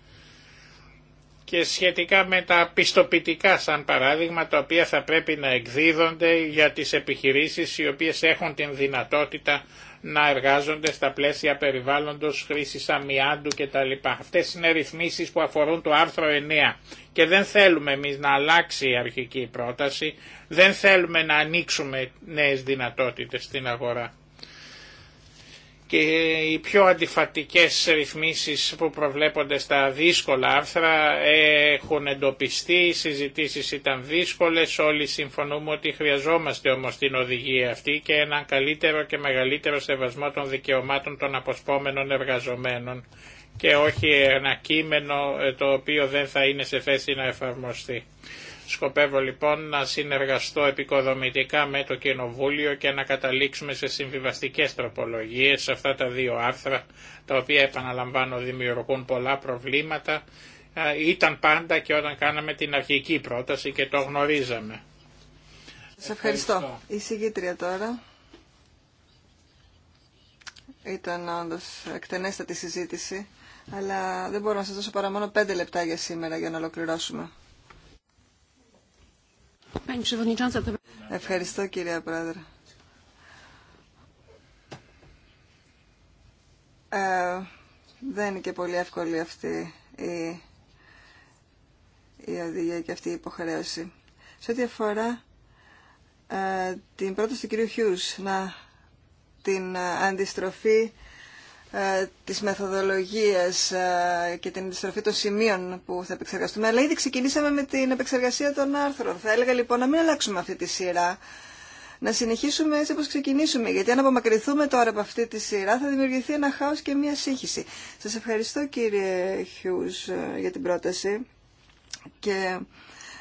και σχετικά με τα πιστοποιητικά σαν παράδειγμα τα οποία θα πρέπει να εκδίδονται για τις επιχειρήσεις οι οποίες έχουν την δυνατότητα να εργάζονται στα πλαίσια περιβάλλοντος χρήσης αμοιάντου κτλ. Αυτές είναι ρυθμίσεις που αφορούν το άρθρο 9 και δεν θέλουμε εμείς να αλλάξει η αρχική πρόταση, δεν θέλουμε να ανοίξουμε νέες δυνατότητες στην αγορά και οι πιο αντιφατικές ρυθμίσεις που προβλέπονται στα δύσκολα άρθρα έχουν εντοπιστεί, οι συζητήσεις ήταν δύσκολες, όλοι συμφωνούμε ότι χρειαζόμαστε όμως την οδηγία αυτή και έναν καλύτερο και μεγαλύτερο σεβασμό των δικαιωμάτων των αποσπόμενων εργαζομένων και όχι ένα κείμενο το οποίο δεν θα είναι σε θέση να εφαρμοστεί. Σκοπεύω λοιπόν να συνεργαστώ επικοδομητικά με το Κοινοβούλιο και να καταλήξουμε σε συμβιβαστικές τροπολογίες σε αυτά τα δύο άρθρα, τα οποία επαναλαμβάνω δημιουργούν πολλά προβλήματα. Ήταν πάντα και όταν κάναμε την αρχική πρόταση και το γνωρίζαμε. Σας ευχαριστώ. Η συγκήτρια τώρα. Ήταν όντω εκτενέστατη συζήτηση, αλλά δεν μπορώ να σα δώσω παρά μόνο πέντε λεπτά για σήμερα για να ολοκληρώσουμε. Ευχαριστώ κυρία Πρόεδρε. Ε, δεν είναι και πολύ εύκολη αυτή η, η οδηγία και αυτή η υποχρέωση. Σε ό,τι αφορά ε, την πρόταση του κυρίου Χιούς να την ε, αντιστροφή ε, της μεθοδολογίας ε, και την αντιστροφή των σημείων που θα επεξεργαστούμε, αλλά ήδη ξεκινήσαμε με την επεξεργασία των άρθρων. Θα έλεγα λοιπόν να μην αλλάξουμε αυτή τη σειρά, να συνεχίσουμε έτσι όπως ξεκινήσουμε, γιατί αν απομακρυνθούμε τώρα από αυτή τη σειρά θα δημιουργηθεί ένα χάος και μια σύγχυση. Σας ευχαριστώ κύριε Χιούς ε, για την πρόταση και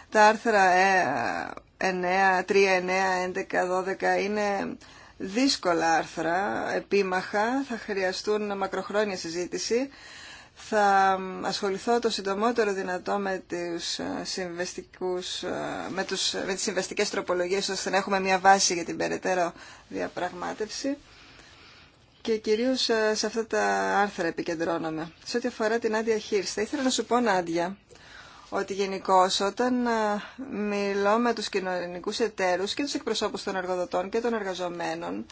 τα άρθρα 9, 3, 9, 11, 12 είναι δύσκολα άρθρα, επίμαχα, θα χρειαστούν μακροχρόνια συζήτηση. Θα ασχοληθώ το συντομότερο δυνατό με τις, ε, συμβεστικούς, ε, με, τους, με τις συμβεστικές τροπολογίες ώστε να έχουμε μια βάση για την περαιτέρω διαπραγμάτευση και κυρίως ε, σε αυτά τα άρθρα επικεντρώνομαι. Σε ό,τι αφορά την Άντια Χίρς, ήθελα να σου πω, Νάντια, ότι γενικώ όταν ε, μιλώ με τους κοινωνικούς εταίρους και τους εκπροσώπους των εργοδοτών και των εργαζομένων,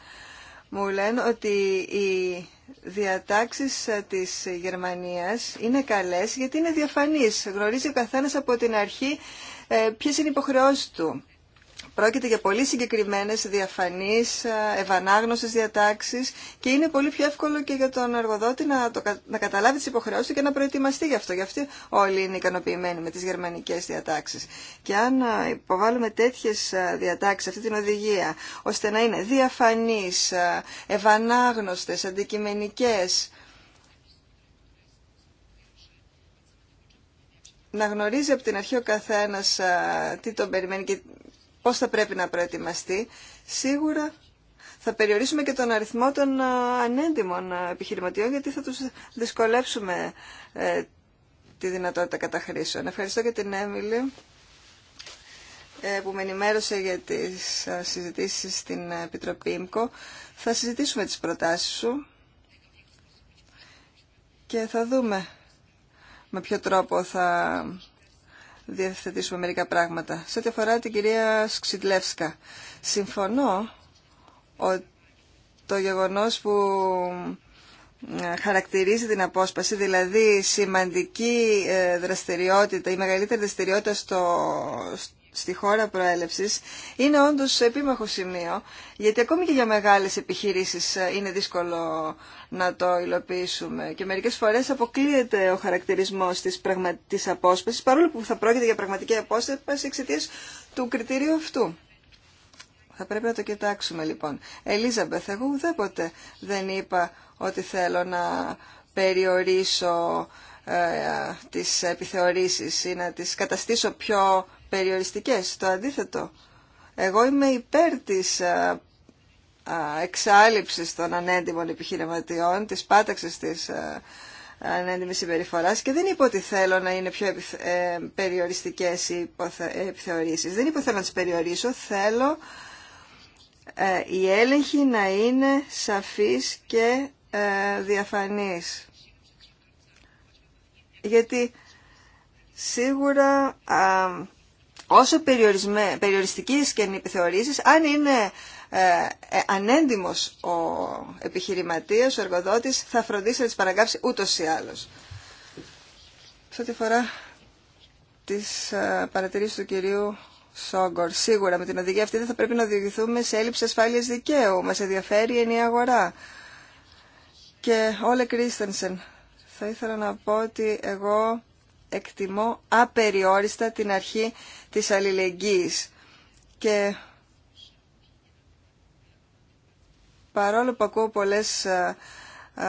μου λένε ότι οι διατάξεις ε, της Γερμανίας είναι καλές γιατί είναι διαφανείς. Γνωρίζει ο καθένας από την αρχή ε, ποιες είναι οι υποχρεώσεις του. Πρόκειται για πολύ συγκεκριμένες διαφανείς ε, ευανάγνωσες διατάξεις και είναι πολύ πιο εύκολο και για τον εργοδότη να, το, να καταλάβει τις υποχρεώσεις του και να προετοιμαστεί γι' αυτό. Γι' αυτό όλοι είναι ικανοποιημένοι με τις γερμανικές διατάξεις. Και αν ε, υποβάλουμε τέτοιες ε, διατάξεις, αυτή την οδηγία, ώστε να είναι διαφανείς, ευανάγνωστες, αντικειμενικές, να γνωρίζει από την αρχή ο καθένας τι τον περιμένει και πώς θα πρέπει να προετοιμαστεί, σίγουρα θα περιορίσουμε και τον αριθμό των ε, ανέντιμων ε, επιχειρηματιών γιατί θα τους δυσκολέψουμε ε, τη δυνατότητα καταχρήσεων. Ευχαριστώ και την Έμιλη που με ενημέρωσε για τις συζητήσεις στην Επιτροπή ΙΜΚΟ. Θα συζητήσουμε τις προτάσεις σου και θα δούμε με ποιο τρόπο θα Διαθετήσουμε μερικά πράγματα. Σε ό,τι αφορά την κυρία Σξιντλεύσκα. συμφωνώ ότι το γεγονός που χαρακτηρίζει την απόσπαση, δηλαδή σημαντική ε, δραστηριότητα, η μεγαλύτερη δραστηριότητα στο, στη χώρα προέλευσης είναι όντως επίμαχο σημείο, γιατί ακόμη και για μεγάλες επιχειρήσεις ε, είναι δύσκολο να το υλοποιήσουμε και μερικές φορές αποκλείεται ο χαρακτηρισμός της, πραγμα... απόσπασης, παρόλο που θα πρόκειται για πραγματική απόσπαση εξαιτία του κριτήριου αυτού. Θα πρέπει να το κοιτάξουμε λοιπόν. Ελίζαμπεθ, εγώ ουδέποτε δεν είπα ότι θέλω να περιορίσω ε, τις επιθεωρήσεις ή να τις καταστήσω πιο περιοριστικές. Το αντίθετο. Εγώ είμαι υπέρ της εξάλληψης των ανέντιμων επιχειρηματιών, της πάταξης της ανέντιμης συμπεριφορά και δεν είπα ότι θέλω να είναι πιο ε, περιοριστικές οι ε, επιθεωρήσεις. Δεν είπα θέλω να τις περιορίσω, θέλω η ε, έλεγχη να είναι σαφής και διαφανής. Γιατί σίγουρα όσο περιοριστικής και αν επιθεωρήσεις, αν είναι ε, ε, ανέντιμος ο επιχειρηματίας, ο εργοδότης, θα φροντίσει να τις παραγκάψει ούτως ή άλλως. Σε ό,τι αφορά τις ε, παρατηρήσεις του κυρίου Σόγκορ, σίγουρα με την οδηγία αυτή δεν θα πρέπει να οδηγηθούμε σε έλλειψη ασφάλειας δικαίου. Μας ενδιαφέρει η ενιαία αγορά. Και όλε Κρίστενσεν, θα ήθελα να πω ότι εγώ εκτιμώ απεριόριστα την αρχή της αλληλεγγύης. Και παρόλο που ακούω πολλές ε, ε,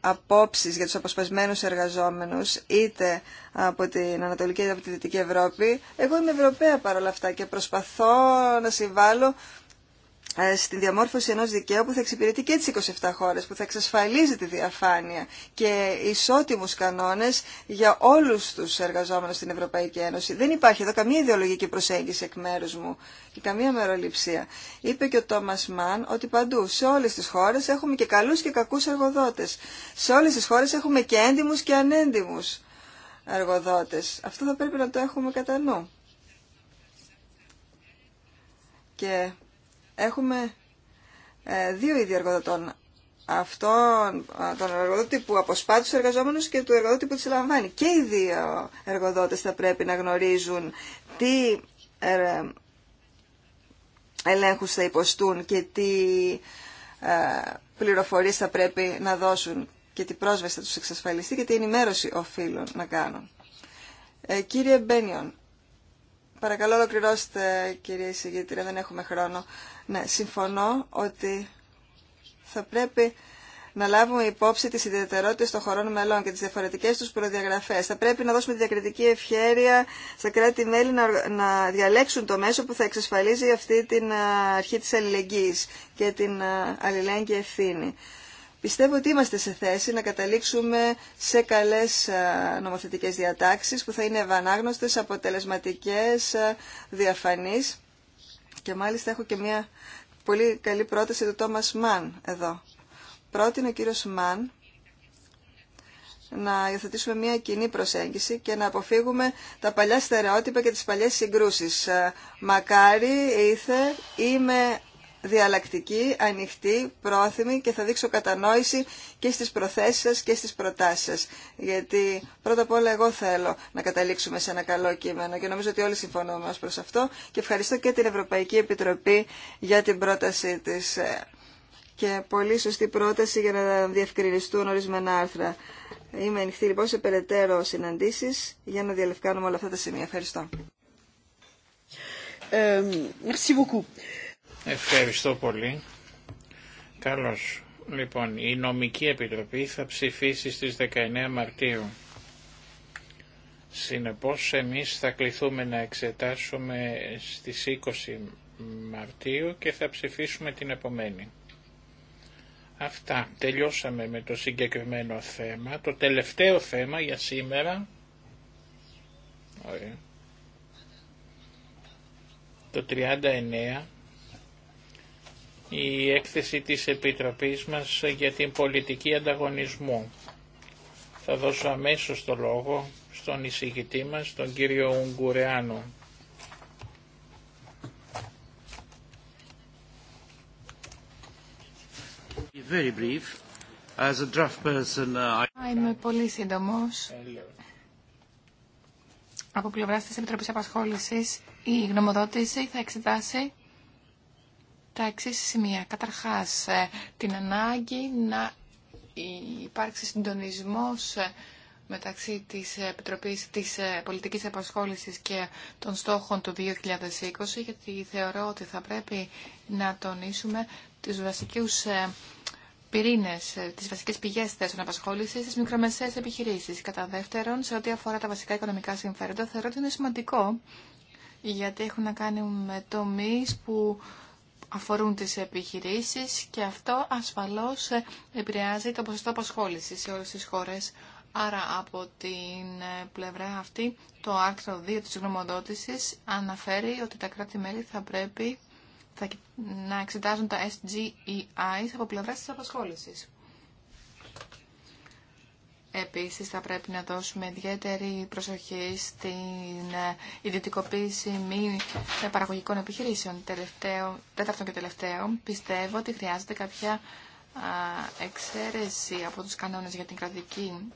απόψεις για τους αποσπασμένους εργαζόμενους είτε από την Ανατολική είτε από τη Δυτική Ευρώπη. Εγώ είμαι Ευρωπαία παρόλα αυτά και προσπαθώ να συμβάλλω ε, στη διαμόρφωση ενός δικαίου που θα εξυπηρετεί και τις 27 χώρες, που θα εξασφαλίζει τη διαφάνεια και ισότιμους κανόνες για όλους τους εργαζόμενους στην Ευρωπαϊκή Ένωση. Δεν υπάρχει εδώ καμία ιδεολογική προσέγγιση εκ μέρους μου και καμία μεροληψία. Είπε και ο Τόμας Μαν ότι παντού, σε όλες τις χώρες έχουμε και καλούς και κακούς εργοδότες. Σε όλες τις χώρες έχουμε και έντιμους και ανέντιμους εργοδότες. Αυτό θα πρέπει να το έχουμε κατά νου έχουμε ε, δύο είδη εργοδοτών. Αυτόν ε, τον εργοδότη που αποσπά του εργαζόμενους και του εργοδότη που τις λαμβάνει. Και οι δύο εργοδότε θα πρέπει να γνωρίζουν τι ε, ελέγχου θα υποστούν και τι πληροφορίες θα πρέπει να δώσουν και τι πρόσβαση θα του εξασφαλιστεί και τι ενημέρωση οφείλουν να κάνουν. κύριε Μπένιον, Παρακαλώ ολοκληρώστε κύριε εισηγήτρια, δεν έχουμε χρόνο. Ναι, συμφωνώ ότι θα πρέπει να λάβουμε υπόψη τις ιδιαιτερότητες των χωρών μελών και τις διαφορετικές τους προδιαγραφές. Θα πρέπει να δώσουμε διακριτική ευχέρεια στα κράτη-μέλη να, να διαλέξουν το μέσο που θα εξασφαλίζει αυτή την αρχή της αλληλεγγύης και την αλληλέγγυη ευθύνη. Πιστεύω ότι είμαστε σε θέση να καταλήξουμε σε καλές νομοθετικές διατάξεις που θα είναι ευανάγνωστες, αποτελεσματικές, διαφανείς. Και μάλιστα έχω και μια πολύ καλή πρόταση του Τόμας Μαν εδώ. Πρότεινε ο κύριος Μαν να υιοθετήσουμε μια κοινή προσέγγιση και να αποφύγουμε τα παλιά στερεότυπα και τις παλιές συγκρούσεις. Μακάρι ήθε είμαι διαλλακτική, ανοιχτή, πρόθυμη και θα δείξω κατανόηση και στις προθέσεις σας και στις προτάσεις σας. Γιατί πρώτα απ' όλα εγώ θέλω να καταλήξουμε σε ένα καλό κείμενο και νομίζω ότι όλοι συμφωνούμε ως προς αυτό και ευχαριστώ και την Ευρωπαϊκή Επιτροπή για την πρότασή της και πολύ σωστή πρόταση για να διευκρινιστούν ορισμένα άρθρα. Είμαι ανοιχτή λοιπόν σε περαιτέρω συναντήσεις για να διαλευκάνουμε όλα αυτά τα σημεία. Ευχαριστώ. Ε, merci beaucoup. Ευχαριστώ πολύ. Καλώς. Λοιπόν, η νομική επιτροπή θα ψηφίσει στις 19 Μαρτίου. Συνεπώς εμείς θα κληθούμε να εξετάσουμε στις 20 Μαρτίου και θα ψηφίσουμε την επομένη. Αυτά. Τελειώσαμε με το συγκεκριμένο θέμα. Το τελευταίο θέμα για σήμερα... Το 39 η έκθεση της Επιτροπής μας για την πολιτική ανταγωνισμού. Θα δώσω αμέσως το λόγο στον εισηγητή μας, τον κύριο Ουγγουρεάνου. Very brief. As a draft person, uh, I... Είμαι πολύ σύντομος. Από πλευράς της Επιτροπής Απασχόλησης, η γνωμοδότηση θα εξετάσει τα εξή σημεία. Καταρχάς, ε, την ανάγκη να υπάρξει συντονισμός ε, μεταξύ της Επιτροπής της ε, Πολιτικής Απασχόλησης και των στόχων του 2020, γιατί θεωρώ ότι θα πρέπει να τονίσουμε τις βασικούς πυρήνε, τι βασικέ πηγέ θέσεων απασχόληση στι μικρομεσαίε επιχειρήσει. Κατά δεύτερον, σε ό,τι αφορά τα βασικά οικονομικά συμφέροντα, θεωρώ ότι είναι σημαντικό γιατί έχουν να κάνουν με τομεί που αφορούν τις επιχειρήσεις και αυτό ασφαλώς επηρεάζει το ποσοστό απασχόληση σε όλες τις χώρες. Άρα από την πλευρά αυτή το άρθρο 2 της γνωμοδότησης αναφέρει ότι τα κράτη-μέλη θα πρέπει να εξετάζουν τα SGEIs από πλευρά της απασχόλησης. Επίσης θα πρέπει να δώσουμε ιδιαίτερη προσοχή στην ε, ιδιωτικοποίηση μη παραγωγικών επιχειρήσεων. Τελευταίο, τέταρτον και τελευταίο, πιστεύω ότι χρειάζεται κάποια εξαίρεση από τους κανόνες για την κρατική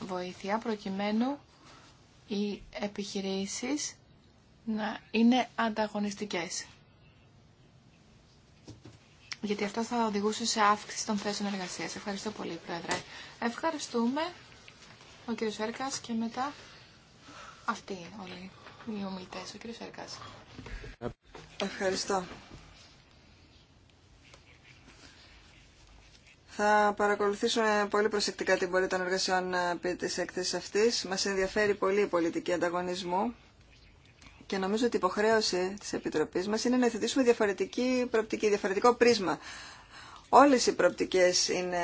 βοήθεια προκειμένου οι επιχειρήσεις να είναι ανταγωνιστικές γιατί αυτό θα οδηγούσε σε αύξηση των θέσεων εργασία. Ευχαριστώ πολύ, Πρόεδρε. Ευχαριστούμε ο κ. Σέρκας και μετά αυτοί όλοι οι ομιλητέ. Ο κ. Σέρκας. Ευχαριστώ. Θα παρακολουθήσουμε πολύ προσεκτικά την πορεία των εργασιών ε, επί της έκθεσης αυτής. Μας ενδιαφέρει πολύ η πολιτική ανταγωνισμού και νομίζω ότι η υποχρέωση της Επιτροπής μας είναι να θετήσουμε διαφορετική προοπτική, διαφορετικό πρίσμα. Όλες οι προοπτικές είναι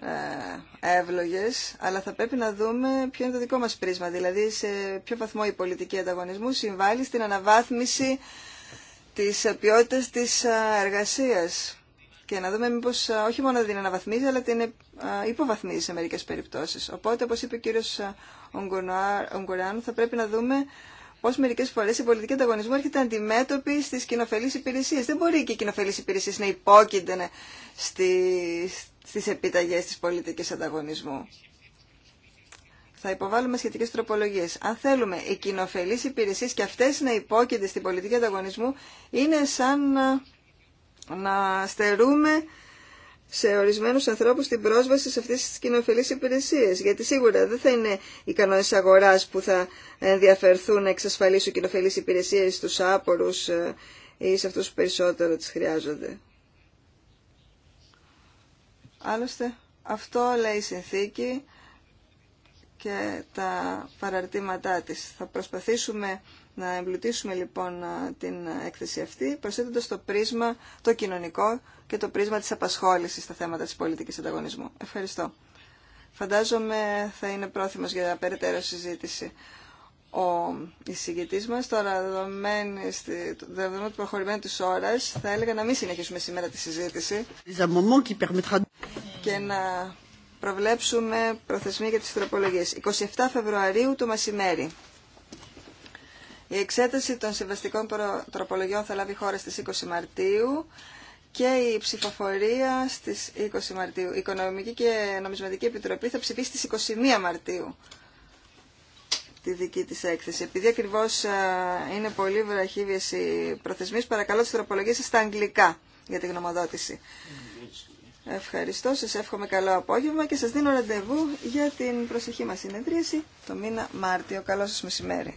ε, εύλογες, αλλά θα πρέπει να δούμε ποιο είναι το δικό μας πρίσμα, δηλαδή σε ποιο βαθμό η πολιτική ανταγωνισμού συμβάλλει στην αναβάθμιση της ποιότητας της ε, εργασίας και να δούμε μήπως ε, όχι μόνο την αναβαθμίζει αλλά την υποβαθμίζει σε μερικές περιπτώσεις. Οπότε, όπως είπε ο κύριος Ογκουράν, θα πρέπει να δούμε πώ μερικέ φορέ η πολιτική ανταγωνισμού έρχεται αντιμέτωπη στι κοινοφελεί υπηρεσίε. Δεν μπορεί και οι κοινοφελεί υπηρεσίε να υπόκεινται στι επιταγέ τη πολιτική ανταγωνισμού. Θα υποβάλουμε σχετικέ τροπολογίε. Αν θέλουμε οι κοινοφελεί υπηρεσίε και αυτέ να υπόκεινται στην πολιτική ανταγωνισμού, είναι σαν να στερούμε σε ορισμένου ανθρώπου την πρόσβαση σε αυτές τις κοινοφιλείς υπηρεσίες. Γιατί σίγουρα δεν θα είναι οι κανόνε αγοράς που θα ενδιαφερθούν να εξασφαλίσουν κοινοφιλείς υπηρεσίες στους άπορους ε, ή σε αυτούς που περισσότερο τις χρειάζονται. Άλλωστε, αυτό λέει η συνθήκη και τα παραρτήματά της. Θα προσπαθήσουμε να εμπλουτίσουμε λοιπόν την έκθεση αυτή προσθέτοντας το πρίσμα το κοινωνικό και το πρίσμα της απασχόλησης στα θέματα της πολιτικής ανταγωνισμού. Ευχαριστώ. Φαντάζομαι θα είναι πρόθυμος για περαιτέρω συζήτηση ο εισηγητή μα. Τώρα, δεδομένου του προχωρημένου τη ώρα, θα έλεγα να μην συνεχίσουμε σήμερα τη συζήτηση και να προβλέψουμε προθεσμία για τι τροπολογίε. 27 Φεβρουαρίου το μεσημέρι. Η εξέταση των συμβαστικών τροπολογιών θα λάβει χώρα στις 20 Μαρτίου και η ψηφοφορία στις 20 Μαρτίου. Η Οικονομική και Νομισματική Επιτροπή θα ψηφίσει στις 21 Μαρτίου τη δική της έκθεση. Επειδή ακριβώς ε, είναι πολύ βραχύβιες οι προθεσμίες, παρακαλώ τις τροπολογίες στα αγγλικά για τη γνωμοδότηση. Ευχαριστώ, σας εύχομαι καλό απόγευμα και σας δίνω ραντεβού για την προσεχή μας συνεδρίαση το μήνα Μάρτιο. Καλό σας μεσημέρι.